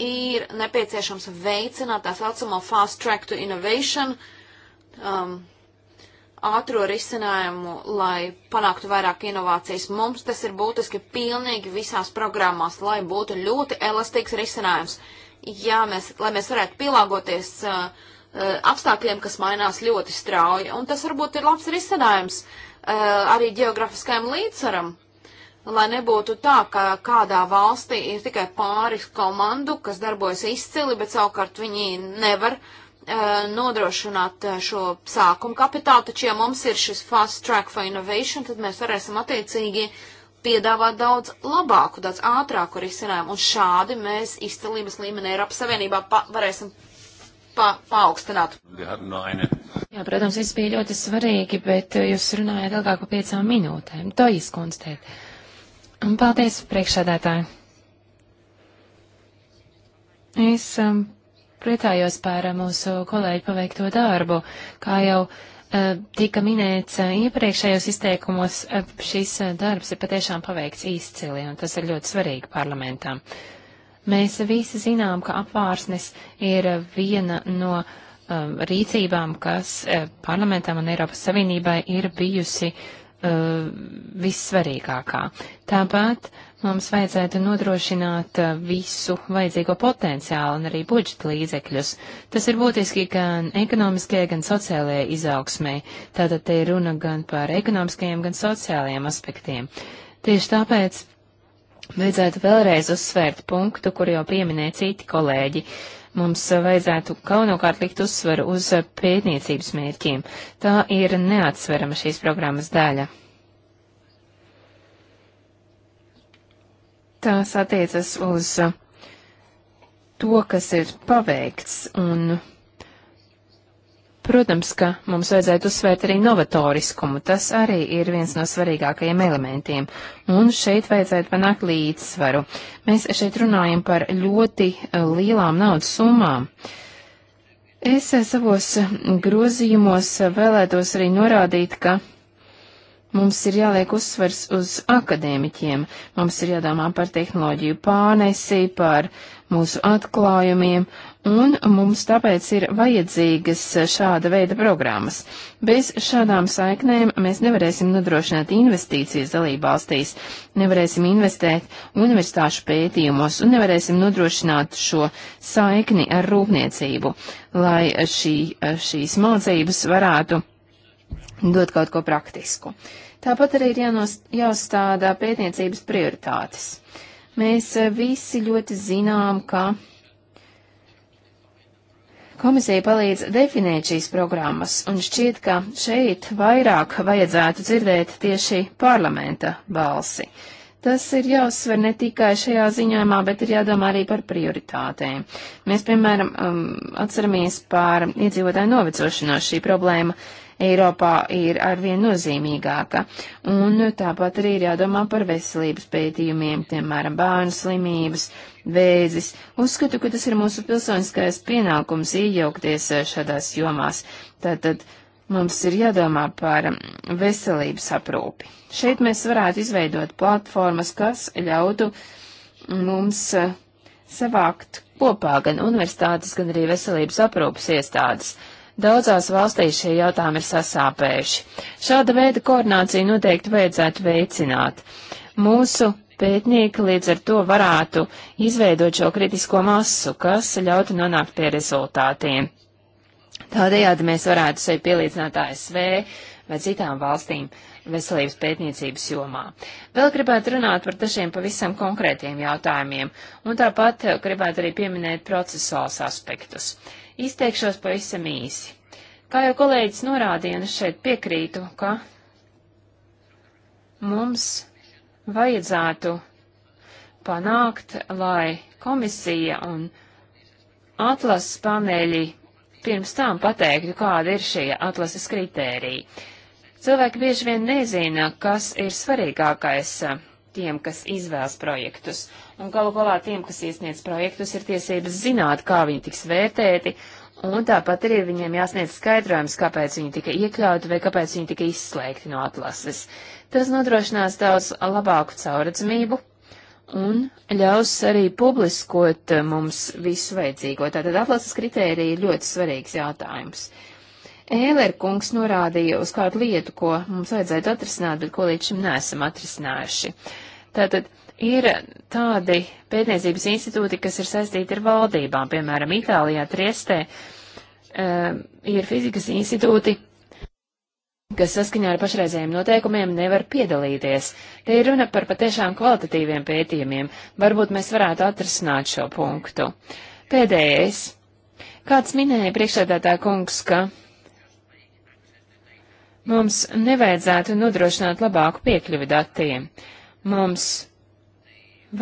ir nepieciešams veicināt tā saucamo fast track to innovation, um, ātro risinājumu, lai panāktu vairāk inovācijas. Mums tas ir būtiski pilnīgi visās programmās, lai būtu ļoti elastīgs risinājums. Jā, mēs, lai mēs varētu pielāgoties uh, uh apstākļiem, kas mainās ļoti strauji. Un tas varbūt ir labs risinājums uh, arī geografiskajam līdzsvaram lai nebūtu tā, ka kādā valstī ir tikai pāris komandu, kas darbojas izcili, bet savukārt viņi nevar uh, nodrošināt eh, šo sākumu kapitālu, taču ja mums ir šis fast track for innovation, tad mēs varēsim attiecīgi piedāvāt daudz labāku, daudz ātrāku risinājumu, un šādi mēs izcilības līmeni Eiropas Savienībā pa varēsim pa paaugstināt.
Jā, protams, viss bija ļoti svarīgi, bet jūs runājāt ilgāk par piecām minūtēm. To izkonstēt. Uh, Un paldies, priekšsēdētāji. Es um, priecājos par uh, mūsu kolēģi paveikto darbu. Kā jau uh, tika minēts uh, iepriekšējos izteikumos, uh, šis uh, darbs ir patiešām paveikts izcili, un tas ir ļoti svarīgi parlamentam. Mēs visi zinām, ka apvārsnes ir viena no uh, rīcībām, kas uh, parlamentam un Eiropas Savienībai ir bijusi uh, uh, vissvarīgākā. Tāpat mums vajadzētu nodrošināt uh, visu vajadzīgo potenciālu un arī budžeta līdzekļus. Tas ir būtiski gan ekonomiskajai, gan sociālajai izaugsmai. Tātad te ir runa gan par ekonomiskajiem, gan sociālajiem aspektiem. Tieši tāpēc vajadzētu vēlreiz uzsvērt punktu, kur jau pieminēja citi kolēģi. Uh, Mums vajadzētu galvenokārt likt uzsvaru uz pētniecības mērķiem. Tā ir neatsverama šīs programmas daļa. Tās attiecas uz to, kas ir paveikts un Protams, ka mums vajadzētu uzsvērt arī novatoriskumu. Tas arī ir viens no svarīgākajiem elementiem. Un šeit vajadzētu panākt līdzsvaru. Mēs šeit runājam par ļoti eh, lielām naudas summām. Es eh, savos mm, grozījumos eh, vēlētos arī norādīt, ka Mums ir jāliek uzsvers uz akadēmiķiem, mums ir jādomā par tehnoloģiju pārnesi, par mūsu atklājumiem, un mums tāpēc ir vajadzīgas šāda veida programmas. Bez šādām saiknēm mēs nevarēsim nodrošināt investīcijas dalībvalstīs, nevarēsim investēt universitāšu pētījumos un nevarēsim nodrošināt šo saikni ar rūpniecību, lai šī, šīs mācības varētu dot kaut ko praktisku. Tāpat arī ir jānos, jāuzstādā pētniecības prioritātes. Mēs eh, visi ļoti zinām, ka komisija palīdz definēt šīs programmas, un šķiet, ka šeit vairāk vajadzētu dzirdēt tieši parlamenta balsi. Tas ir jāuzsver ne tikai šajā ziņojumā, bet ir jādomā arī par prioritātēm. Mēs, piemēram, um, atceramies par iedzīvotāju novecošanos. Šī problēma Eiropā ir arvien nozīmīgāka. Un tāpat arī ir jādomā par veselības pētījumiem, piemēram, bērnu slimības, vēzis. Uzskatu, ka tas ir mūsu pilsoniskais pienākums iejaukties eh, šādās jomās. Tātad mums ir jādomā par mm, veselības aprūpi. Šeit mēs varētu izveidot platformas, kas ļautu mm, mums eh, savākt kopā gan universitātes, gan arī veselības aprūpas iestādes. Daudzās valstīs šie jautājumi ir sasāpējuši. Šāda veida koordināciju noteikti vajadzētu veicināt. Mūsu pētnieki līdz ar to varētu izveidot šo kritisko masu, kas ļautu nonākt pie rezultātiem. Tādējādi mēs varētu sevi pielīdzināt ASV vai citām valstīm veselības pētniecības jomā. Vēl gribētu runāt par dažiem pavisam konkrētiem jautājumiem, un tāpat gribētu arī pieminēt procesuāls aspektus. Uh, Izteikšos pavisam īsi. Kā jau kolēģis norādīja, un es šeit piekrītu, ka mums vajadzētu panākt, lai komisija un atlases paneļi pirms tam pateiktu, kāda ir šie atlases kritērija. Cilvēki bieži vien nezina, kas ir svarīgākais tiem, kas izvēlas projektus. Un galu galā tiem, kas iesniedz projektus, ir tiesības zināt, kā viņi tiks vērtēti, un tāpat arī viņiem jāsniedz skaidrojums, kāpēc viņi tika iekļauti vai kāpēc viņi tika izslēgti no atlases. Tas nodrošinās daudz labāku cauradzamību un ļaus arī publiskot mums visu vajadzīgo. Tātad atlases kritērija ir ļoti svarīgs jautājums. Ēler kungs norādīja uz kādu lietu, ko mums vajadzētu atrisināt, bet ko līdz šim neesam atrisinājuši. Tātad ir tādi pētniecības institūti, kas ir saistīti ar valdībām, piemēram, Itālijā, Triestē, um, ir fizikas institūti, kas saskaņā ar pašreizējiem noteikumiem nevar piedalīties. Te ir runa par patiešām kvalitatīviem pētījumiem. Varbūt mēs varētu atrisināt šo punktu. Pēdējais. Kāds minēja priekšsēdētā kungs, ka Mums nevajadzētu nodrošināt labāku piekļuvi datiem. Mums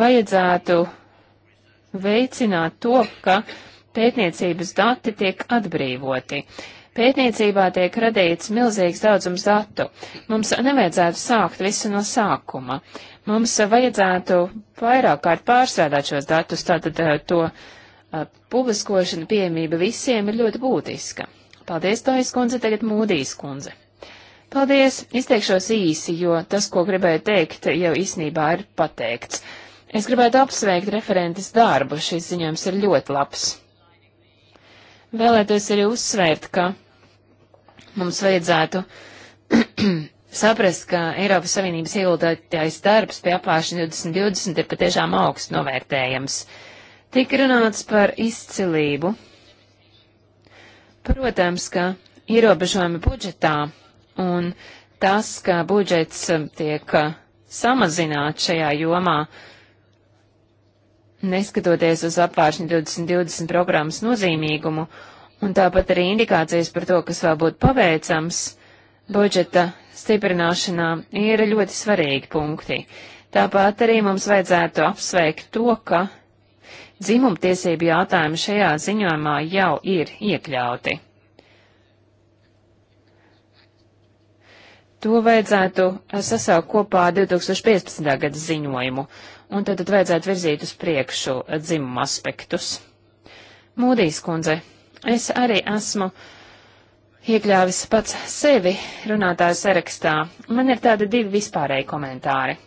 vajadzētu veicināt to, ka pētniecības dati tiek atbrīvoti. Pētniecībā tiek radīts milzīgs daudzums datu. Mums nevajadzētu sākt visu no sākuma. Mums vajadzētu vairāk kārt pārstrādāt šos datus, tātad eh, to a, eh, publiskošana pieejamība visiem ir ļoti būtiska. Paldies, Tojas kundze, tagad Mūdīs kundze. Paldies! Izteikšos īsi, jo tas, ko gribēju teikt, jau īsnībā ir pateikts. Es gribētu apsveikt referentes darbu, šis ziņojums ir ļoti labs. Vēlētos arī uzsvērt, ka mums vajadzētu saprast, ka Eiropas Savienības ieguldātais darbs pie apvāršana 2020 ir patiešām augsts novērtējams. Tik runāts par izcilību. Protams, ka ierobežojumi budžetā un tas, ka budžets um, tiek uh, samazināts šajā jomā, neskatoties uz apvāršņu 2020 programmas nozīmīgumu, un tāpat arī indikācijas par to, kas vēl būtu paveicams, budžeta stiprināšanā ir ļoti svarīgi punkti. Tāpat arī mums vajadzētu apsveikt to, ka dzimumtiesību jautājumi šajā ziņojumā jau ir iekļauti. To vajadzētu eh, sasaukt kopā 2015. gada ziņojumu, un tad, tad vajadzētu virzīt uz priekšu eh, dzimumu aspektus. Mūdīs kundze, es arī esmu iekļāvis pats sevi runātāju sarakstā. Man ir tādi divi vispārēji komentāri.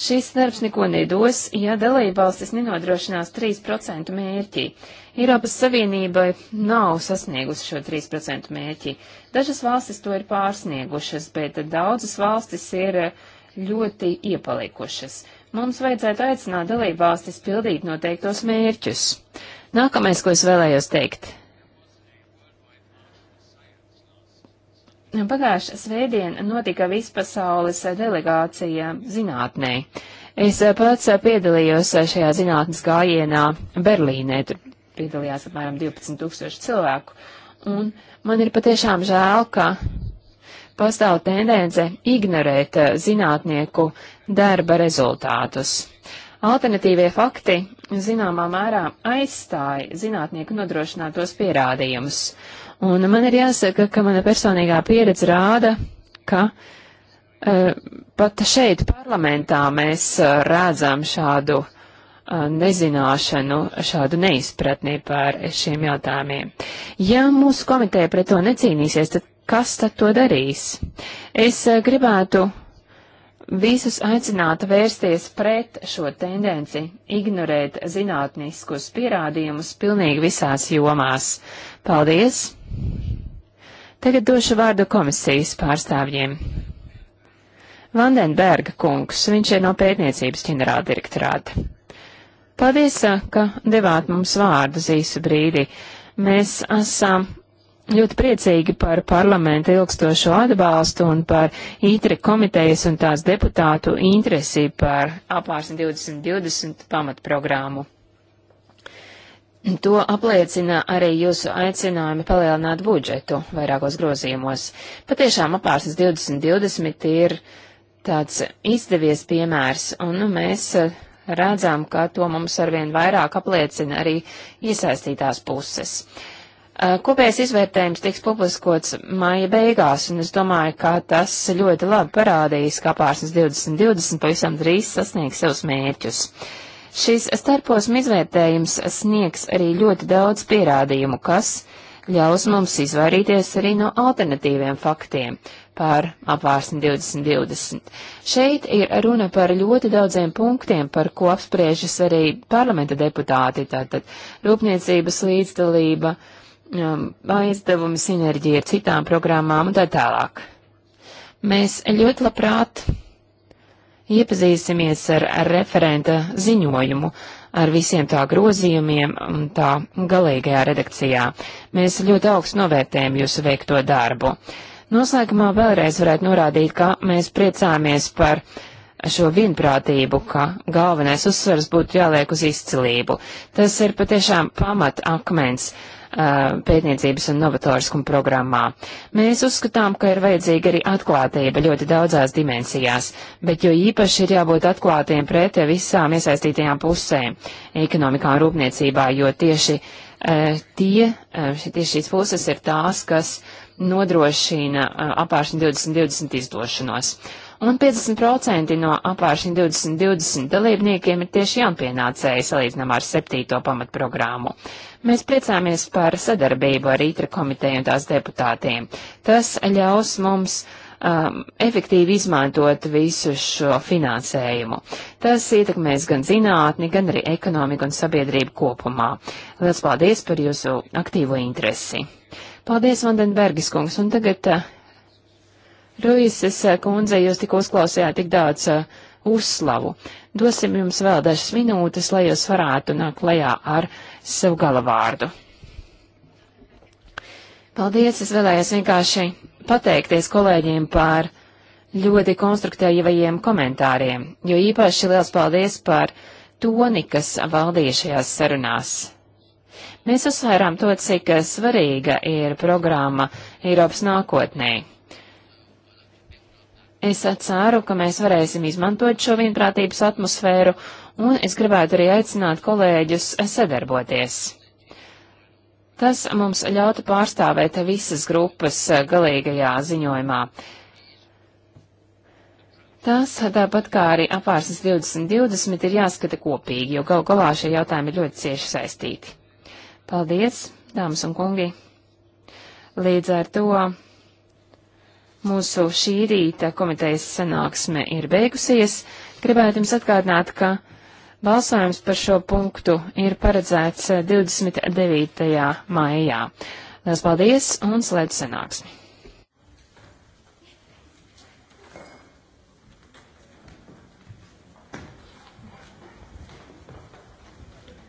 Šis darbs neko nedos, ja dalībvalstis nenodrošinās 3% mērķi. Eiropas Savienībai nav sasniegusi šo 3% mērķi. Dažas valstis to ir pārsniegušas, bet daudzas valstis ir ļoti iepalikušas. Mums vajadzētu aicināt dalībvalstis pildīt noteiktos mērķus. Nākamais, ko es vēlējos teikt. Pagājušā svētdiena notika vispasaules delegācija zinātnē. Es pats piedalījos šajā zinātnes gājienā Berlīnē, tur piedalījās apmēram 12 tūkstoši cilvēku, un man ir patiešām žēl, ka pastāv tendence ignorēt zinātnieku darba rezultātus. Alternatīvie fakti zināmā mērā aizstāja zinātnieku nodrošinātos pierādījumus. Un man ir jāsaka, ka mana personīgā pieredze rāda, ka uh, pat šeit parlamentā mēs uh, redzam šādu e, nezināšanu, šādu neizpratni par šiem jautājumiem. Ja mūsu komiteja pret to necīnīsies, tad kas tad to darīs? Es gribētu visus aicinātu vērsties pret šo tendenci, ignorēt zinātniskus pierādījumus pilnīgi visās jomās. Paldies! Tagad došu vārdu komisijas pārstāvjiem. Vandenberga kungs, viņš ir no pētniecības ģenerāldirektorāta. Paldies, ka devāt mums vārdu zīsu brīdi. Mēs esam ļoti priecīgi par parlamenta ilgstošo atbalstu un par ITRE komitejas un tās deputātu interesi par apvārsni 2020 pamatprogrammu. To apliecina arī jūsu aicinājumi palielināt budžetu vairākos grozījumos. Patiešām apārsnes 2020 ir tāds izdevies piemērs, un nu, mēs eh, redzam, ka to mums arvien vairāk apliecina arī iesaistītās puses. Uh, Eh, kopējais izvērtējums tiks publiskots māja beigās, un es domāju, ka tas ļoti labi parādīs, kā pārsnes 2020 pavisam drīz sasniegs savus mērķus. Šis starposma izvērtējums sniegs arī ļoti daudz pierādījumu, kas ļaus mums izvairīties arī no alternatīviem faktiem par apvārsni 2020. Šeit ir runa par ļoti daudziem punktiem, par ko apspriežas arī parlamenta deputāti, tātad rūpniecības līdzdalība, uh, Um, aizdevumi sinerģija ar citām programmām un tā tālāk. Mēs ļoti labprāt iepazīsimies ar, ar referenta ziņojumu, ar visiem tā grozījumiem un tā galīgajā redakcijā. Mēs ļoti augstu novērtējam jūsu veikto darbu. Noslēgumā vēlreiz varētu norādīt, ka mēs priecāmies par šo vienprātību, ka galvenais uzsvars būtu jāliek uz izcilību. Tas ir patiešām pamat akmens Uh, pētniecības un novatoriskuma programmā. Mēs uzskatām, ka ir vajadzīga arī atklātība ļoti daudzās dimensijās, bet jo īpaši ir jābūt atklātiem pret visām iesaistītajām pusēm - ekonomikā un rūpniecībā, jo tieši uh, tie, uh, tieši šīs puses ir tās, kas nodrošina apāršņu 2020 izdošanos. Un 50% no apāršņu 2020 dalībniekiem ir tieši jaunpienācēji salīdzinām ar septīto pamatprogrammu. Mēs priecāmies par sadarbību ar ITRA komiteju un tās deputātiem. Tas ļaus mums um, efektīvi izmantot visu šo finansējumu. Tas ietekmēs gan zinātni, gan arī ekonomiku un sabiedrību kopumā. Lielas paldies par jūsu aktīvo interesi. Paldies, Vandenbergis kungs, un tagad uh, Ruises uh, kundze, jūs tik uzklausījāt tik daudz. Uh, uzslavu. Dosim jums vēl dažas minūtes, lai jūs varētu nākt lejā ar savu galavārdu. Paldies, es vēlējos vienkārši pateikties kolēģiem par ļoti konstruktīvajiem komentāriem, jo īpaši liels paldies par toni, kas valdīja šajās sarunās. Mēs uzsvērām to, cik svarīga ir programma Eiropas nākotnē. Es ceru, ka mēs varēsim izmantot šo vienprātības atmosfēru, un es gribētu arī aicināt kolēģus sadarboties. Tas mums ļautu pārstāvēt visas grupas galīgajā ziņojumā. Tas, tāpat kā arī apārsnes 2020, ir jāskata kopīgi, jo gal galā šie jautājumi ir ļoti cieši saistīti. Paldies, dāmas un kungi! Līdz ar to Mūsu šī rīta komitejas sanāksme ir beigusies. Gribētu jums atgādināt, ka balsojums par šo punktu ir paredzēts 29. Eh, maijā. Lielas paldies un slēdz sanāksmi!